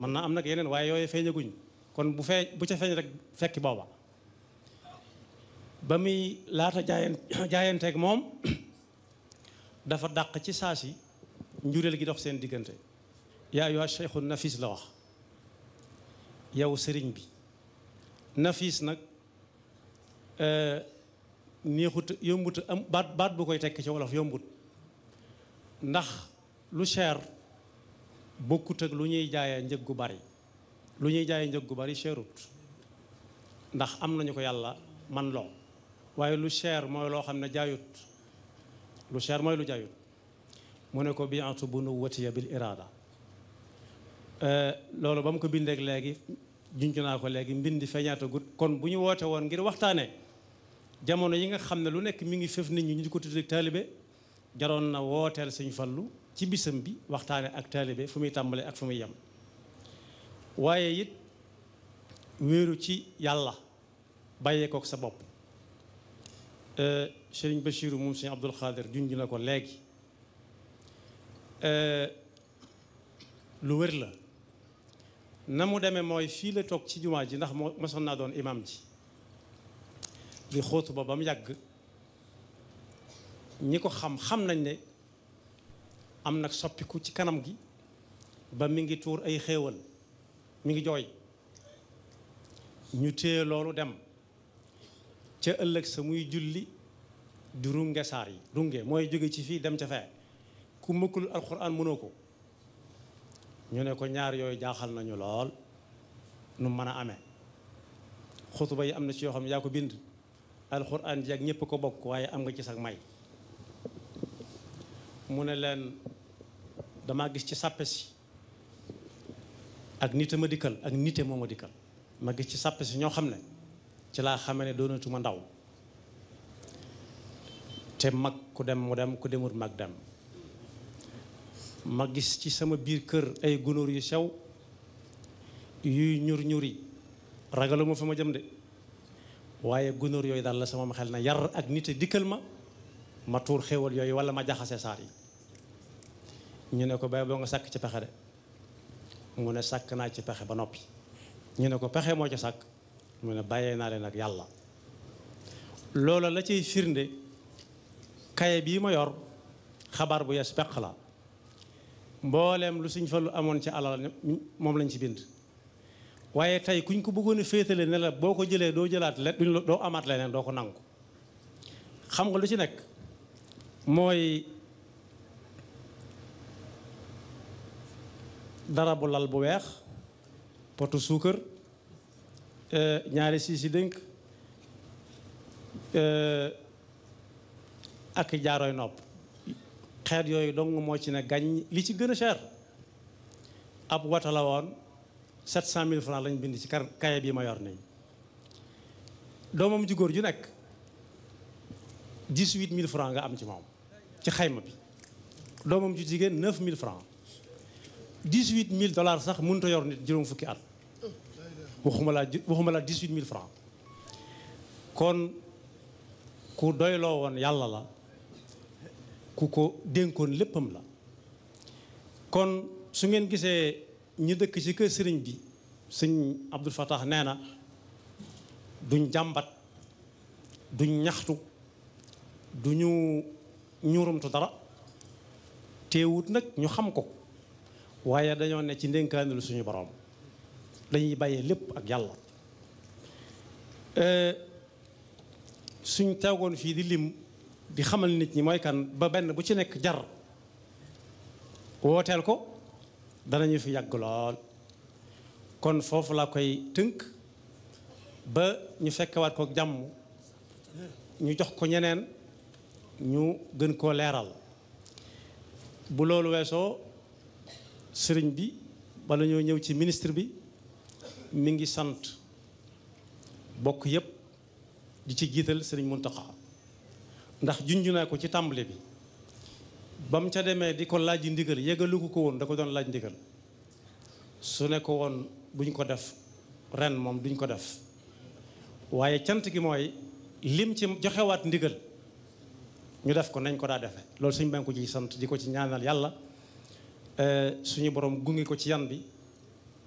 Speaker 12: mën naa am nag yeneen waaye yooyu feeñaguñ kon bu fee bu ca feeñ rek fekki booba ba muy laata jaayan moom dafa dàq ci saa si njureel gi dox seen diggante yaa ayyuha cheikhu nafis la wax yow sëriñ bi nafis nag euh, neexut yombut am baat bu koy tekk ci wolof yombut ndax lu cher bokkut ak lu ñuy jaayee njëg gu bari lu ñuy jaayee njëg gu bari cherut ndax am nañu ko yàlla man loo waaye lu cher mooy loo xam ne jaayut lu cher mooy lu jaayut mu ne ko biatu bu nu watiya bil iraada Euh, loolu ba mu ko bindeek léegi junj naa ko léegi mbind feeñaatagut kon bu ñu woote woon ngir waxtaanee jamono yi nga xam ne lu nekk mi ngi fef nit ñi ñu ko tudd ak taalibe jaroon na wooteel sëñ fallu ci bisam bi waxtaane ak taalibe fu muy tàmbalee ak fu muy yem waaye it wéeru ci yàlla bàyyeekook sa bopp euh, sëriñ Bachiru moom sëñ Abdul Xaadir junj na ko léegi euh, lu wér la na mu demee mooy fii la toog ci jumaa ji ndax moo mosoon naa doon imam ji di xóotu ba ba mu yàgg ñi ko xam xam nañ ne am nag soppiku ci kanam gi ba mi ngi tuur ay xéewal mi ngi jooy ñu téye loolu dem ca ëllëg sa muy julli du runge saar yi runge mooy jóge ci fii dem ca fee ku al alxuraan mënoo ko ñu ne ko ñaar yooyu jaaxal nañu lool nu mën a ame xutuba yi am na ci yoo xam ne yaa ko bind alxuraan ji ak ñëpp ko bokk waaye am nga ci sax may mu ne leen damaa gis ci sàppe si ak nite ma dikkal ak nite moo ma dikkal ma gis ci sàppe si ñoo xam ne ci laa xamee ne doonatuma ndaw te mag ku dem mu dem ku demut mag dem ma gis ci sama biir kër ay gunóor yu sew yuy ñur ñuri ragaluma fa ma jëm de waaye gunóor yooyu daal la sama xel na yar ak nit a dikkal ma ma tuur xéwal yooyu wala ma jaxase saar yi ñu ne ko bay boo nga sàkk ci pexe de mu ne sàkk naa ci pexe ba noppi ñu ne ko pexe moo ci sàkk mu ne bàyyee naa leen ak yàlla loola la ciy firnde kaye bii ma yor xabaar bu yes peq la mbooleem lu suñ fa lu amoon ci alal moom lañ ci bind waaye tey kuñ ko buggoon a féetale ne boo ko jëlee doo jëlaat let duñ doo amaat leneen doo ko nangu xam nga lu ci nekk mooy dara bu lal bu weex potu suukar euh, ñaari siis yi dénk euh, ak jaarooy nopp xeet yooyu dong moo ci ne gàññ li ci gën a cher ab wata la woon sept cent mille francs lañ bind ci kar kaye bii ma yor nii doomam ju góor ju nekk dix-huit mille francs nga am ci moom ci xayma bi doomam ju jigéen neuf mille francs dix-huit mille dollars sax mënut a yor nit juróom fukki at waxuma la waxuma la dix-huit mille francs kon ku doyloo woon yàlla la ku ko dénkoon léppam la kon su ngeen gisee ñu dëkk ci kër sëriñ bi suñ Abdul Fattah nee na duñ jàmbat duñ ñaxtu duñu ñuurumtu dara teewut nag ñu xam ko waaye dañoo ne ci ndénkaanelu suñu borom dañuy bàyyee lépp ak yàlla euh, suñ teewoon fii di lim di xamal nit ñi mooy kan ba benn bu ci nekk jar wooteel ko danañu fi yàgg lool kon foofu laa koy tënk ba ñu fekkewaat ko jàmm ñu jox ko ñeneen ñu gën koo leeral bu loolu weesoo sëriñ bi bala ñoo ñëw ci ministre bi mi ngi sant bokk yépp di ci jiital sëriñ Muntaxa ndax junj naa ko ci tàmbali bi ba mu ca demee di ko laaj yi ndigal yëgalu ko ko woon da ko doon laaj ndigal su ne ko woon buñ ko def ren moom duñ ko def waaye cant gi mooy lim ci joxewaat ndigal ñu def ko nañ ko daa defe loolu suñu banku ci sant di ko ci ñaanal yàlla euh, suñu borom gunge ko ci yan bi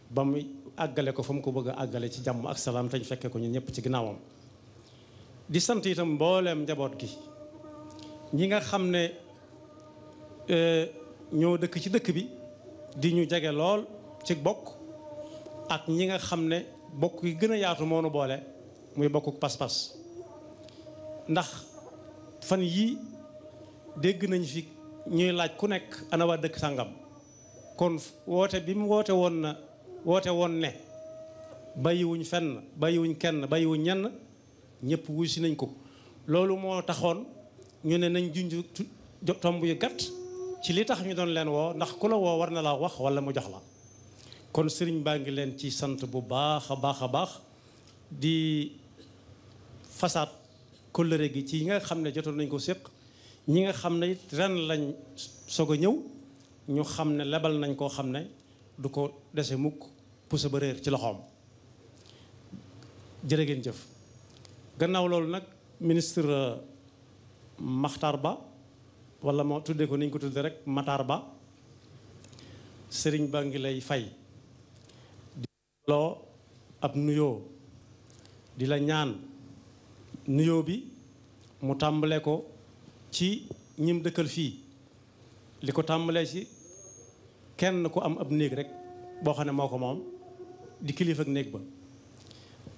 Speaker 12: ba mu àggale ko fa mu ko bëgg a àggale ci jàmm ak salaam tañ fekkee ko ñu ñëpp ci ginnaawam di sant itam mbooleem njaboot gi ñi nga xam ne euh, ñoo dëkk ci dëkk bi di ñu jege lool ci bokk ak ñi nga xam ne bokk yi gën a yaatu moo moonu boole muy bokkuk pas-pas ndax fan yii dégg nañ fi ñuy laaj ku nekk ana dëkk sàngam kon woote bi mu woote woon na woote woon ne bàyyiwuñ fenn bàyyiwuñ kenn bàyyiwuñ ñenn ñëpp wuy si nañ ko loolu moo taxoon ñu ne nañ junj tomb yu gàtt ci li tax ñu doon leen woo ndax ku la woo war na laa wax wala mu jox la kon sëriñ baa ngi leen ci sant bu baax a baax a baax di fasaat kóllëre gi ci yi nga xam ne jotoon nañ ko séq ñi nga xam ne it ren lañ soog a ñëw ñu xam ne lebal nañ koo xam ne du ko dese mukk pusa ba réer ci loxoom jërë ngeen jëf gannaaw loolu nag ministre euh, Maxtar Ba walla moo tuddee ko ni ko tuddee rek Matar Ba sëriñ baa ngi lay fay di loo ab nuyoo di la ñaan nuyoo bi mu tàmbale ko ci ñim dëkkal fii li ko tàmbalee ci kenn ku am ab néeg rek boo xam ne moo ko moom di kilifa ak néeg ba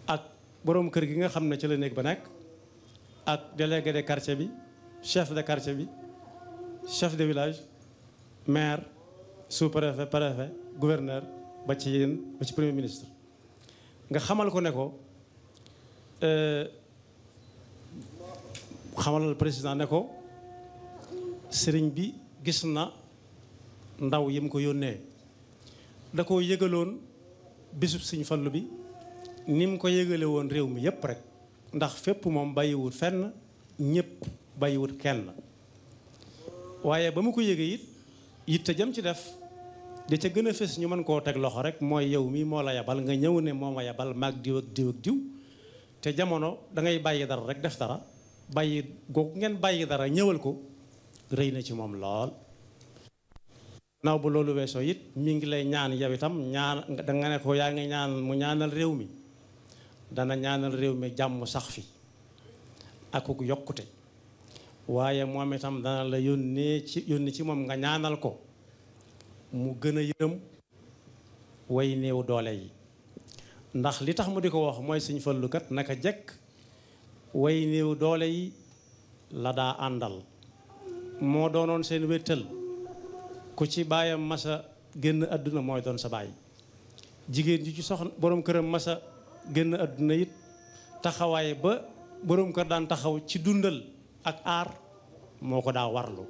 Speaker 12: ak boroom kër gi nga xam ne ci la néeg ba nekk ak délégué karce bi chef de quartier bi chef de village maire su préfet préfet gouverneur ba ci yéen ba ci premier ministre nga xamal ko ne ko euh, xamalal président ne ko sëriñ bi gis na ndaw yi mu ko yónnee da koo yëgaloon bisub suñu fallu bi ni mu ko yëgale woon réew mi yépp rek ndax fépp moom bàyyiwul fenn ñépp bàyyiwut kenn waaye ba mu ko yëgee it yitte jëm ci def di ca gën a fës ñu mën koo teg loxo rek mooy yow mii moo la yabal nga ñëw ne moo ma yabal maag diw ak diw ak diw te jamono da ngay bàyyi dara rek def dara bàyyi googu ngeen bàyyi dara ñëwal ko rëy na ci moom lool naw bu loolu weesoo it mi ngi lay ñaan yow itam ñaan danga ne ko yaa ngi ñaan mu ñaanal réew mi dana ñaanal réew mi jàmm sax fi akuk yokkute waaye moom itam dana la yónnee ci yónni ci moom nga ñaanal ko mu gën a yërëm way néew doole yi ndax li tax mu di ko wax mooy suñ fallukat naka jekk way néew doole yi la daa àndal moo doonoon seen wéttal ku ci baayam masa génn àdduna mooy doon sa baay jigéen ji ci soxna boroom këram masa génn àdduna it taxawaay ba boroom kër daan taxaw ci dundal ak aar moo ko daa warlu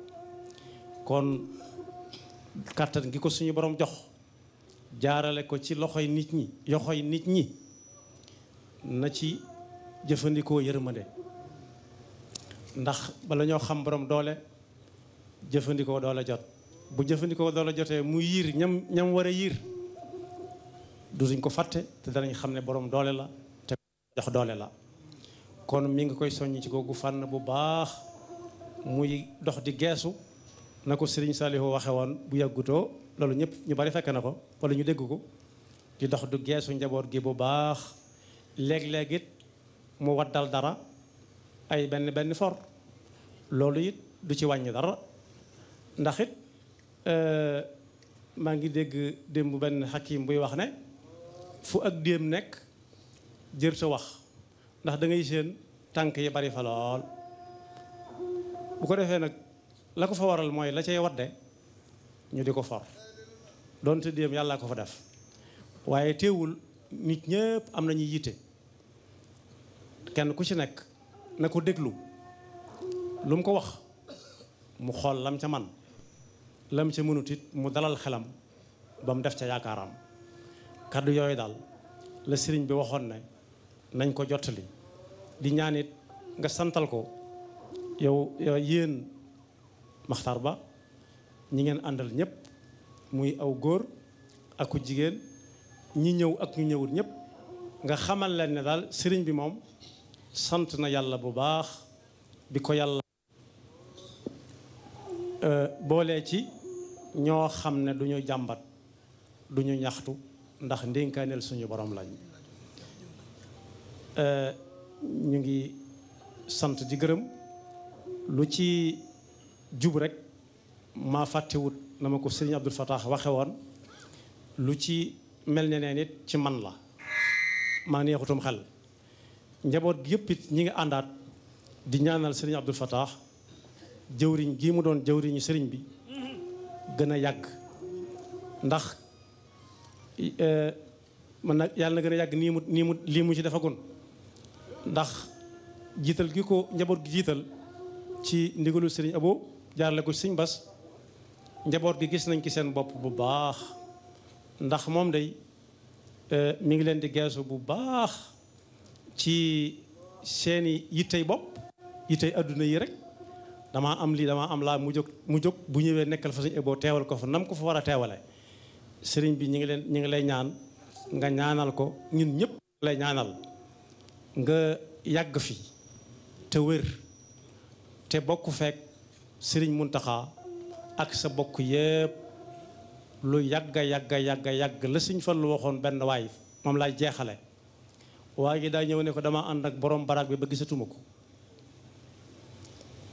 Speaker 12: kon kàttan gi ko suñu boroom jox jaarale ko ci loxoy nit ñi yoxoy nit ñi na ci jëfandikoo yërmande ndax bala ñoo xam boroom doole jëfandikoo doole jot bu jëfandikoo doole jotee mu yiir ñam ñam war a yiir dutuñ ko fàtte te danañ xam ne boroom doole la te jox doole la kon mi ngi koy soññ ci googu fànn bu baax muy dox di geesu na ko Serigne Saliou waxe woon bu yàggutoo loolu ñëpp ñu bari fekk na ko wala ñu dégg ko di dox du geesu njaboot gi bu baax léeg-léeg it mu waddal dara ay benn benn for loolu it du ci wàññi dara ndaxit it euh, maa ngi dégg démb benn xakim buy wax ne fu ak déem nekk jër sa wax ndax da ngay tànk yi bari fa lool bu ko defee nag la ko fa waral mooy la cay wadde ñu di ko for doonte déem yàlla ko fa def waaye teewul nit ñëpp am na ñu yitte kenn ku ci nekk na ko déglu lu mu ko wax mu xool lam ca man lam ca mënut it mu dalal xelam ba mu def ca yaakaaram kàddu yooyu daal la sëriñ bi waxoon ne nañ ko jottali di ñaanit nga santal ko yow yéen maxtar ba ñi ngeen àndal ñépp muy aw góor aku jigéen ñi ñëw ak ñu ñëwul ñëpp nga xamal leen ne daal sëriñ bi moom sant na yàlla bu baax bi ko yàlla euh, boolee ci ñoo xam ne duñu jàmbat ñu ñaxtu ndax ndénkaaneel suñu borom lañ euh, ñu ngi sant di gërëm lu ci jub rekk maa fàttewut na ma ko sëriñ Abdul Fattah waxe woon lu ci mel ne neen ci man la maa neexutum xel njaboot gi yëpp it ñi ngi àndaat di ñaanal sëriñ Abdul Fattah jëwriñ gii mu doon jëwriñu sëriñ bi gën a yàgg ndax eh, man nag yàlla na gën a yàgg nii mu nii mu lii mu ci dafagun ndax jiital gi ko njaboot gi jiital ci ndigalu sëriñ Abo jaarle ko sëriñ Bas njaboot gi gis nañ ci seen bopp bu baax ndax moom day euh, mi ngi leen di geesu bu baax ci seeni yittey bopp yittey adduna yi rek damaa am lii damaa am laa mu jóg mu jóg bu ñëwee nekkal fa sëriñ Abo teewal ko fa nam ko fa war a teewale sëriñ bi ñu ngi leen ñu ngi lay ñaan nga ñaanal ko ñun ñëpp lay ñaanal nga yàgg fi te wér te bokk fekk sëriñ Muntaxa ak sa bokk yépp lu yàgga yàgga yàgga yàgg la sëñ lu waxoon benn waay moom laay jeexale waa gi daa ñëw ne ko dama ànd ak borom baraag bi ba gisatuma ko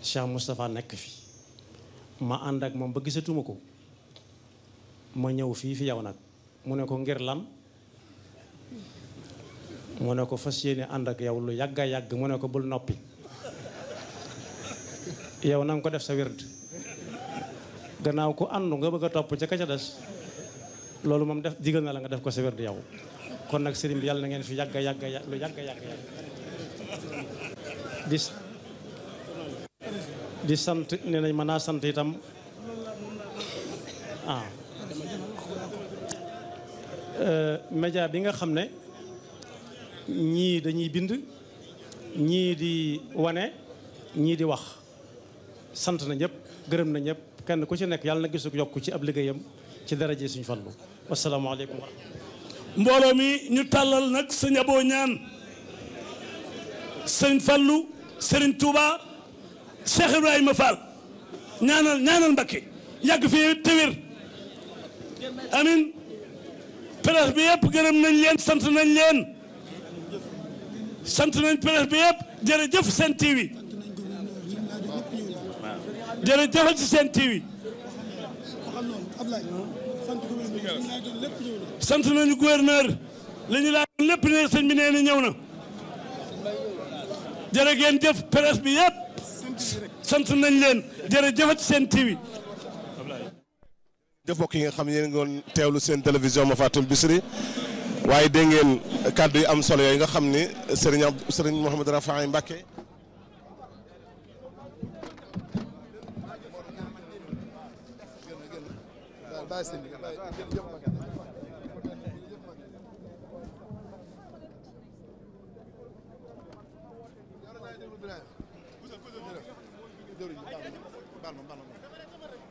Speaker 12: Cheikh Moustapha nekk fi ma ànd ak moom ba gisatuma ko ma ñëw fii fi yow nag mu ne ko ngir lam mu ne ko fas yéene ànd ak yow lu yàgg a yàgg mu ne ko bul noppi yow nanga ko def sa wird gannaaw ku àndu nga bëgg a topp ca ka des loolu moom def digal na la nga def ko sa wird yow kon nag sëriñ bi yàlla na ngeen fi yàgg a yàgg a lu yàgg a di di sant ne nañ mën naa sant itam ah euh, média bi nga xam ne ñii dañuy bind ñii di wane ñii di wax sant nañ ñëpp gërëm na ñëpp kenn ku ci nekk yàlla na gisu yokku ci ab liggéeyam ci daraje suñu fallu wasalaamaaleykum wa mbooloo mi ñu tàllal nag sëñ aboo ñaan sëñ fallu
Speaker 2: sëriñ Touba Cheikh Ibrahima Fall ñaanal ñaanal Mbakke yàgg fii te amin presse bi yëpp gërëm nañ leen sant nañ leen sant nañ presse bi yëpp jërëjëf Sen TV jërëjëfal ci Sen TV sant nañu gouverneur li ñu laa lépp ne sëñ bi nee na ñëw na jërë ngeen jëf presse bi yëpp sant nañ leen jërëjëfal ci Sen TV
Speaker 3: jëf mbokk yi nga xam yéen ngoon teewlu seen télévision ma fatul Bichri waaye dégg ngeen kàddu yu am solo yooyu nga xam ni sëriñ sëriñ Mouhamadou Rafaay Mbacke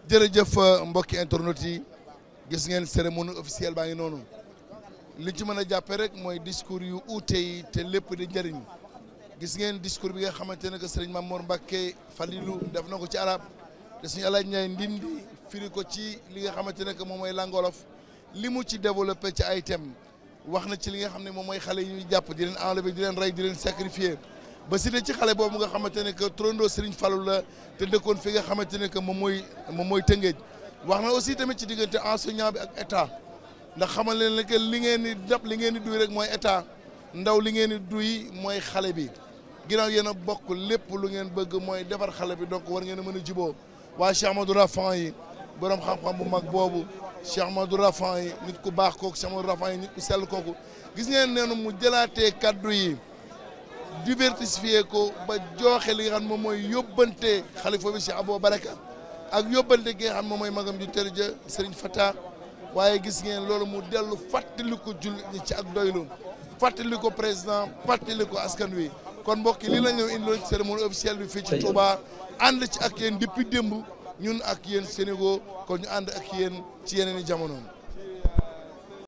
Speaker 4: jërëjëf mbokki internautes yi gis ngeen cérémonie officielle baa ngi noonu li ci mën a jàppee rek mooy discours yu uute te lépp di njëriñ gis ngeen discours bi nga xamante ne que sëriñ Mamour Mbacke Falilou def na ko ci arab te suñu alaaj ñaay ndindi firi ko ci li nga xamante ne que moom mooy langolof li mu ci développe ci ay thèmes wax na ci li nga xam ne moom mooy xale yi ñuy jàpp di leen enlever di leen rey di leen sacrifier ba si ne ci xale boobu nga xamante ne que trondoo sëriñ Fallou la te dëkkoon fi nga xamante ne que moom mooy moom mooy tëngeej wax na aussi tamit ci diggante enseignant bi ak état ndax xamal leen ne que li ngeen di dab li ngeen di duy rek mooy état ndaw li ngeen di duy mooy xale bi ginnaaw yéen a bokk lépp lu ngeen bëgg mooy defar xale bi donc war ngeen a mën a juboo waa Cheikh Amadou Rafan yi borom xam-xam bu mag boobu Cheikh Amadou Rafan yi nit ku baax kooku Cheikh Amadou Rafan yi ñu ku sell kooku gis ngeen neenu mu jëlaatee kaddu yi diversifié ko ba jooxe li nga xam moom mooy yóbbante xalifa bi Cheikh Abou Baraka ak yóbbante gi nga xam mooy magam ju tër ja Serigne Fata waaye gis ngeen loolu mu dellu fàttali ko jullit ci ak doylu fàttali ko président fàttali ko askan wi kon mbokk yi li la ñëw indiloon ci cérémonie officielle bi fii ci Touba ànd ci ak yéen depuis démb ñun ak yéen sénégo kon ñu ànd ak yéen ci yeneen i jamono.